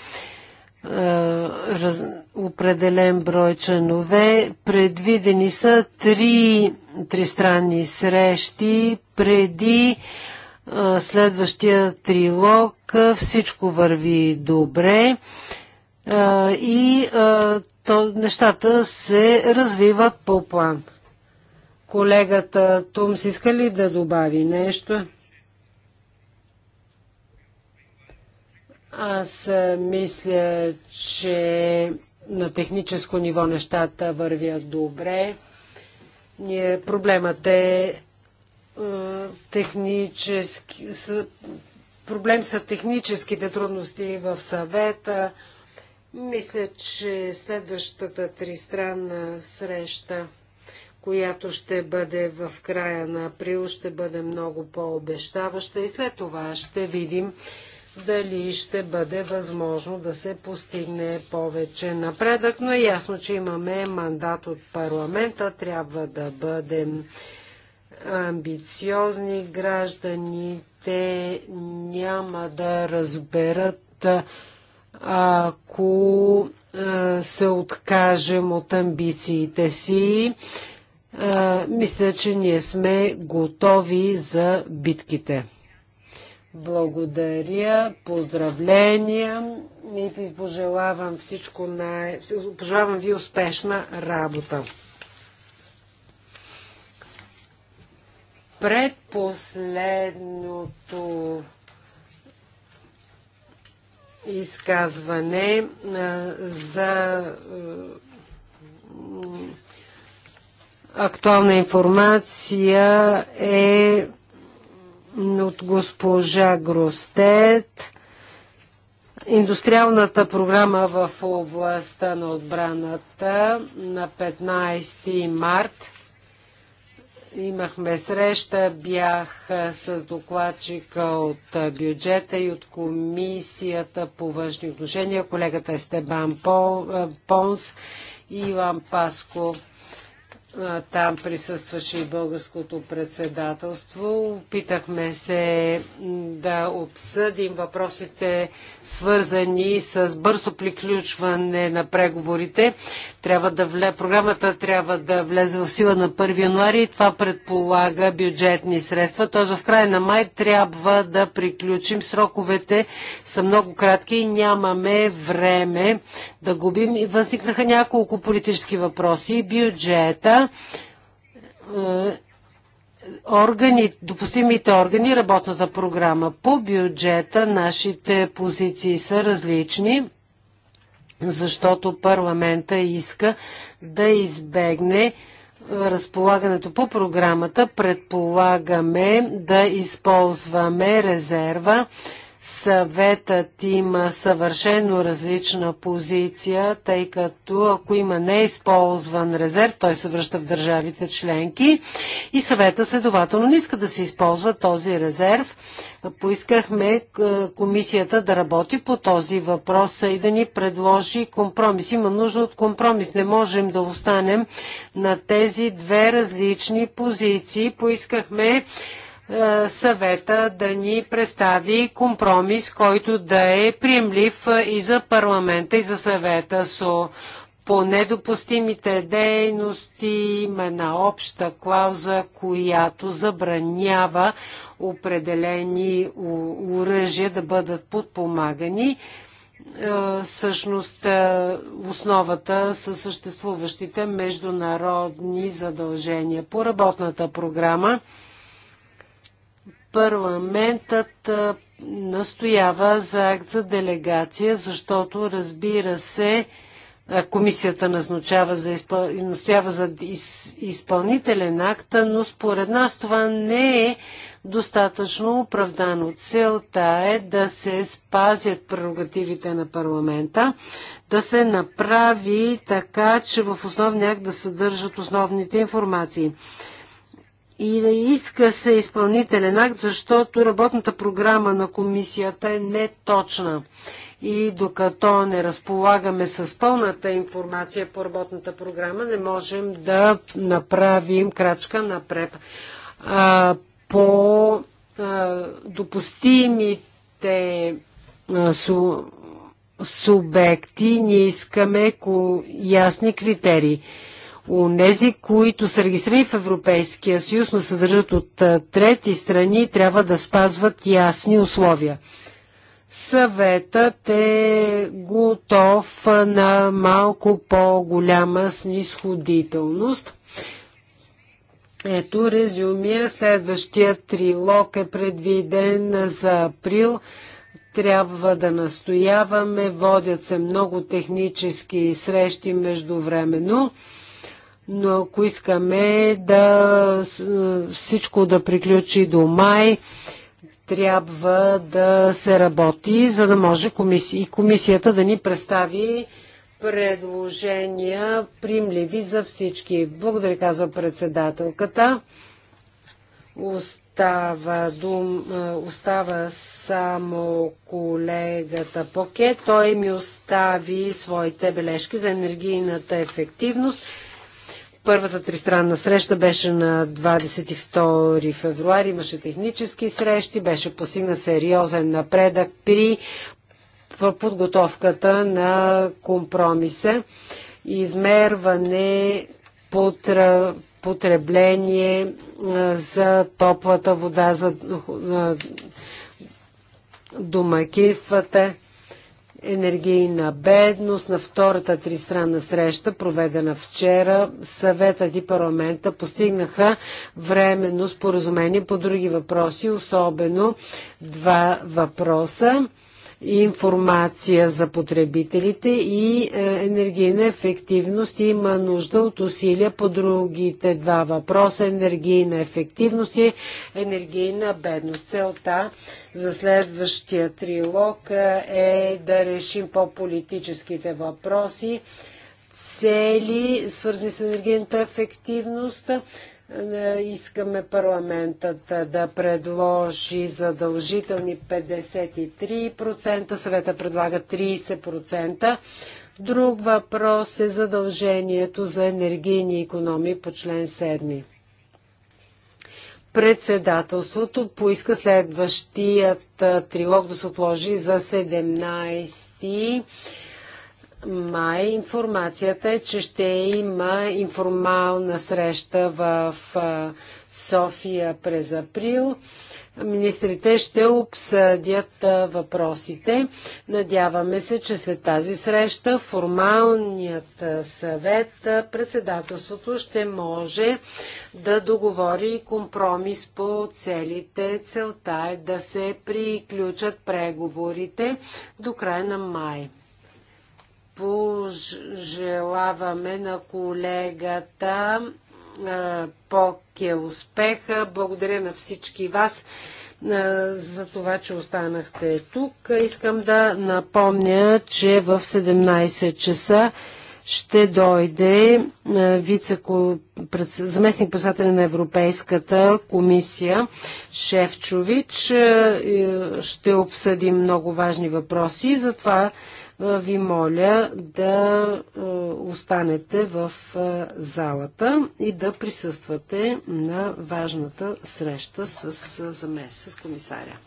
раз, определен брой членове. Предвидени са три тристранни срещи преди следващия трилог. Всичко върви добре и то, нещата се развиват по план. Колегата Тумс иска ли да добави нещо? Аз мисля, че на техническо ниво нещата вървят добре. Ние, проблемът е технически, проблем са техническите трудности в съвета. Мисля, че следващата тристранна среща, която ще бъде в края на април, ще бъде много по-обещаваща и след това ще видим дали ще бъде възможно да се постигне повече напредък, но е ясно, че имаме мандат от парламента, трябва да бъдем амбициозни гражданите няма да разберат, ако се откажем от амбициите си. Мисля, че ние сме готови за битките. Благодаря, поздравления и ви пожелавам всичко най... Пожелавам ви успешна работа. Предпоследното изказване за актуална информация е от госпожа Гростет. Индустриалната програма в областта на отбраната на 15 март. Имахме среща, бях с докладчика от бюджета и от комисията по външни отношения, колегата Естебан Понс и Иван Паско. Там присъстваше и българското председателство. Опитахме се да обсъдим въпросите, свързани с бързо приключване на преговорите, трябва да вле... програмата трябва да влезе в сила на 1 януари и това предполага бюджетни средства. Т.е. в края на май трябва да приключим. Сроковете са много кратки и нямаме време да губим. И възникнаха няколко политически въпроси. Бюджета е, органи, допустимите органи, работната програма по бюджета, нашите позиции са различни защото парламента иска да избегне е, разполагането по програмата. Предполагаме да използваме резерва Съветът има съвършено различна позиция, тъй като ако има неизползван резерв, той се връща в държавите членки и съвета следователно не иска да се използва този резерв. Поискахме комисията да работи по този въпрос и да ни предложи компромис. Има нужда от компромис. Не можем да останем на тези две различни позиции. Поискахме е, съвета да ни представи компромис, който да е приемлив е, и за парламента, и за съвета. Со по недопустимите дейности има една обща клауза, която забранява определени оръжия да бъдат подпомагани. Е, Същност основата са съществуващите международни задължения. По работната програма Парламентът настоява за акт за делегация, защото разбира се, комисията назначава за изпъл... настоява за из... изпълнителен акт, но според нас това не е достатъчно оправдано. Целта е да се спазят прерогативите на парламента, да се направи така, че в основния акт да съдържат основните информации и да иска се изпълнителен акт, защото работната програма на комисията е неточна. И докато не разполагаме с пълната информация по работната програма, не можем да направим крачка напред. А, по а, допустимите а, су, субекти ние искаме ясни критерии. Онези, които са регистрирани в Европейския съюз, но съдържат от трети страни, трябва да спазват ясни условия. Съветът е готов на малко по-голяма снисходителност. Ето, резюмия, следващия трилог е предвиден за април. Трябва да настояваме, водят се много технически срещи междувременно. времено но ако искаме да всичко да приключи до май, трябва да се работи, за да може комисия, и комисията да ни представи предложения, примливи за всички. Благодаря, казва председателката. Остава, дум, остава само колегата Поке. Той ми остави своите бележки за енергийната ефективност. Първата тристранна среща беше на 22 февруари. Имаше технически срещи, беше постигнат сериозен напредък при подготовката на компромиса. Измерване потребление за топлата вода за домакинствата енергийна бедност на втората тристранна среща, проведена вчера. Съветът и парламента постигнаха временно споразумение по други въпроси, особено два въпроса информация за потребителите и е, енергийна ефективност. Има нужда от усилия по другите два въпроса енергийна ефективност и енергийна бедност. Целта за следващия трилог е, е да решим по-политическите въпроси цели, свързани с енергийната ефективност е, искаме парламентът да предложи задължителни 53%, съвета предлага 30%. Друг въпрос е задължението за енергийни економии по член 7. Председателството поиска следващият е, трилог да се отложи за 17 май информацията е, че ще има информална среща в София през април. Министрите ще обсъдят въпросите. Надяваме се, че след тази среща формалният съвет председателството ще може да договори компромис по целите. Целта е да се приключат преговорите до края на май пожелаваме на колегата Поке успеха. Благодаря на всички вас за това, че останахте тук. Искам да напомня, че в 17 часа ще дойде заместник председателя на Европейската комисия Шефчович. Ще обсъдим много важни въпроси, затова ви моля да останете в залата и да присъствате на важната среща с, с комисаря.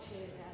че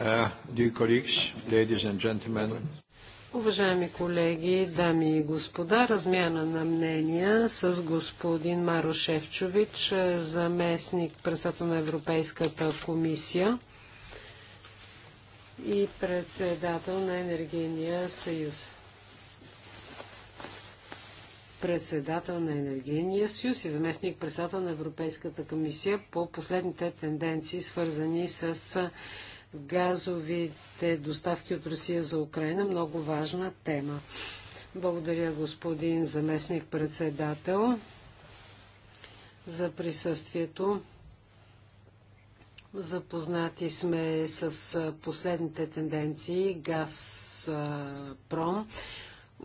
Uh, Уважаеми колеги, дами и господа, размяна на мнения с господин Маро Шевчович, заместник председател на Европейската комисия и председател на Енергийния съюз. Председател на Енергийния съюз и заместник председател на Европейската комисия по последните тенденции, свързани с газовите доставки от Русия за Украина. Много важна тема. Благодаря господин заместник председател за присъствието. Запознати сме с последните тенденции Газпром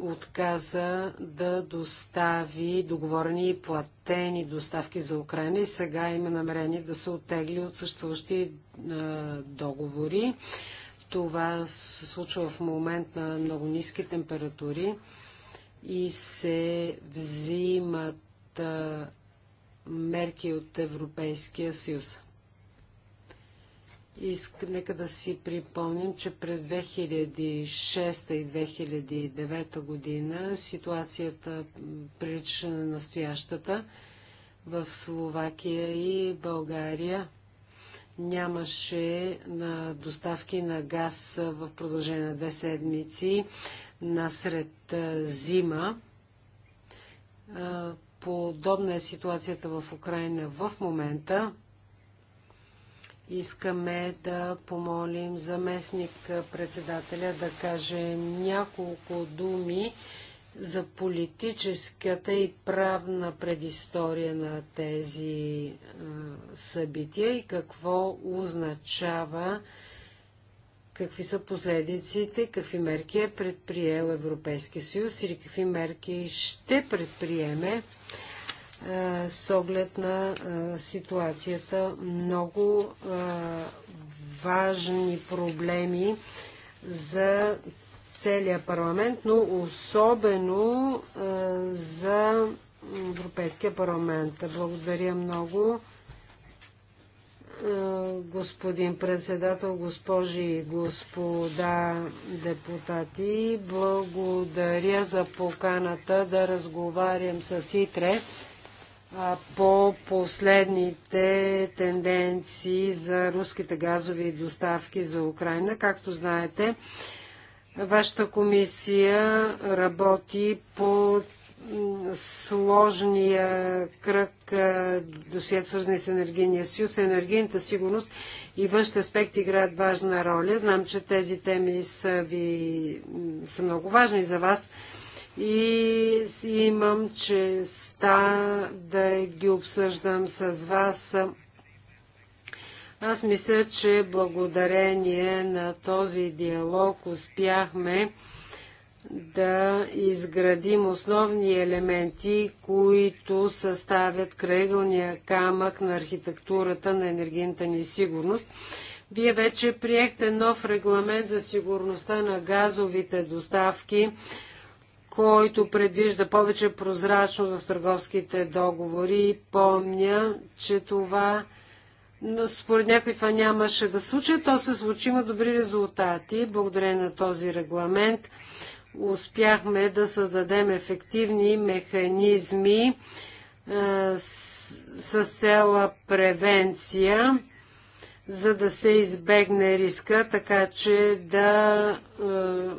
отказа да достави договорени и платени доставки за Украина и сега има намерение да се отегли от съществуващи е, договори. Това се случва в момент на много ниски температури и се взимат е, мерки от Европейския съюз. Иск, нека да си припомним, че през 2006 и 2009 година ситуацията прилича на настоящата в Словакия и България нямаше на доставки на газ в продължение на две седмици насред зима. Подобна е ситуацията в Украина в момента. Искаме да помолим заместник председателя да каже няколко думи за политическата и правна предистория на тези е, събития и какво означава, какви са последиците, какви мерки е предприел Европейски съюз или какви мерки ще предприеме е, с оглед на е, ситуацията. Много е, важни проблеми за целия парламент, но особено за Европейския парламент. Благодаря много господин председател, госпожи и господа депутати. Благодаря за поканата да разговарям с ИТРЕ по последните тенденции за руските газови доставки за Украина. Както знаете, вашата комисия работи по сложния кръг досият, свързани с енергийния съюз, енергийната сигурност и външните аспекти играят важна роля. Знам, че тези теми са, ви, са много важни за вас и имам честа да ги обсъждам с вас. Аз мисля, че благодарение на този диалог успяхме да изградим основни елементи, които съставят крайъгълния камък на архитектурата на енергийната ни сигурност. Вие вече приехте нов регламент за сигурността на газовите доставки който предвижда повече прозрачност в търговските договори. Помня, че това, но според някои това нямаше да случи, то се случи, има добри резултати. Благодарение на този регламент успяхме да създадем ефективни механизми е, с, с цела превенция за да се избегне риска, така че да е,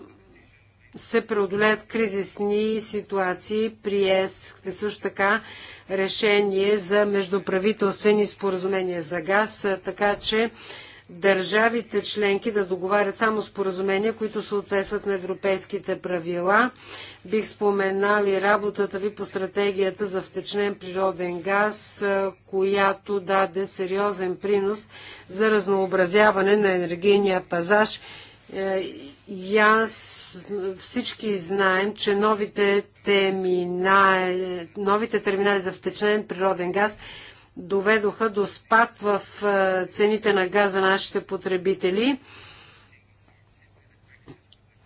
се преодолеят кризисни ситуации. прие също така решение за междуправителствени споразумения за газ, така че държавите членки да договарят само споразумения, които съответстват на европейските правила. Бих споменал и работата ви по стратегията за втечнен природен газ, която даде сериозен принос за разнообразяване на енергийния пазаж е, Яс, всички знаем, че новите терминали, новите терминали за втечнен природен газ доведоха до спад в е, цените на газ за нашите потребители.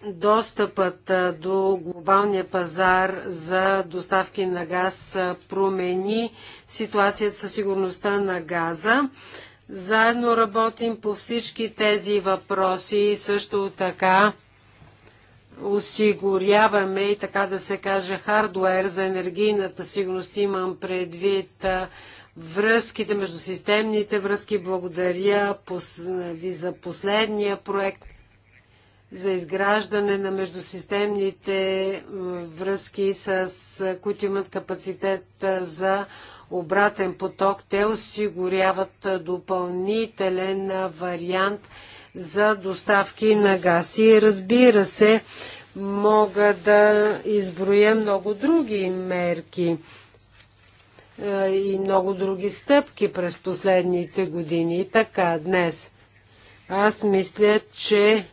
Достъпът е, до глобалния пазар за доставки на газ е, промени ситуацията със сигурността на газа. Заедно работим по всички тези въпроси и също така осигуряваме и така да се каже хардуер за енергийната сигурност. Имам предвид връзките между системните връзки. Благодаря ви за последния проект за изграждане на междусистемните връзки, с които имат капацитет за обратен поток, те осигуряват допълнителен вариант за доставки на газ. И разбира се, мога да изброя много други мерки и много други стъпки през последните години. И така, днес аз мисля, че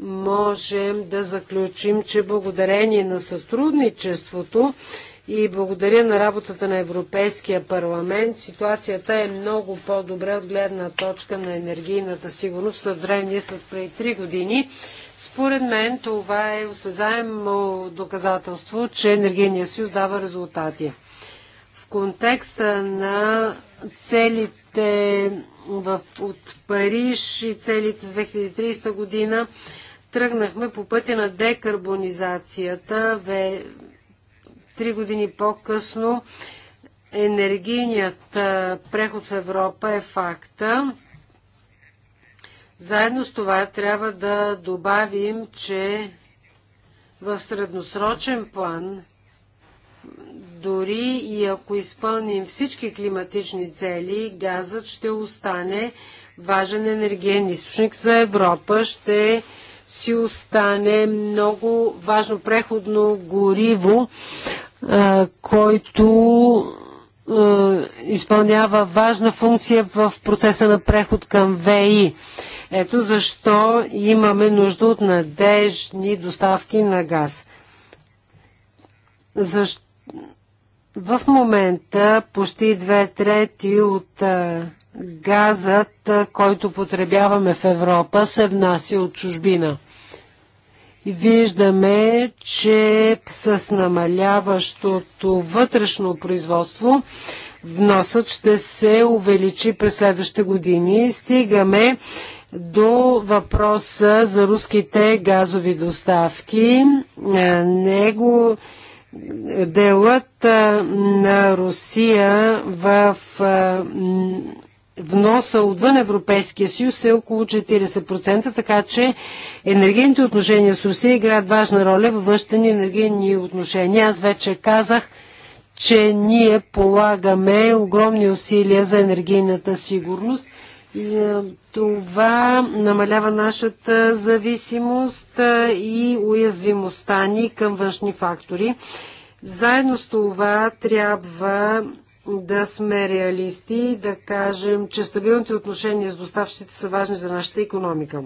можем да заключим, че благодарение на сътрудничеството и благодаря на работата на Европейския парламент. Ситуацията е много по-добре от гледна точка на енергийната сигурност в сравнение с преди три години. Според мен това е осъзаемо доказателство, че енергийния съюз дава резултати. В контекста на целите в, от Париж и целите с 2030 година тръгнахме по пътя на декарбонизацията. Три години по-късно енергийният преход в Европа е факта. Заедно с това трябва да добавим, че в средносрочен план, дори и ако изпълним всички климатични цели, газът ще остане важен енергиен източник за Европа. Ще си остане много важно преходно гориво, който изпълнява важна функция в процеса на преход към ВИ. Ето защо имаме нужда от надежни доставки на газ. Защо в момента почти две трети от а, газът, който потребяваме в Европа, се внася от чужбина. И виждаме, че с намаляващото вътрешно производство вносът ще се увеличи през следващите години. Стигаме до въпроса за руските газови доставки. Него делът на Русия в вноса отвън Европейския съюз е около 40%, така че енергийните отношения с Русия играят важна роля във външните енергийни отношения. Аз вече казах, че ние полагаме огромни усилия за енергийната сигурност. И е, това намалява нашата зависимост е, и уязвимостта ни към външни фактори. Заедно с това трябва да сме реалисти и да кажем, че стабилните отношения с доставчиците са важни за нашата економика.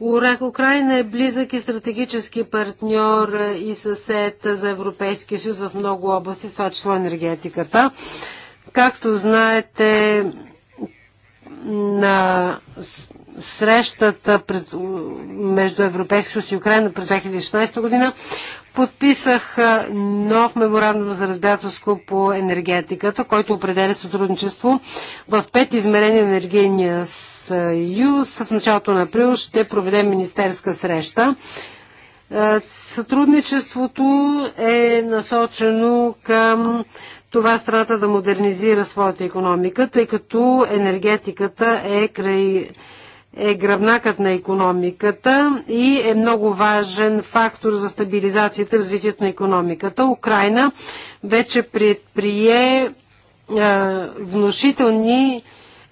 Урак Украина е близък и стратегически партньор и съсед за Европейския съюз в много области, това число енергетиката. Както знаете, на срещата през, между Европейския съюз и Украина през 2016 година подписах нов меморандум за разбирателство по енергетиката, който определя сътрудничество в пет измерения на енергийния съюз. В началото на април ще проведем министерска среща. Сътрудничеството е насочено към това страната да модернизира своята економика, тъй като енергетиката е край е гръбнакът на економиката и е много важен фактор за стабилизацията и развитието на економиката. Украина вече предприе е, внушителни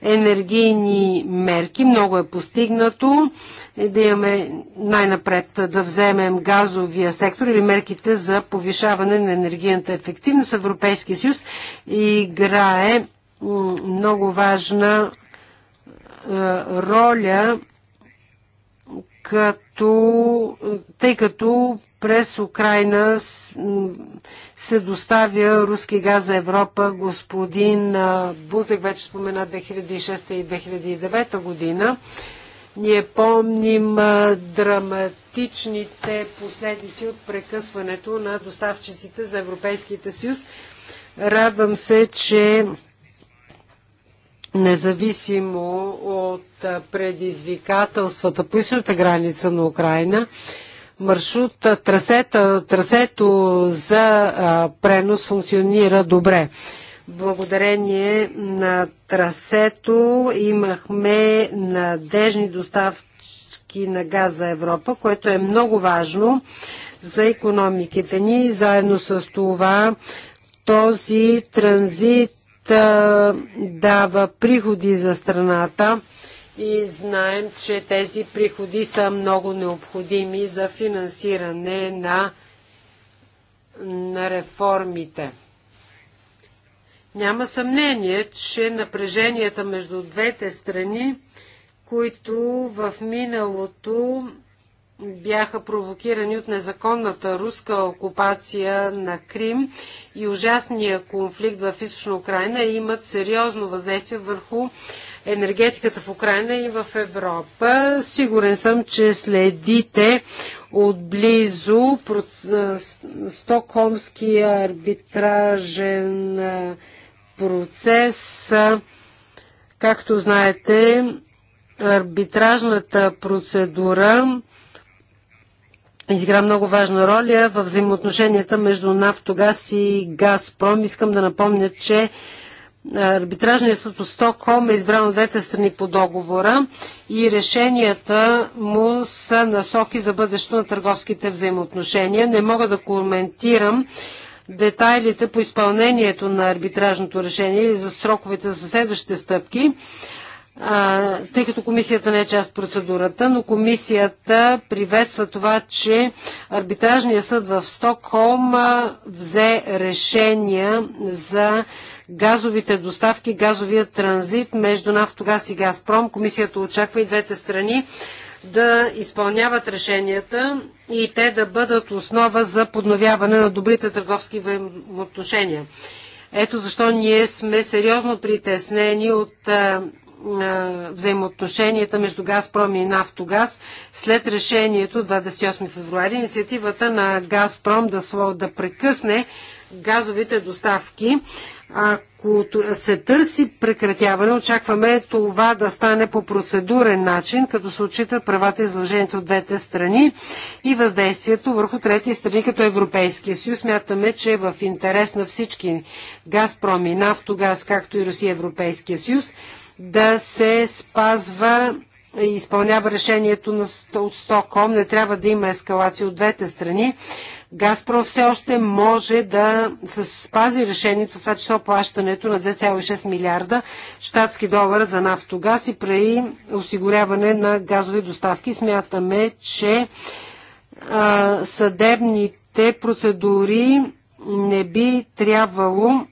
енергийни мерки. Много е постигнато. Да имаме най-напред да вземем газовия сектор или мерките за повишаване на енергийната ефективност. Европейския съюз играе много важна е, роля като, тъй като през Украина се доставя руски газ за Европа. Господин е, Бузек вече спомена 2006 и 2009 година. Ние помним е, драматичните последици от прекъсването на доставчиците за Европейските съюз. Радвам се, че независимо от предизвикателствата по източната граница на Украина, маршрут, трасета, трасето за пренос функционира добре. Благодарение на трасето имахме надежни доставки на газ за Европа, което е много важно за економиките ни. Заедно с това този транзит дава приходи за страната и знаем, че тези приходи са много необходими за финансиране на, на реформите. Няма съмнение, че напреженията между двете страни, които в миналото бяха провокирани от незаконната руска окупация на Крим и ужасния конфликт в източна Украина имат сериозно въздействие върху енергетиката в Украина и в Европа. Сигурен съм, че следите отблизо Стокхолмския арбитражен процес. Както знаете, арбитражната процедура изигра много важна роля в взаимоотношенията между Нафтогаз и Газпром. Искам да напомня, че арбитражният съд от Стокхолм е избран от двете страни по договора и решенията му са насоки за бъдещето на търговските взаимоотношения. Не мога да коментирам детайлите по изпълнението на арбитражното решение или за сроковете за следващите стъпки, тъй като комисията не е част от процедурата, но комисията приветства това, че арбитражният съд в Стокхолм взе решения за газовите доставки, газовия транзит между Нафтогаз и Газпром. Комисията очаква и двете страни да изпълняват решенията и те да бъдат основа за подновяване на добрите търговски взаимоотношения. Ето защо ние сме сериозно притеснени от взаимоотношенията между Газпром и Нафтогаз след решението 28 февруари. Инициативата на Газпром да, сло, да прекъсне газовите доставки. Ако се търси прекратяване, очакваме това да стане по процедурен начин, като се отчитат правата и задължението от двете страни и въздействието върху трети страни, като Европейския съюз. Смятаме, че е в интерес на всички Газпром и Нафтогаз, както и Русия Европейския съюз, да се спазва и изпълнява решението на, от Стокхолм. Не трябва да има ескалация от двете страни. Газпром все още може да се спази решението, това число плащането на 2,6 милиарда щатски долара за нафтогаз и при осигуряване на газови доставки. Смятаме, че а, съдебните процедури не би трябвало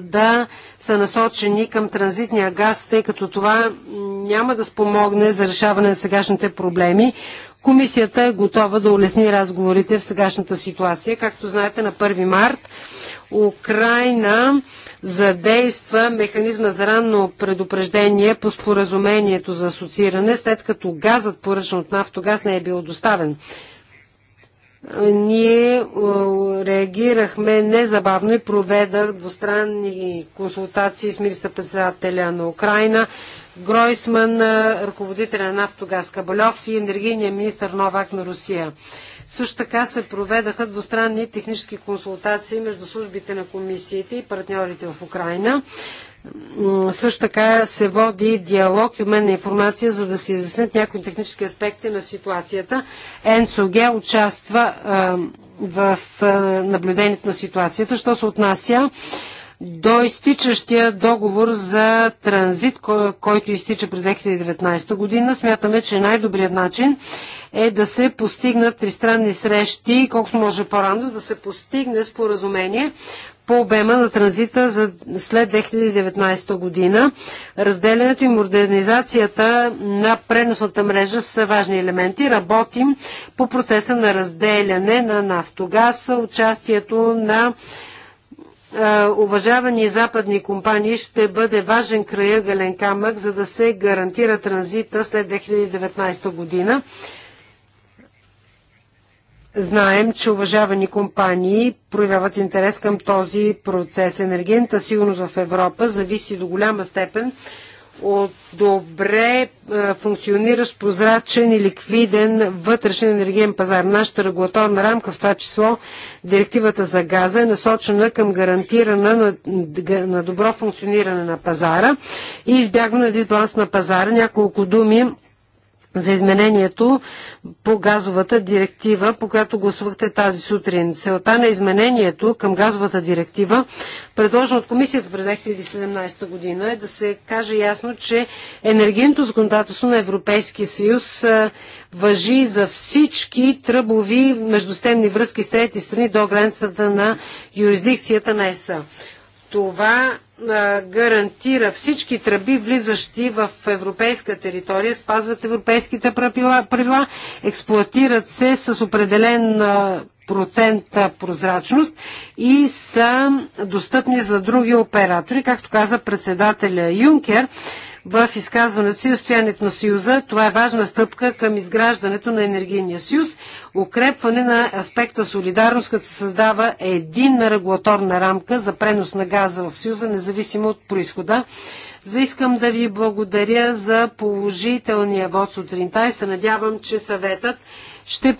да са насочени към транзитния газ, тъй като това няма да спомогне за решаване на сегашните проблеми. Комисията е готова да улесни разговорите в сегашната ситуация. Както знаете, на 1 март Украина задейства механизма за ранно предупреждение по споразумението за асоцииране, след като газът поръчен от Нафтогаз не е бил доставен. Ние е, реагирахме незабавно и проведах двустранни консултации с министър-председателя на Украина, Гройсман, е, ръководител на Нафтогаз Кабалев и енергийния министр Новак на Русия. Също така се проведаха двустранни технически консултации между службите на комисиите и партньорите в Украина. Също така се води диалог и обмен на информация, за да се изяснят някои технически аспекти на ситуацията. НЦОГ участва в наблюдението на ситуацията. Що се отнася до изтичащия договор за транзит, който изтича през 2019 година. Смятаме, че най-добрият начин е да се постигнат тристранни срещи, колкото може по-рано да се постигне споразумение по обема на транзита за след 2019 година. Разделянето и модернизацията на преносната мрежа са важни елементи. Работим по процеса на разделяне на нафтогаз, участието на уважавани западни компании ще бъде важен краягален камък, за да се гарантира транзита след 2019 година. Знаем, че уважавани компании проявяват интерес към този процес. Енергийната сигурност в Европа зависи до голяма степен от добре е, функциониращ, прозрачен и ликвиден вътрешен енергиен пазар. Нашата регулаторна рамка, в това число директивата за газа, е насочена към гарантиране на, на добро функциониране на пазара и избягване на дисбаланс на пазара. Няколко думи за изменението по газовата директива, по която гласувахте тази сутрин. Целта на изменението към газовата директива, предложена от комисията през 2017 година, е да се каже ясно, че енергийното законодателство на Европейския съюз въжи за всички тръбови междустемни връзки с трети страни до границата на юрисдикцията на ЕСА. Това а, гарантира всички тръби, влизащи в европейска територия, спазват европейските правила, правила експлуатират се с определен а, процент прозрачност и са достъпни за други оператори. Както каза председателя Юнкер, в изказването си състоянието на Съюза. Това е важна стъпка към изграждането на енергийния съюз, укрепване на аспекта солидарност, като се създава единна регулаторна рамка за пренос на газа в Съюза, независимо от происхода. Заискам да ви благодаря за положителния вод сутринта и се надявам, че съветът ще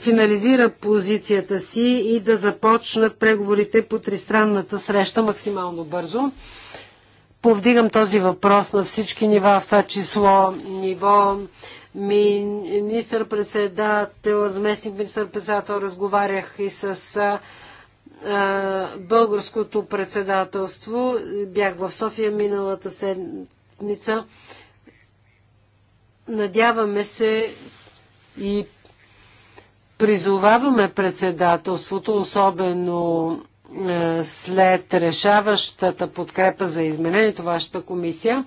финализира позицията си и да започнат преговорите по тристранната среща максимално бързо повдигам този въпрос на всички нива, в това число ниво министър-председател, заместник министър-председател, разговарях и с а, българското председателство. Бях в София миналата седмица. Надяваме се и призоваваме председателството, особено е, след решаващата подкрепа за изменението е вашата комисия.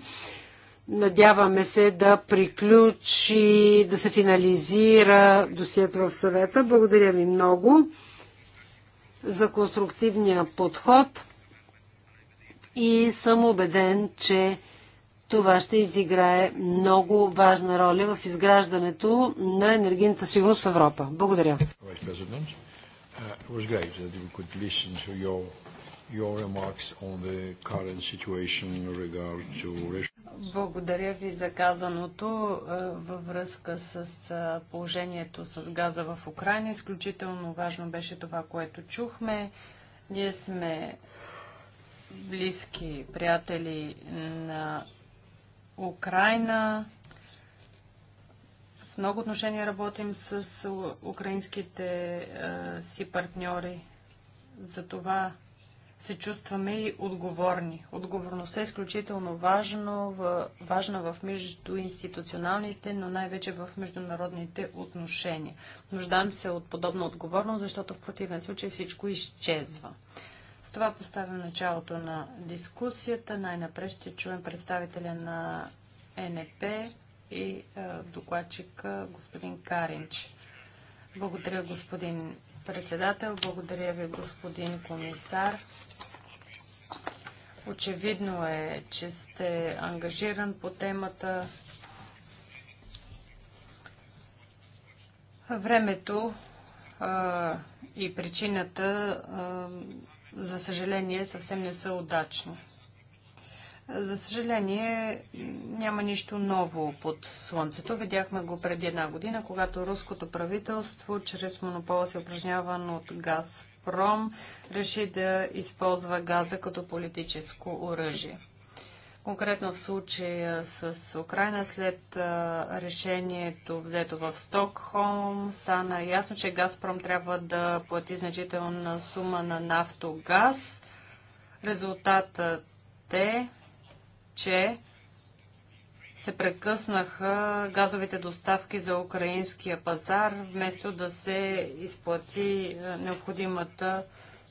Надяваме се да приключи, да се финализира досието в съвета. Благодаря ви много за конструктивния подход и съм убеден, че това ще изиграе много важна роля в изграждането на енергийната сигурност в Европа. Благодаря. Uh, it was great that we could listen to your your remarks on the current situation regard to Благодаря ви за казаното uh, във връзка с uh, положението с газа в Украина. Изключително важно беше това, което чухме. Ние сме близки приятели на Украина много отношения работим с украинските а, си партньори. Затова се чувстваме и отговорни. Отговорността е изключително важно, в, важна в междуинституционалните, но най-вече в международните отношения. Нуждам се от подобна отговорност, защото в противен случай всичко изчезва. С това поставям началото на дискусията. Най-напред ще чуем представителя на НП, и е, докладчик господин Каринч. Благодаря, господин председател. Благодаря ви, господин комисар. Очевидно е, че сте ангажиран по темата. Времето а, е, и причината, а, е, за съжаление, съвсем не са удачни. За съжаление, няма нищо ново под слънцето. Видяхме го преди една година, когато руското правителство, чрез монопола си упражняван от Газпром, реши да използва газа като политическо оръжие. Конкретно в случая с Украина, след решението взето в Стокхолм, стана ясно, че Газпром трябва да плати значителна сума на нафтогаз. Резултатът е че се прекъснаха газовите доставки за украинския пазар, вместо да се изплати е, необходимата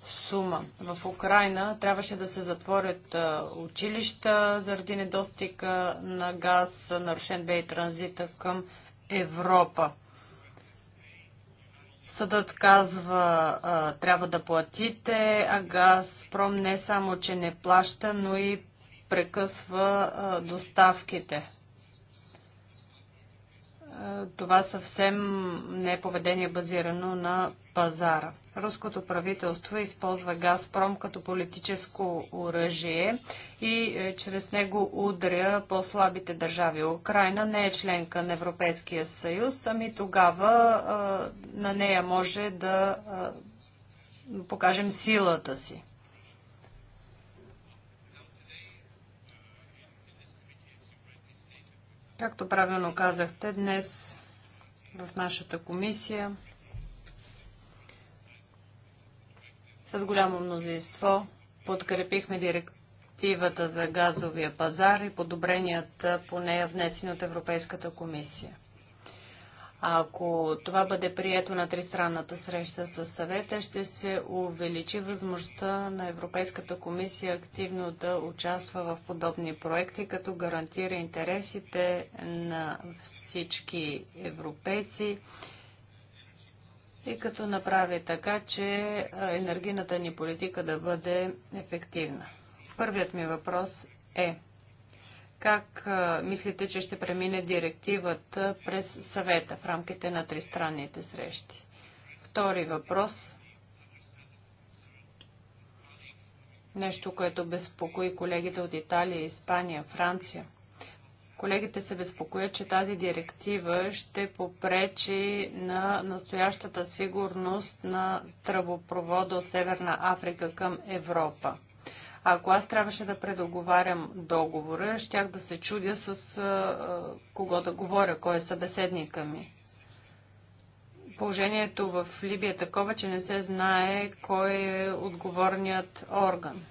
сума. В Украина трябваше да се затворят е, училища заради недостига на газ, нарушен бе и транзита към Европа. Съдът казва, е, трябва да платите, а Газпром не само, че не плаща, но и прекъсва доставките. това съвсем не е поведение базирано на пазара. Руското правителство използва Газпром като политическо оръжие и е, чрез него удря по-слабите държави. Украина не е членка на Европейския съюз, ами тогава на нея може да покажем силата си. Както правилно казахте, днес в нашата комисия с голямо мнозинство подкрепихме директивата за газовия пазар и подобренията по нея внесени от Европейската комисия. Ако това бъде прието на тристранната среща с съвета, ще се увеличи възможността на Европейската комисия активно да участва в подобни проекти, като гарантира интересите на всички европейци и като направи така, че енергийната ни политика да бъде ефективна. Първият ми въпрос е как мислите, че ще премине директивата през съвета в рамките на тристранните срещи? Втори въпрос. Нещо, което безпокои колегите от Италия, Испания, Франция. Колегите се безпокоят, че тази директива ще попречи на настоящата сигурност на тръбопровода от Северна Африка към Европа. Ако аз трябваше да предоговарям договора, щях да се чудя с а, кого да говоря, кой е събеседника ми. Положението в Либия е такова, че не се знае кой е отговорният орган.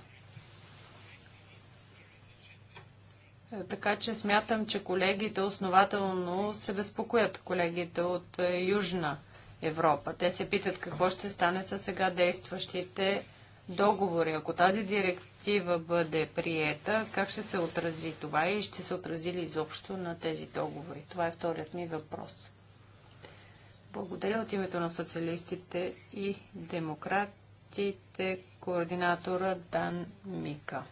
Е, така че смятам, че колегите основателно се безпокоят, колегите от е, Южна Европа. Те се питат какво ще стане с сега действащите договори. Ако тази директива бъде приета, как ще се отрази това и ще се отрази ли изобщо на тези договори? Това е вторият ми въпрос. Благодаря от името на социалистите и демократите, координатора Дан Мика.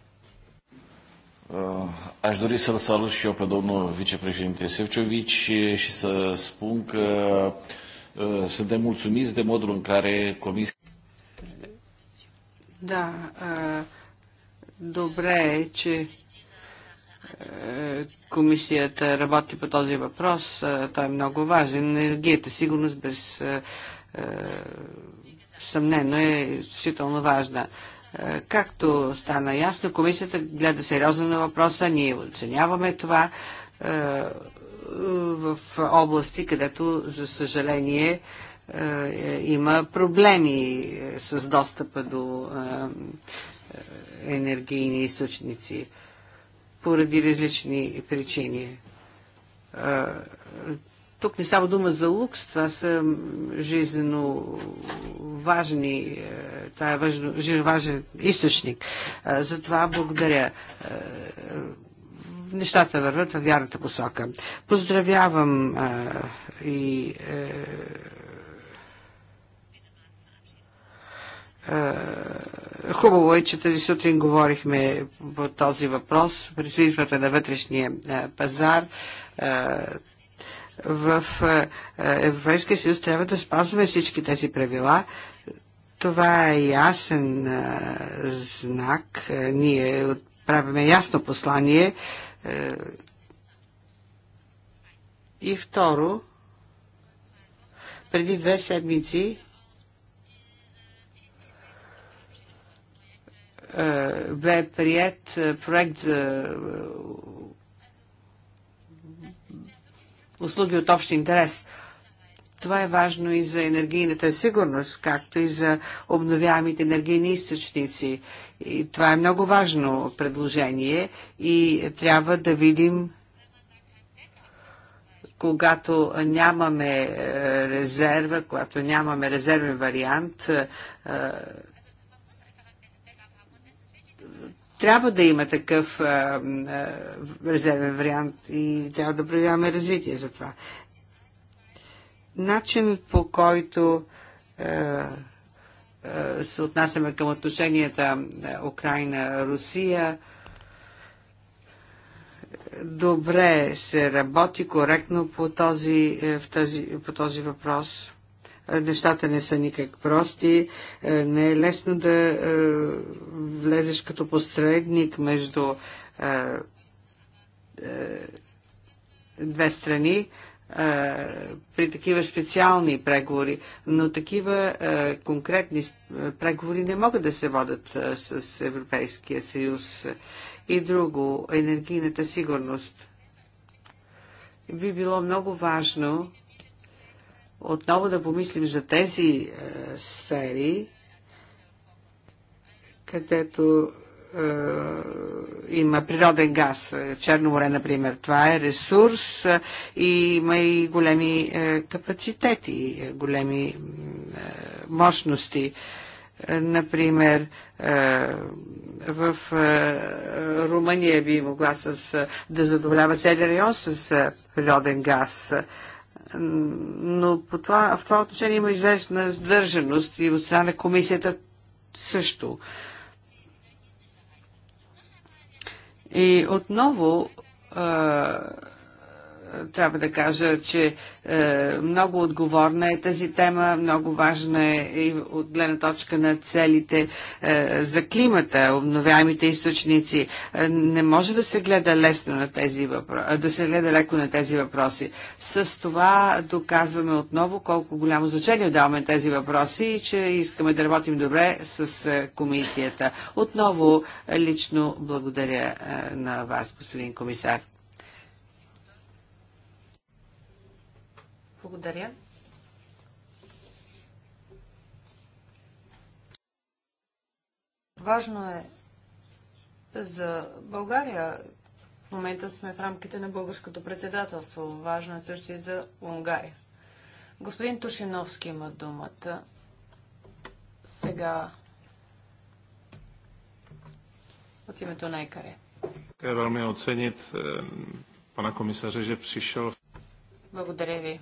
Аз дори съм l salut și eu pe ще vicepreședinte Sefcovici și să spun că suntem care да, а, добре е, че е, комисията работи по този въпрос. Той е много важен. Енергията сигурност без съмнено е изключително важна. Както стана ясно, комисията гледа сериозно на въпроса. Ние оценяваме това в области, където, за съжаление, е, има проблеми е, с достъпа до е, енергийни източници поради различни причини. Тук не става дума за лукс, това са жизненно важни, това е важно, важен източник. Затова благодаря. Нещата върват в вярната посока. Поздравявам и Е, хубаво е, че тази сутрин говорихме по този въпрос, предвиждата на вътрешния е, пазар. Е, в Европейския съюз трябва да спазваме всички тези правила. Това е ясен знак. Ние правиме ясно послание. И второ, преди две седмици Е, бе прият е, проект за е, услуги от общ интерес. Това е важно и за енергийната сигурност, както и за обновяемите енергийни източници. И това е много важно предложение и трябва да видим когато нямаме резерва, когато нямаме резервен вариант, трябва да има такъв а, а, резервен вариант и трябва да проявяваме развитие за това. Начинът по който а, се отнасяме към отношенията Украина-Русия, добре се работи коректно по този, е, в тази, по този въпрос. Нещата не са никак прости. Е, не е лесно да е, влезеш като посредник между е, две страни при такива специални преговори, но такива конкретни преговори не могат да се водят с Европейския съюз. И друго, енергийната сигурност. Би било много важно отново да помислим за тези е, сфери, където е, има природен газ. Е, Черно море, например, това е ресурс е, и има и големи е, капацитети, е, големи е, мощности. Е, например, е, в е, Румъния би могла с, е, да задоволява целият район с е, природен газ. Е, но по това, в това отношение има известна сдържаност и от страна на комисията също. И отново а, трябва да кажа, че е, много отговорна е тази тема, много важна е и от гледна точка на целите е, за климата, обновяемите източници. Е, не може да се гледа лесно на тези въпроси, е, да се гледа леко на тези въпроси. С това доказваме отново колко голямо значение даваме тези въпроси и че искаме да работим добре с е, комисията. Отново лично благодаря е, на вас, господин комисар. Благодаря. Важно е за България. В момента сме в рамките на българското председателство. Важно е също и за Унгария. Господин Тушиновски има думата. Сега от името на ЕКАРЕ. Е velmi оценит е, пана комисаря, че е пришъл. Благодаря ви.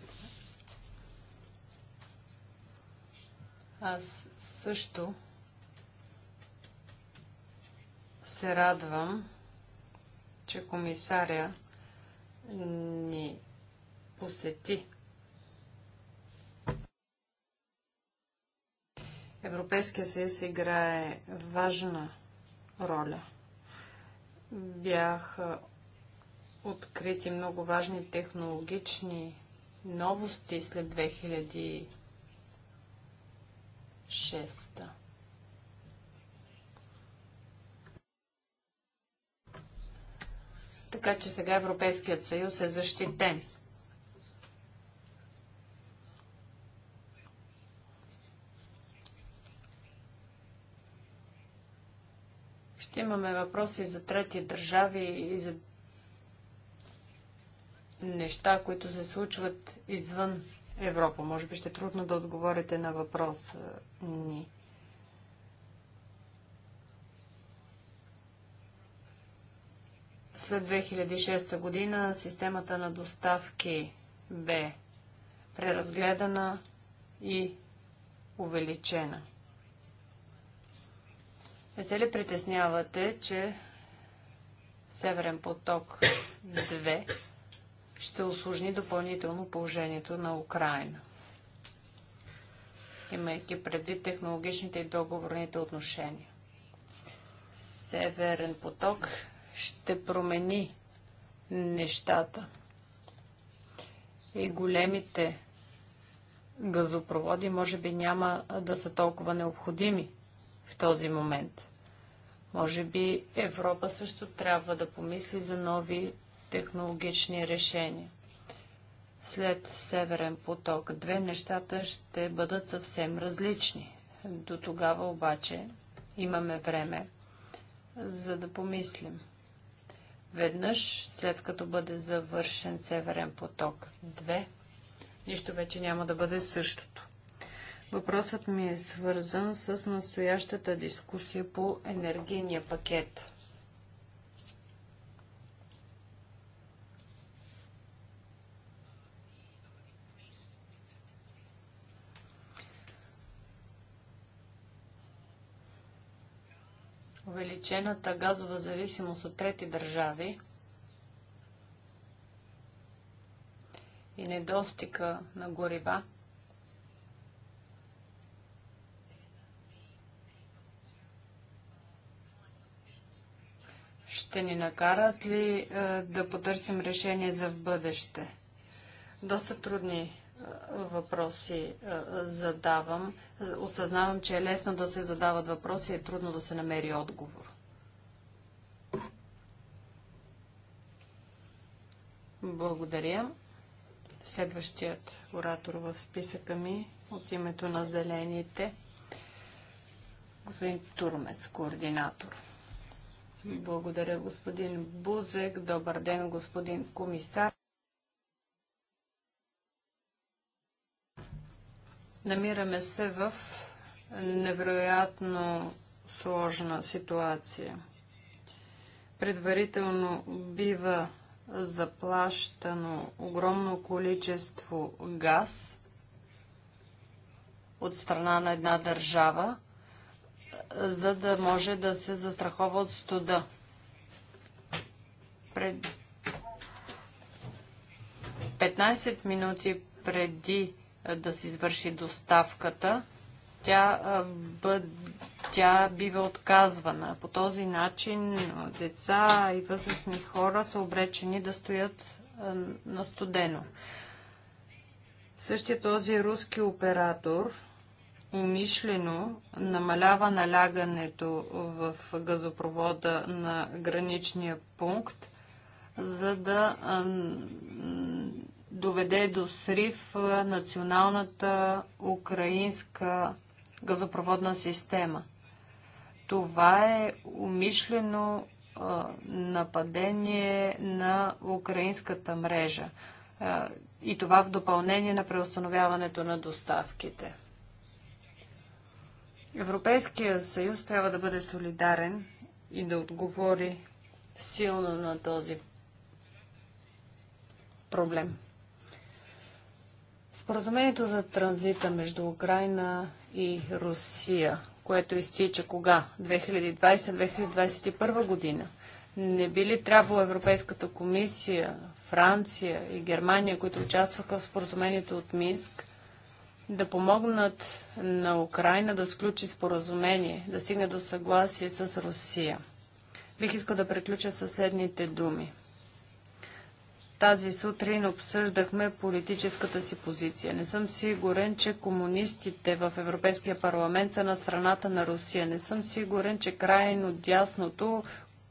Аз също се радвам, че комисаря ни посети. Европейския съюз играе важна роля. Бяха открити много важни технологични новости след шеста. Така че сега Европейският съюз е защитен. Ще имаме въпроси за трети държави и за неща, които се случват извън Европа. Може би ще е трудно да отговорите на въпрос ни. След 2006 година системата на доставки бе преразгледана и увеличена. Не се ли притеснявате, че Северен поток 2 ще осложни допълнително положението на Украина. Имайки предвид технологичните и договорните отношения. Северен поток ще промени нещата. И големите газопроводи може би няма да са толкова необходими в този момент. Може би Европа също трябва да помисли за нови технологични решения. След Северен поток две нещата ще бъдат съвсем различни. До тогава обаче имаме време, за да помислим. Веднъж, след като бъде завършен Северен поток 2, нищо вече няма да бъде същото. Въпросът ми е свързан с настоящата дискусия по енергийния пакет. увеличената газова зависимост от трети държави и недостига на горива, ще ни накарат ли е, да потърсим решение за в бъдеще? Доста трудни въпроси е, задавам. Осъзнавам, че е лесно да се задават въпроси и е трудно да се намери отговор. Благодаря. Следващият оратор в списъка ми от името на Зелените, господин Турмес, координатор. Благодаря, господин Бузек. Добър ден, господин комисар. Намираме се в невероятно сложна ситуация. Предварително бива заплащано огромно количество газ от страна на една държава, за да може да се застрахова от студа. Пред 15 минути преди да се извърши доставката, тя, тя бива отказвана. По този начин деца и възрастни хора са обречени да стоят на студено. Същия този руски оператор умишлено намалява налягането в газопровода на граничния пункт, за да доведе до срив националната украинска газопроводна система. Това е умишлено нападение на украинската мрежа. и това в допълнение на преустановяването на доставките. Европейския съюз трябва да бъде солидарен и да отговори силно на този проблем. Споразумението за транзита между Украина и Русия, което изтича кога? 2020-2021 година. Не би ли трябвало Европейската комисия, Франция и Германия, които участваха в споразумението от Минск, да помогнат на Украина да сключи споразумение, да стигне до съгласие с Русия? Бих искал да приключа със следните думи. Тази сутрин обсъждахме политическата си позиция. Не съм сигурен, че комунистите в Европейския парламент са на страната на Русия. Не съм сигурен, че крайно дясното,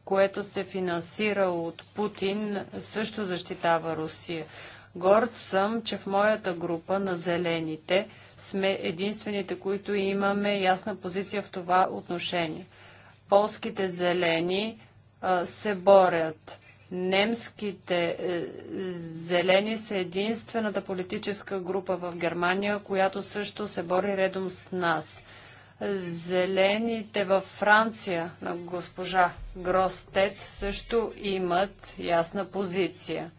което се финансира от Путин, също защитава Русия. Горд съм, че в моята група на зелените сме единствените, които имаме ясна позиция в това отношение. Полските зелени а, се борят Немските е, зелени са единствената политическа група в Германия, която също се бори редом с нас. Зелените във Франция на госпожа Гростет също имат ясна позиция.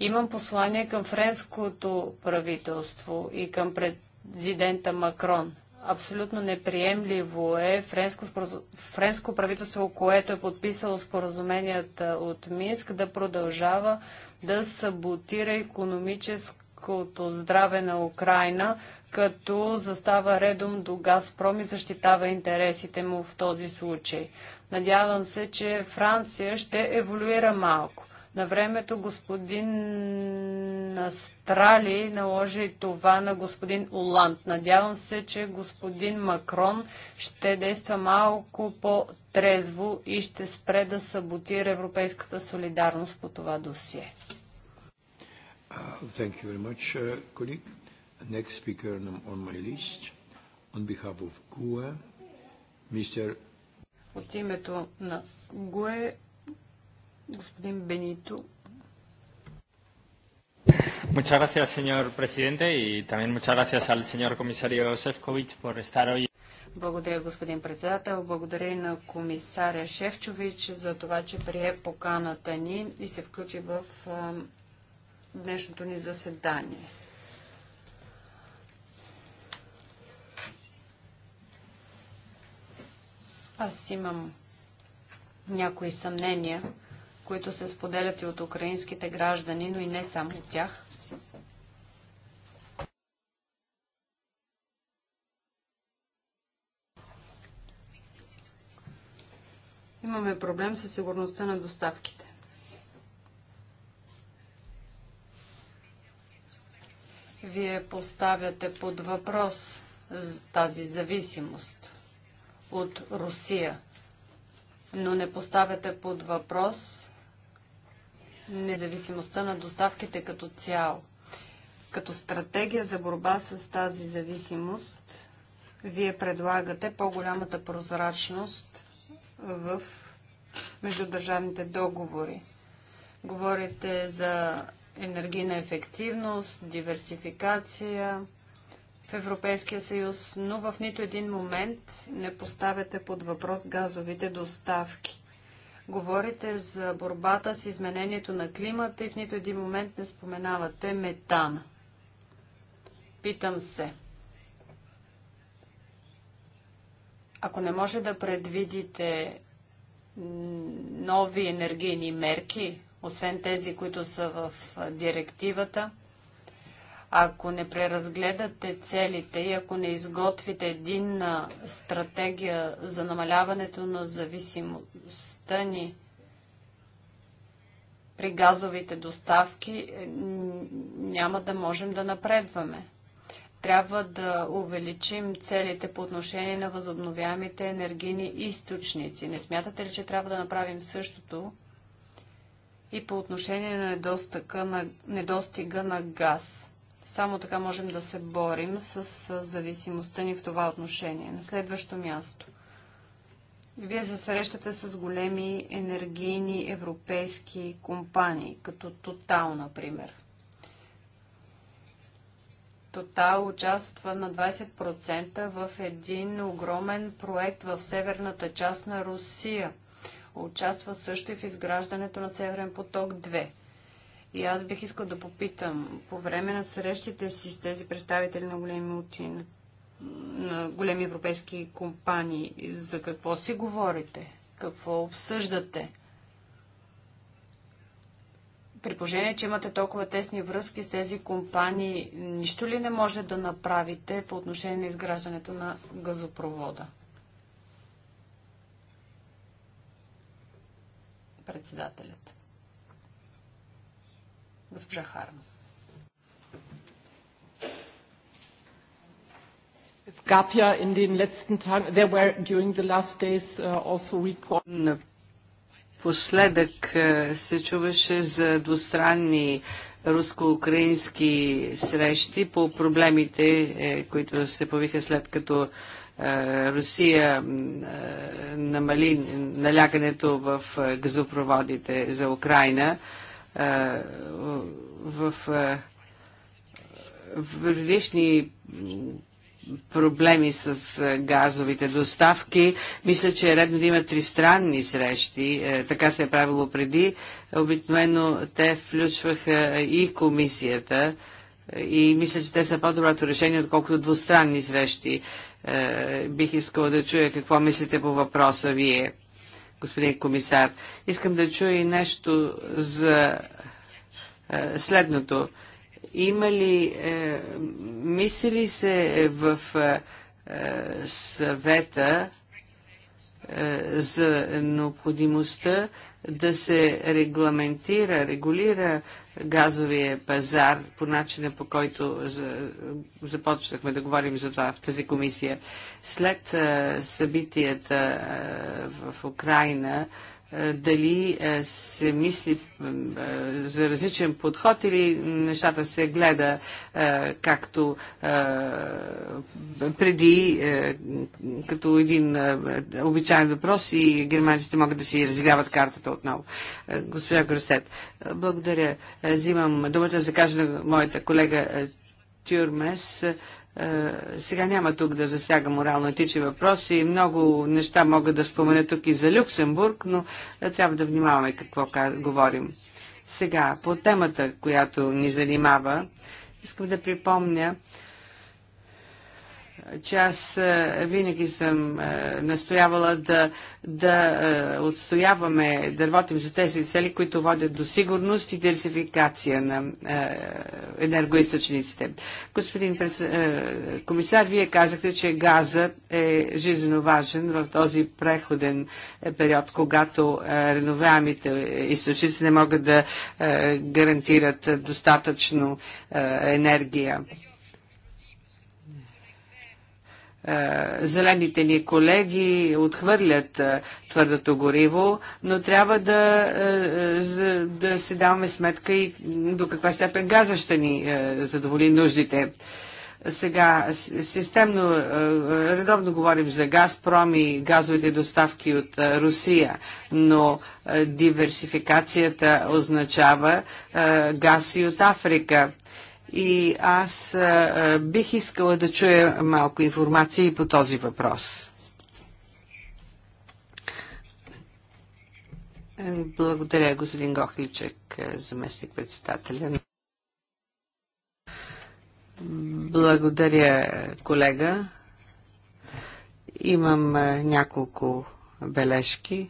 Имам послание към френското правителство и към президента Макрон. Абсолютно неприемливо е френско, френско правителство, което е подписало споразуменията от Минск, да продължава да саботира економическото здраве на Украина, като застава редом до Газпром и защитава интересите му в този случай. Надявам се, че Франция ще еволюира малко. На времето господин Астрали наложи това на господин Оланд. Надявам се, че господин Макрон ще действа малко по-трезво и ще спре да саботира европейската солидарност по това досие. Uh, thank you very much, uh, colleague. Next speaker on my list, on behalf of GUE, Mr. От името на ГУЕ, Господин Бенито. Muchas gracias, señor presidente, y también muchas gracias al señor comisario Sefcovic por estar hoy. Благодаря, господин председател. Благодаря и на комисаря Шевчович за това, че прие поканата ни и се включи в днешното ни заседание. Аз имам някои съмнения които се споделят и от украинските граждани, но и не само от тях. Имаме проблем със сигурността на доставките. Вие поставяте под въпрос тази зависимост от Русия, но не поставяте под въпрос независимостта на доставките като цяло. Като стратегия за борба с тази зависимост, вие предлагате по-голямата прозрачност в междудържавните договори. Говорите за енергийна ефективност, диверсификация в Европейския съюз, но в нито един момент не поставяте под въпрос газовите доставки. Говорите за борбата с изменението на климата и в нито един момент не споменавате метана. Питам се. Ако не може да предвидите нови енергийни мерки, освен тези, които са в директивата, ако не преразгледате целите и ако не изготвите единна стратегия за намаляването на зависимост дейността ни при газовите доставки е, няма да можем да напредваме. Трябва да увеличим целите по отношение на възобновяемите енергийни източници. Не смятате ли, че трябва да направим същото и по отношение на на, недостига на газ? Само така можем да се борим с зависимостта ни в това отношение. На следващо място – вие се срещате с големи енергийни европейски компании, като Тотал, например. Тотал участва на 20% в един огромен проект в северната част на Русия. Участва също и в изграждането на Северен поток 2. И аз бих искал да попитам, по време на срещите си с тези представители на големи на големи европейски компании. За какво си говорите? Какво обсъждате? При положение, че имате толкова тесни връзки с тези компании, нищо ли не може да направите по отношение на изграждането на газопровода? Председателят. Госпожа Хармс. Es gab ja in den letzten Tagen, there were during the last days uh, also reports. Последък е, се чуваше за двустранни руско-украински срещи по проблемите, е, които се повиха след като е, Русия намали налягането в газопроводите за Украина. В предишни проблеми с е, газовите доставки. Мисля, че е редно да има тристранни срещи. Е, така се е правило преди. Обикновено те включваха е, и комисията. И мисля, че те са по-доброто решение, отколкото двустранни срещи. Бих искала да чуя какво мислите по въпроса вие, господин комисар. Искам да чуя и нещо за следното има ли, е, мисли ли се в е, е, съвета е, за необходимостта да се регламентира, регулира газовия пазар по начина по който за, започнахме да говорим за това в тази комисия. След е, събитията е, в Украина, е, дали е, се мисли е, за различен подход или нещата се гледа както преди, като един обичайен въпрос и германците могат да си разиграват картата отново. Госпожа Гростет, благодаря. Взимам думата за кажа на моята колега Тюрмес. Е, сега няма тук да засяга морално-етични въпроси. Много неща мога да спомена тук и за Люксембург, но е, трябва да внимаваме какво говорим. Сега, по темата, която ни занимава, искам да припомня, че аз е, винаги съм е, настоявала да, да е, отстояваме, да работим за тези цели, които водят до сигурност и диверсификация на енергоисточниците. Господин комисар, вие казахте, че газът е жизненно важен в този преходен период, когато реновяемите източници не могат да гарантират достатъчно енергия. Е, зелените ни колеги отхвърлят е, твърдото гориво, но трябва да, е, да си даваме сметка и до каква степен газа ще ни задоволи нуждите. Сега системно, редовно говорим за Газпром и газовите доставки от Русия, но диверсификацията означава газ и от Африка и аз бих искала да чуя малко информация и по този въпрос. Благодаря, господин Гохличек, заместник председателя. Благодаря, колега. Имам няколко бележки.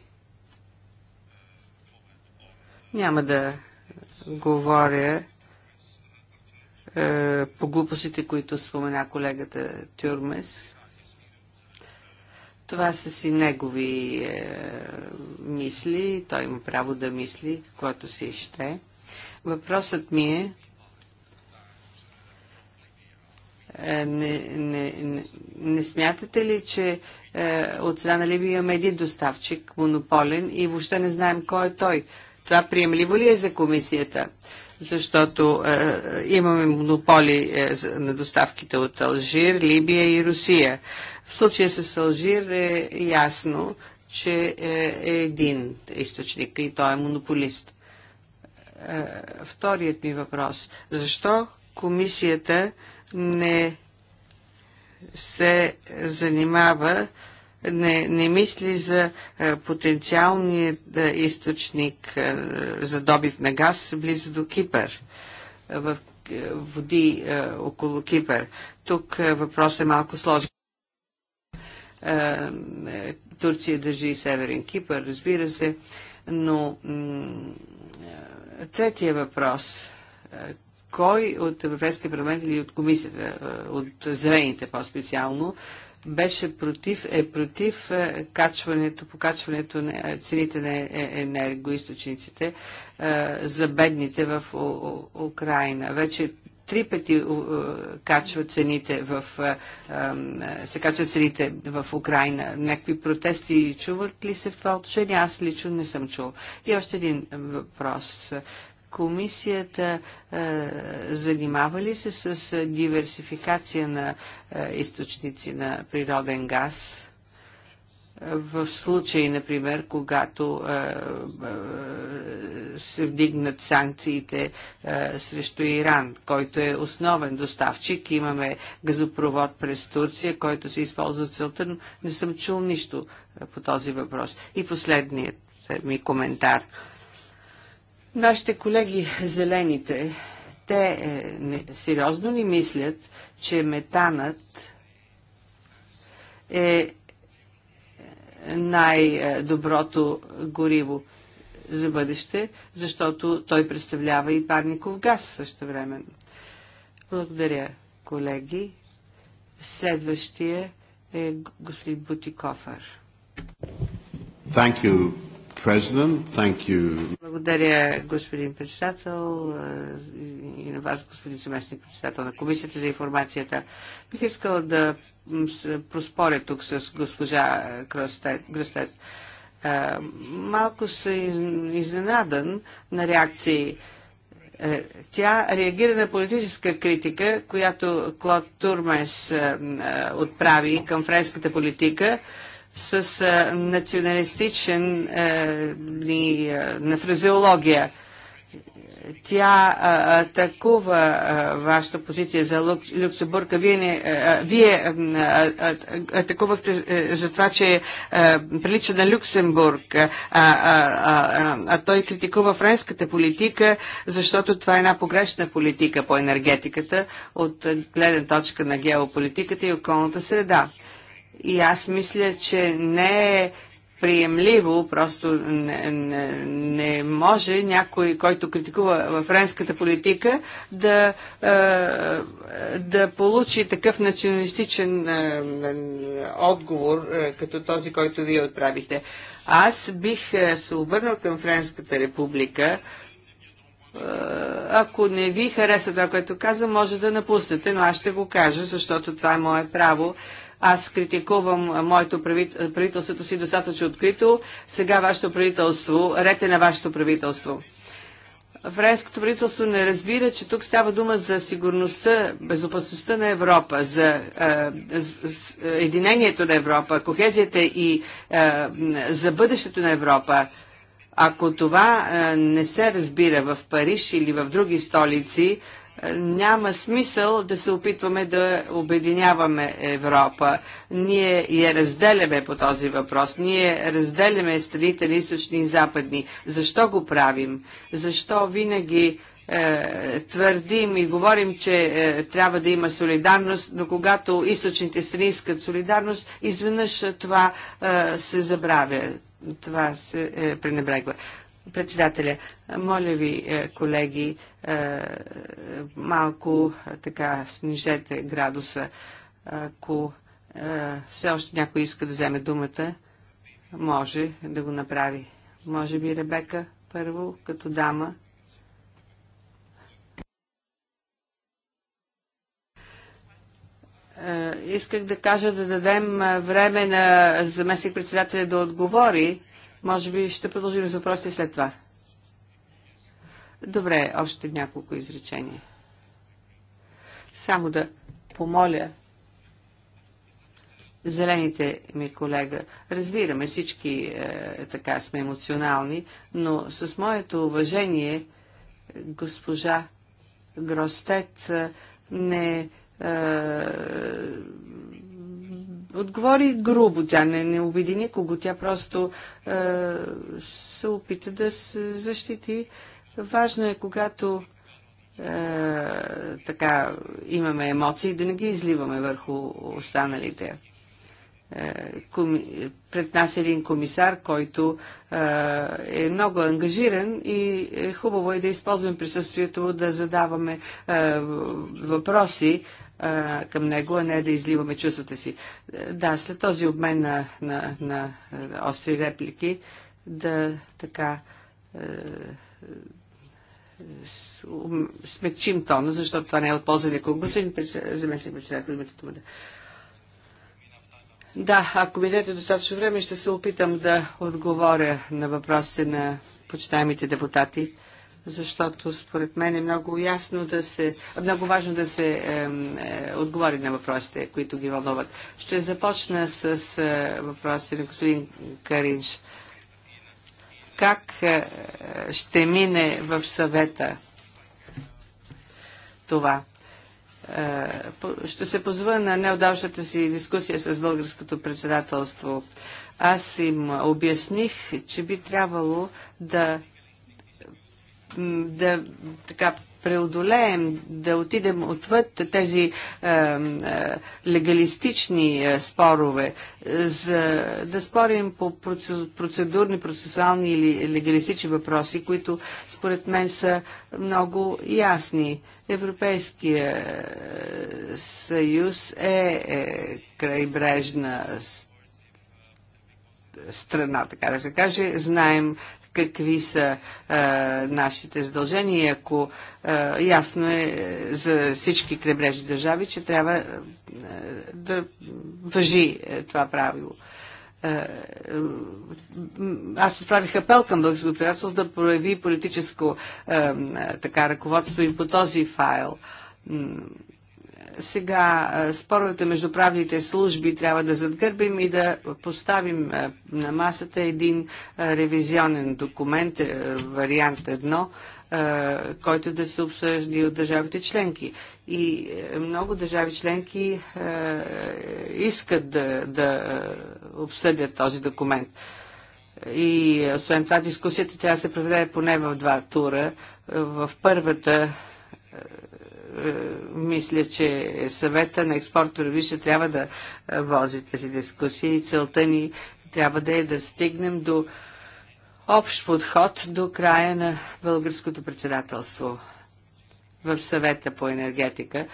Няма да говоря е, по глупостите, които спомена колегата Тюрмес. Това са си негови е, мисли, той има право да мисли, каквото си ще. Въпросът ми е, е не, не, не, не смятате ли, че е, от страна на Либия имаме един доставчик, монополен, и въобще не знаем кой е той? Това приемливо ли е за комисията? защото е, имаме монополи е, на доставките от Алжир, Либия и Русия. В случая с Алжир е ясно, че е, е един източник и той е монополист. Е, вторият ми въпрос. Защо комисията не се занимава не, не мисли за е, потенциалния е, източник е, за добив на газ близо до Кипър, в води около Кипър. Тук въпрос е малко сложен. Турция държи Северен Кипър, разбира се, но третия въпрос кой от Европейския парламент или от комисията, от зрените по-специално, беше против, е против е, качването, покачването на е, цените на е, енергоисточниците за бедните в Украина. Вече три пъти качва цените в, се качват цените в Украина. Някакви протести чуват ли се в това отношение? Аз лично не съм чул. И още един въпрос. Комисията е, занимава ли се с е, диверсификация на е, източници на природен газ? в случай, например, когато е, е, се вдигнат санкциите е, срещу Иран, който е основен доставчик. Имаме газопровод през Турция, който се използва целта, но не съм чул нищо е, по този въпрос. И последният е, ми коментар. Е, Нашите колеги зелените, те е, не, сериозно ли мислят, че метанът е най-доброто гориво за бъдеще, защото той представлява и парников газ също време. Благодаря, колеги. Следващия е господин Бутикофър. Thank you, благодаря, господин председател и на вас, господин съместник председател на комисията за информацията. Бих искал да проспоря тук с госпожа Гръстет. Е, малко се изненадан на реакции е, тя реагира на политическа критика, която Клод Турмес е, отправи към френската политика с а, националистичен а, на фразеология. Тя а, атакува а, вашата позиция за Люксембург. Вие, не, а, вие а, а, атакувахте а, за това, че а, прилича на Люксембург, а, а, а, а той критикува френската политика, защото това е една погрешна политика по енергетиката от гледна точка на геополитиката и околната среда. И аз мисля, че не е приемливо, просто не, не, не може някой, който критикува френската политика, да, е, да получи такъв националистичен е, е, отговор, като този, който вие отправихте. Аз бих се обърнал към Френската република. Ако не ви хареса това, което казвам, може да напуснете, но аз ще го кажа, защото това е мое право. Аз критикувам моето правителството си достатъчно открито. Сега вашето правителство, рете на вашето правителство. Френското правителство не разбира, че тук става дума за сигурността, безопасността на Европа, за единението на Европа, кохезията и за бъдещето на Европа. Ако това не се разбира в Париж или в други столици, няма смисъл да се опитваме да обединяваме Европа. Ние я разделяме по този въпрос. Ние разделяме страните на източни и западни. Защо го правим? Защо винаги е, твърдим и говорим, че е, трябва да има солидарност, но когато източните страни искат солидарност, изведнъж това е, се забравя. Това се е, пренебрегва. Председателя, моля ви, е, колеги, е, малко е, така снижете градуса. Ако все още някой иска да вземе думата, може да го направи. Може би Ребека първо, като дама. Исках да кажа да дадем време на заместник председателя да отговори, може би ще продължим с въпросите след това. Добре, още няколко изречения. Само да помоля зелените ми колега. Разбираме, всички е, така сме емоционални, но с моето уважение госпожа Гростет е, не е, отговори грубо, тя не, не обиди никого, тя просто е, се опита да се защити. Важно е, когато е, така имаме емоции, да не ги изливаме върху останалите. Е, коми... Пред нас е един комисар, който е, е много ангажиран и е хубаво е да използваме присъствието, да задаваме а, е, въпроси, а, към него, а не да изливаме чувствата си. Да, след този обмен на, на, на остри реплики, да така е, смекчим тона, защото това не е от полза никога. Господин заместник председател, имате това да. Да, ако ми дадете достатъчно време, ще се опитам да отговоря на въпросите на почитаемите депутати защото според мен е много ясно да се, много важно да се е, е, отговори на въпросите, които ги вълнуват. Ще започна с е, въпросите на господин Каринш. Как е, е, ще мине в съвета това? Е, ще се позва на неудавшата си дискусия с българското председателство. Аз им обясних, че би трябвало да да така преодолеем, да отидем отвъд тези е, е, легалистични е, спорове, за да спорим по процедурни, процесуални или легалистични въпроси, които според мен са много ясни. Европейския съюз е, е крайбрежна страна, така да се каже. Знаем какви са а, нашите задължения. Ако а, ясно е, е за всички крайбрежни държави, че трябва а, да въжи а, е, това правило. Аз отправих апел към българското приятелство да прояви политическо а, така ръководство и по този файл сега споровете между правните служби трябва да задгърбим и да поставим на масата един ревизионен документ, вариант едно, който да се и от държавите членки. И много държави членки искат да, да обсъдят този документ. И освен това дискусията трябва да се проведе поне в два тура. В първата е, мисля, че съвета на Више трябва да е, вози тези дискусии. Целта ни трябва да е да стигнем до общ подход до края на българското председателство в съвета по енергетика,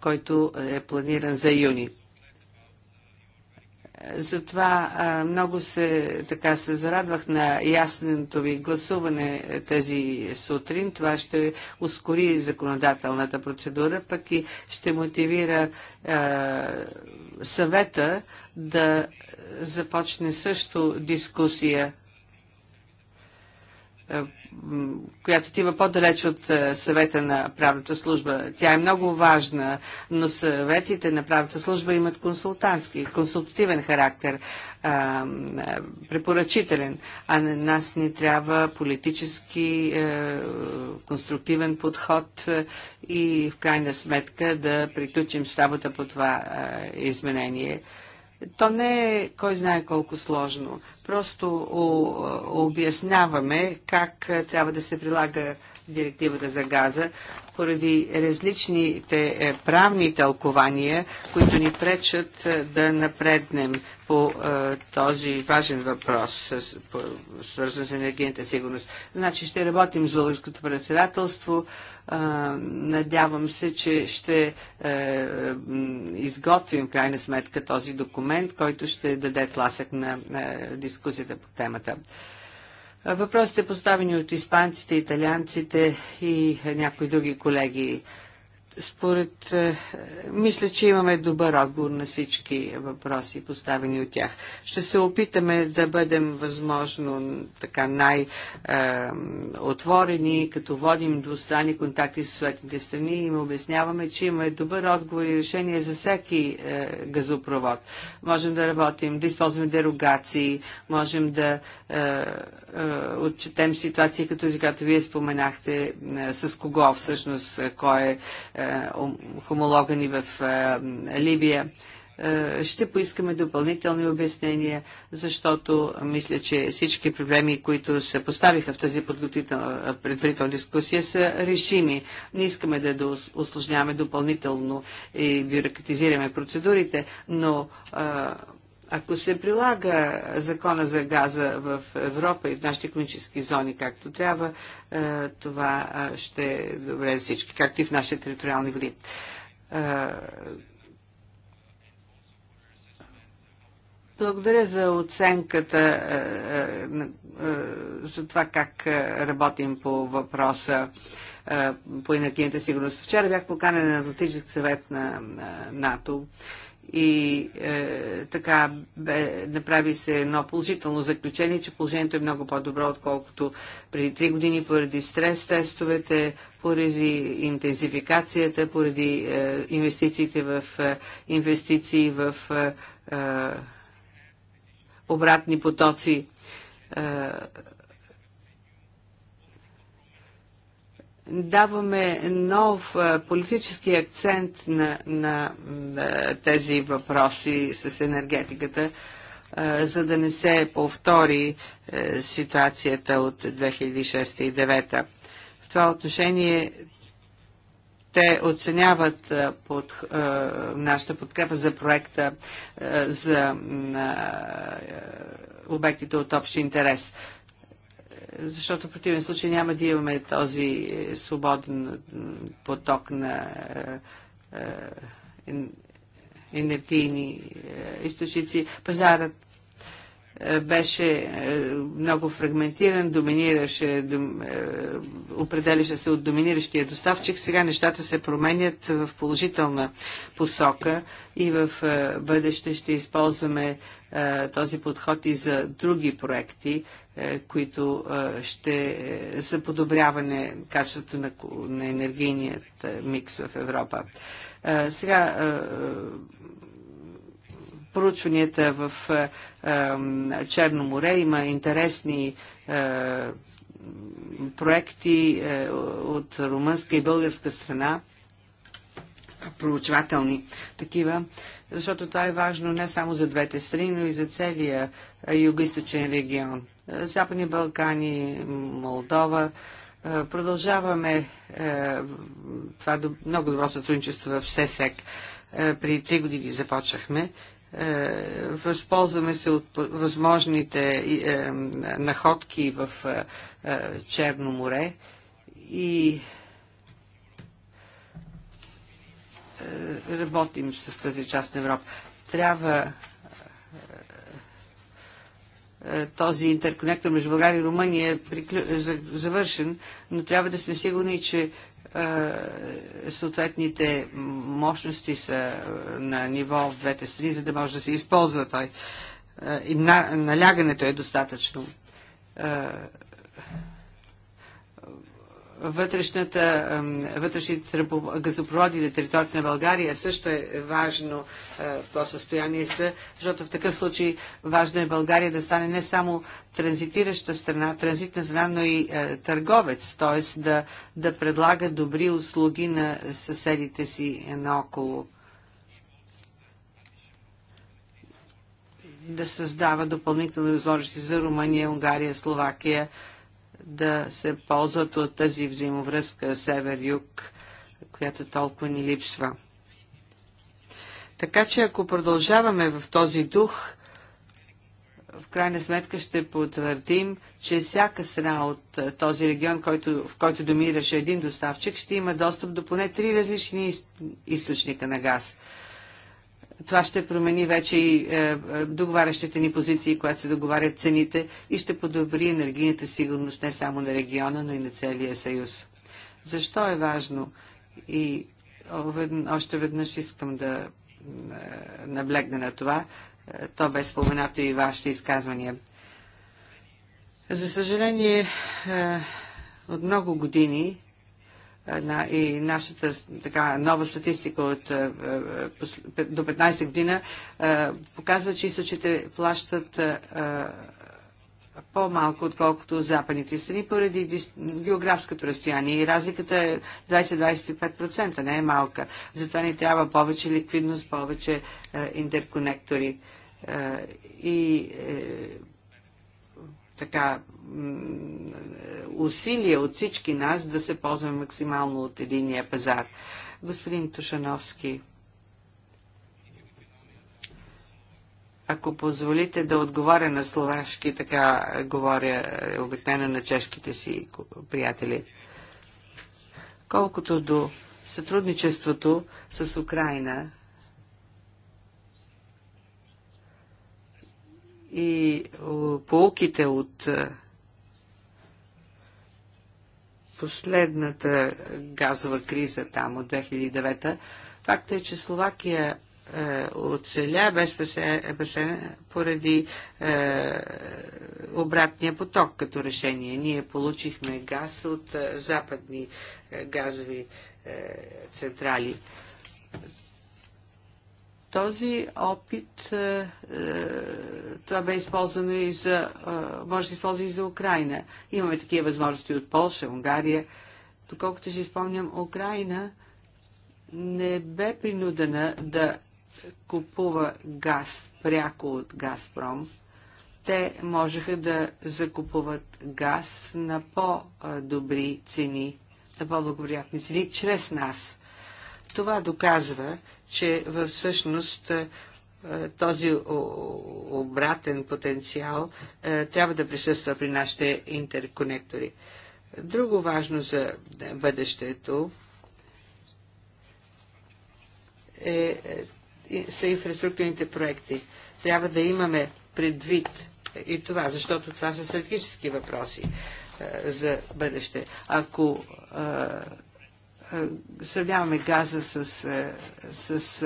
който е планиран за юни. Затова много се, така, се зарадвах на ясното ви гласуване тези сутрин. Това ще ускори законодателната процедура, пък и ще мотивира е, съвета да започне също дискусия е, която отива по-далеч от е, съвета на правната служба. Тя е много важна, но съветите на правната служба имат консултантски, консултативен характер, е, препоръчителен, а на нас ни трябва политически конструктивен подход и в крайна сметка да приключим с работа по това изменение. То не е кой знае колко сложно. Просто е, обясняваме как е, трябва да се прилага директивата за газа поради различните е, правни тълкования, които ни пречат е, да напреднем по е, този важен въпрос, свързан с енергийната сигурност. Значи ще работим с българското председателство. Надявам се, че ще изготвим в крайна сметка този документ, който ще даде тласък на дискусията по темата. Въпросите поставени от испанците, италианците и някои други колеги според, е, мисля, че имаме добър отговор на всички въпроси, поставени от тях. Ще се опитаме да бъдем възможно така най-отворени, като водим двустранни контакти с съответните страни и им обясняваме, че имаме добър отговор и решение за всеки е, газопровод. Можем да работим, да използваме дерогации, можем да е, отчетем ситуации, като за която вие споменахте, с кого всъщност, кой е е, хомологани в е, Либия. Е, ще поискаме допълнителни обяснения, защото мисля, че всички проблеми, които се поставиха в тази предварителна дискусия, са решими. Не искаме да осложняваме допълнително и бюрократизираме процедурите, но ако се прилага закона за газа в Европа и в нашите економически зони както трябва, е, това ще е добре за всички, както и в нашите териториални води. Е, благодаря за оценката е, за това как работим по въпроса по енергийната сигурност. Вчера бях поканен на Атлантически съвет на НАТО. На, и е, така бе, направи се едно положително заключение, че положението е много по-добро, отколкото преди три години, поради стрес тестовете, поради интензификацията, поради е, инвестициите в е, инвестиции в е, е, обратни потоци. Е, даваме нов политически акцент на, на, тези въпроси с енергетиката, за да не се повтори ситуацията от 2006 и 2009. В това отношение те оценяват под, нашата подкрепа за проекта за обектите от общ интерес защото в противен случай няма да имаме този е, свободен поток на е, е, енергийни източници. Пазарът е, беше е, много фрагментиран, доминираше, дом, е, определяше се от доминиращия доставчик. Сега нещата се променят в положителна посока и в бъдеще ще използваме този подход и за други проекти, които ще за подобряване качеството на, на енергийният микс в Европа. Сега проучванията в е, е, Черно море. Има интересни е, проекти от румънска и българска страна, проучвателни такива, защото това е важно не само за двете страни, но и за целия югоисточен регион. Западни Балкани, Молдова. Продължаваме това много добро сътрудничество в СЕСЕК. При три години започнахме е, възползваме се от възможните е, находки в е, Черно море и работим с тази част на Европа. Трябва този интерконектор между България и Румъния е завършен, но трябва да сме сигурни, че съответните мощности са на ниво в двете страни, за да може да се използва той. И налягането е достатъчно вътрешната, вътрешните газопроводи на територията на България също е важно това състояние, са, защото в такъв случай важно е България да стане не само транзитираща страна, транзитна страна, но и е, търговец, т.е. Да, да предлага добри услуги на съседите си наоколо. Да създава допълнителни възможности за Румъния, Унгария, Словакия, да се ползват от тази взаимовръзка север-юг, която толкова ни липсва. Така че ако продължаваме в този дух, в крайна сметка ще потвърдим, че всяка страна от този регион, който, в който домираше един доставчик, ще има достъп до поне три различни източника на газ това ще промени вече и е, е, договарящите ни позиции, когато се договарят цените и ще подобри енергийната сигурност не само на региона, но и на целия съюз. Защо е важно? И още веднъж искам да е, наблегна на това. То бе споменато и вашите изказвания. За съжаление, от много години на, и нашата така, нова статистика от, е, е, до 15 година е, показва, че източите плащат по-малко, отколкото западните страни, поради географското разстояние. И разликата е 20-25%, не е малка. Затова ни трябва повече ликвидност, повече интерконектори. и така, усилия от всички нас да се ползваме максимално от единия пазар. Господин Тушановски, ако позволите да отговоря на словашки, така говоря е, обикновено на чешките си приятели. Колкото до сътрудничеството с Украина и полуките от е, последната газова криза там от 2009, Факт е, че Словакия е, оцеля без спасена поради е, обратния поток като решение. Ние получихме газ от е, западни е, газови е, централи. Този опит, е, е, това бе използвано и за, е, може да се използва и за Украина. Имаме такива възможности от Польша, Унгария. Доколкото си спомням, Украина не бе принудена да купува газ пряко от Газпром. Те можеха да закупуват газ на по-добри цени, на по-благоприятни цени, чрез нас. Това доказва, че всъщност е, този обратен потенциал е, трябва да присъства при нашите интерконектори. Друго важно за бъдещето е, е са инфраструктурните проекти. Трябва да имаме предвид и това, защото това са стратегически въпроси за бъдеще. Ако е, сравняваме газа с, е, с, с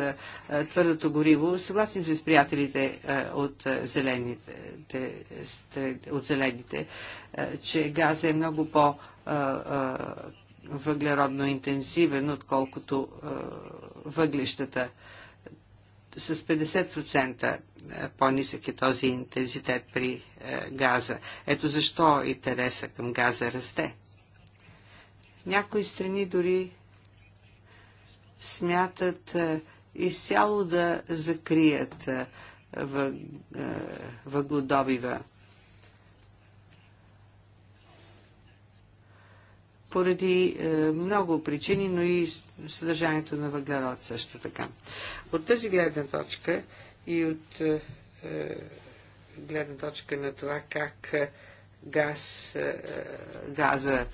е, твърдото гориво. Съгласни сме с приятелите от зелените, от зелените че газа е много по- въглеродно интензивен, отколкото въглищата. С 50% по-нисък е този интензитет при газа. Ето защо интереса към газа расте. Някои страни дори смятат е, изцяло да закрият е, е, въглодобива. поради много причини, но и съдържанието на въглерод също така. От тази гледна точка и от гледна точка на това как газ, газа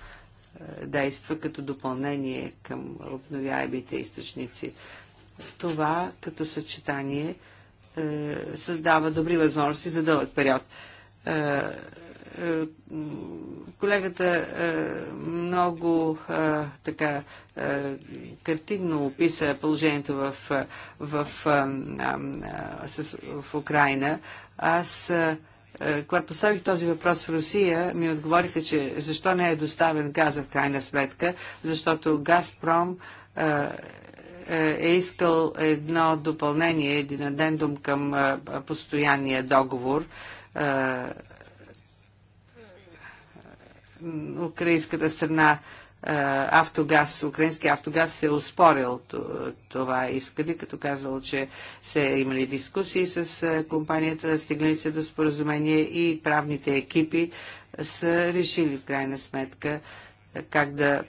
действа като допълнение към обновяемите източници. Това като съчетание е, създава добри възможности за дълъг период. Е, е, колегата много така картинно описа положението в, в, в, в Украина. Аз е, когато поставих този въпрос в Русия, ми отговориха, че защо не е доставен газа в крайна сметка, защото Газпром е, е, е искал едно допълнение, един адендум към постоянния договор. Украинската страна автогаз, украински автогаз се е успорил това искане, като казал, че са имали дискусии с компанията, стигнали се до споразумение и правните екипи са решили в крайна сметка как да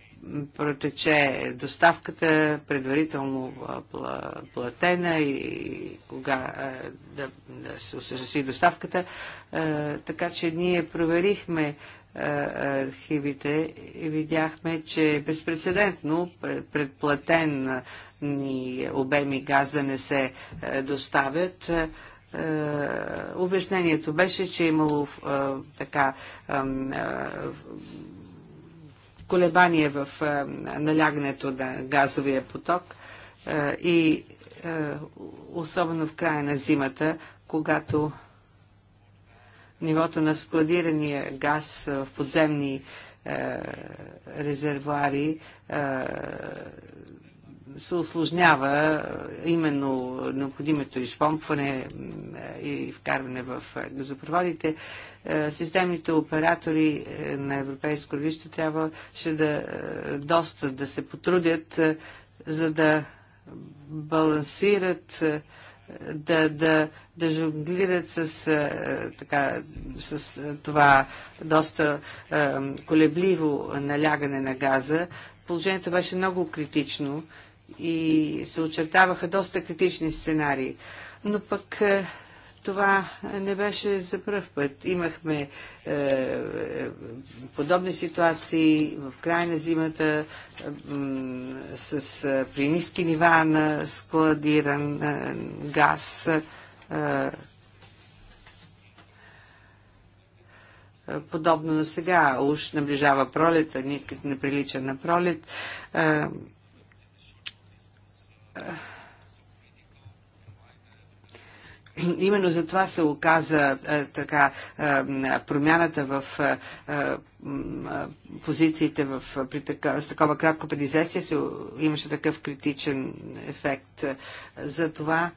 протече доставката предварително платена и кога да, да се осъществи доставката. Така че ние проверихме е, архивите видяхме, че е безпредседентно предплатен ни обеми газ да не се е, доставят. Е, обяснението беше, че е имало така колебание в налягането на газовия поток и особено в края на зимата, когато нивото на складирания газ в подземни е, резервуари е, се осложнява именно необходимото изпомпване е, и вкарване в газопроводите. Системните оператори на европейско равнище трябва ще да доста да се потрудят, за да балансират да, да да жонглират с, е, така, с е, това доста е, колебливо налягане на газа. Положението беше много критично и се очертаваха доста критични сценарии. Но пък това не беше за първ път. Имахме е, подобни ситуации в край на зимата е, с, е, при ниски нива на складиран е, газ. Е, подобно на сега. Уж наближава пролета, никак не прилича на пролет. Именно за това се оказа така промяната в позициите в, при така, с такова кратко предизвестие се, имаше такъв критичен ефект. За това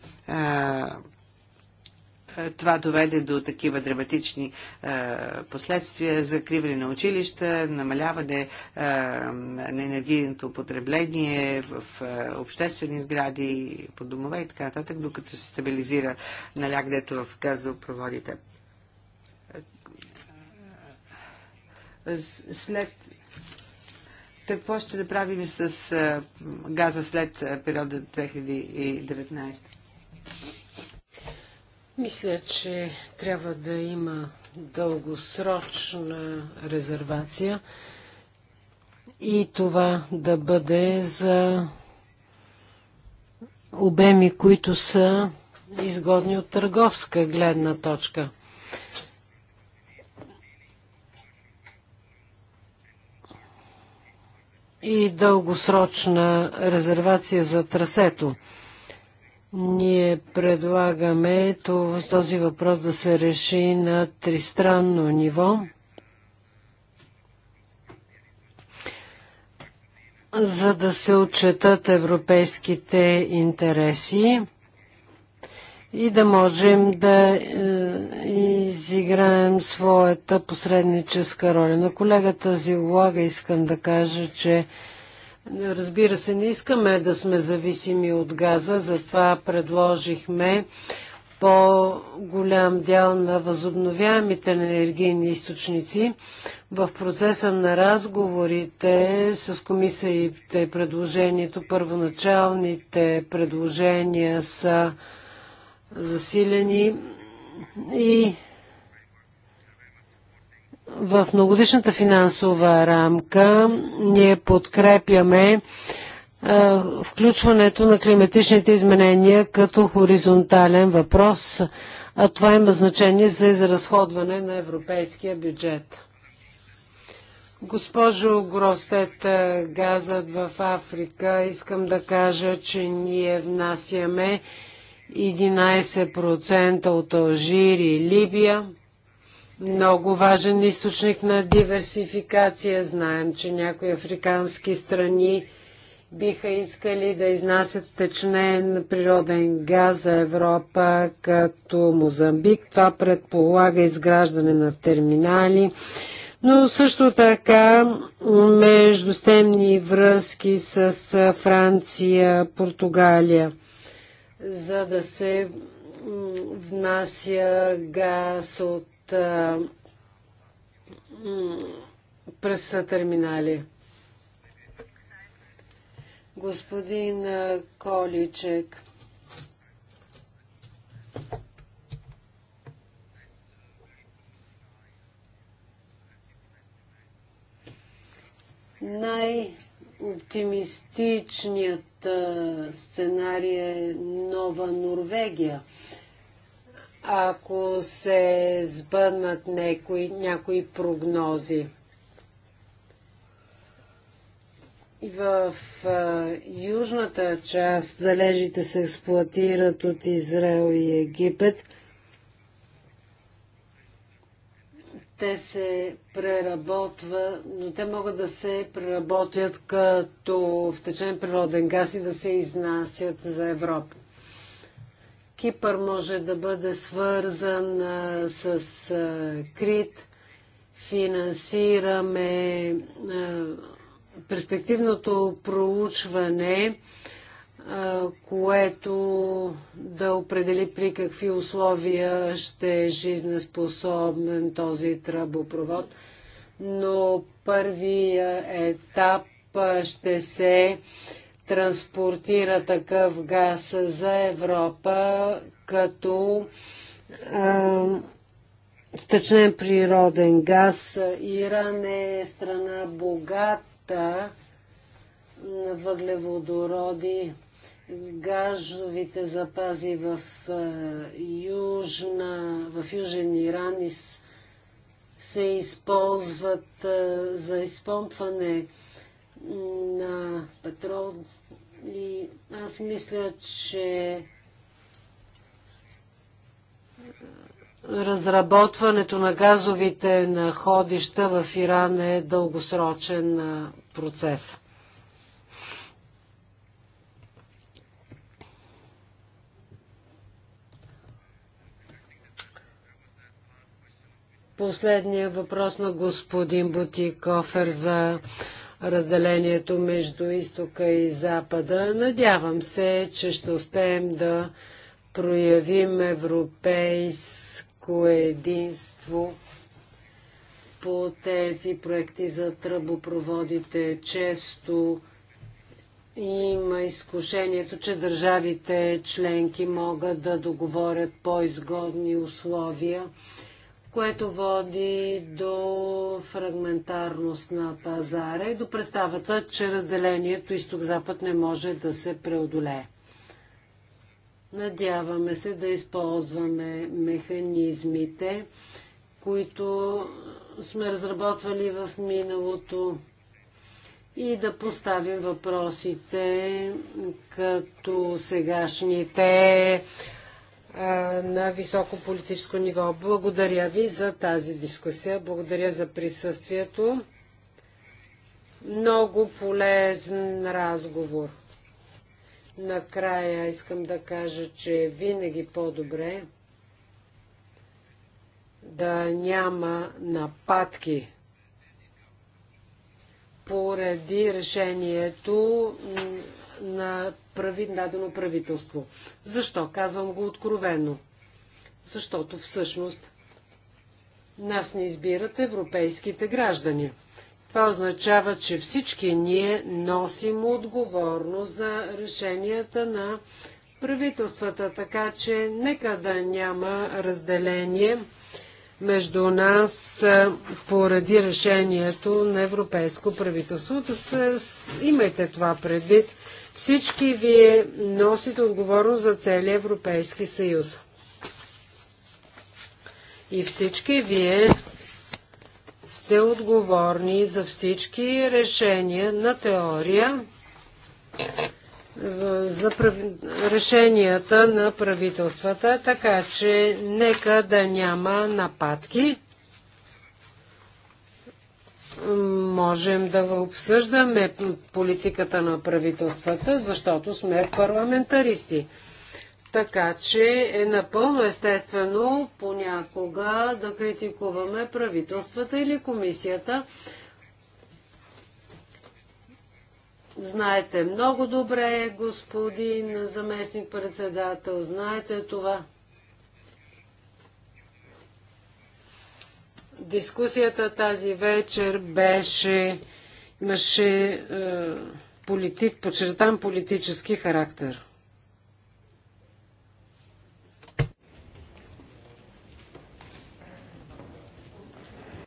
е, това доведе до такива драматични е, последствия, закриване на училища, намаляване е, на енергийното потребление в е, обществени сгради, по домове и така нататък, докато се стабилизира налягането в газопроводите. Е, след какво ще направим да с е, газа след периода 2019? Мисля, че трябва да има дългосрочна резервация и това да бъде за обеми, които са изгодни от търговска гледна точка. И дългосрочна резервация за трасето. Ние предлагаме този въпрос да се реши на тристранно ниво. за да се отчетат европейските интереси и да можем да е, изиграем своята посредническа роля. На колегата Зилага искам да кажа, че Разбира се, не искаме да сме зависими от газа, затова предложихме по-голям дял на възобновяемите енергийни източници. В процеса на разговорите с комисиите предложението, първоначалните предложения са засилени и в многодишната финансова рамка ние подкрепяме е, включването на климатичните изменения като хоризонтален въпрос, а това има значение за изразходване на европейския бюджет. Госпожо Гростет, е, газът в Африка, искам да кажа, че ние внасяме 11% от Алжири и Либия много важен източник на диверсификация. Знаем, че някои африкански страни биха искали да изнасят течнен природен газ за Европа като Мозамбик. Това предполага изграждане на терминали, но също така междустемни връзки с Франция, Португалия, за да се внася газ от през терминали. Господин Количек. Най-оптимистичният сценарий е Нова Норвегия ако се сбъднат някои, някои прогнози. В а, южната част залежите се експлуатират от Израел и Египет. Те се преработват, но те могат да се преработят като втечен природен газ и да се изнасят за Европа. Кипър може да бъде свързан с Крит. Финансираме перспективното проучване, което да определи при какви условия ще е жизнеспособен този тръбопровод. Но първият етап ще се транспортира такъв газ за Европа като а, стъчен природен газ. Иран е страна богата на въглеводороди. Газовите запази в, южна, в Южен Иран се използват за изпомпване на петрол и аз мисля, че разработването на газовите находища в Иран е дългосрочен процес. Последният въпрос на господин Бутикофер за разделението между изтока и запада. Надявам се, че ще успеем да проявим европейско единство по тези проекти за тръбопроводите. Често има изкушението, че държавите членки могат да договорят по-изгодни условия което води до фрагментарност на пазара и до представата, че разделението изток-запад не може да се преодолее. Надяваме се да използваме механизмите, които сме разработвали в миналото и да поставим въпросите като сегашните на високо политическо ниво. Благодаря ви за тази дискусия. Благодаря за присъствието. Много полезен разговор. Накрая искам да кажа, че е винаги по-добре да няма нападки поради решението на прави дадено правителство. Защо? Казвам го откровенно. Защото всъщност нас не избират европейските граждани. Това означава, че всички ние носим отговорност за решенията на правителствата, така че нека да няма разделение между нас поради решението на европейско правителство. Да се, имайте това предвид. Всички вие носите отговорност за целия Европейски съюз. И всички вие сте отговорни за всички решения на теория, за прав... решенията на правителствата, така че нека да няма нападки можем да обсъждаме политиката на правителствата, защото сме парламентаристи. Така че е напълно естествено понякога да критикуваме правителствата или комисията. Знаете много добре, господин заместник председател, знаете това. Дискусията тази вечер беше, имаше е, подчертан политически характер.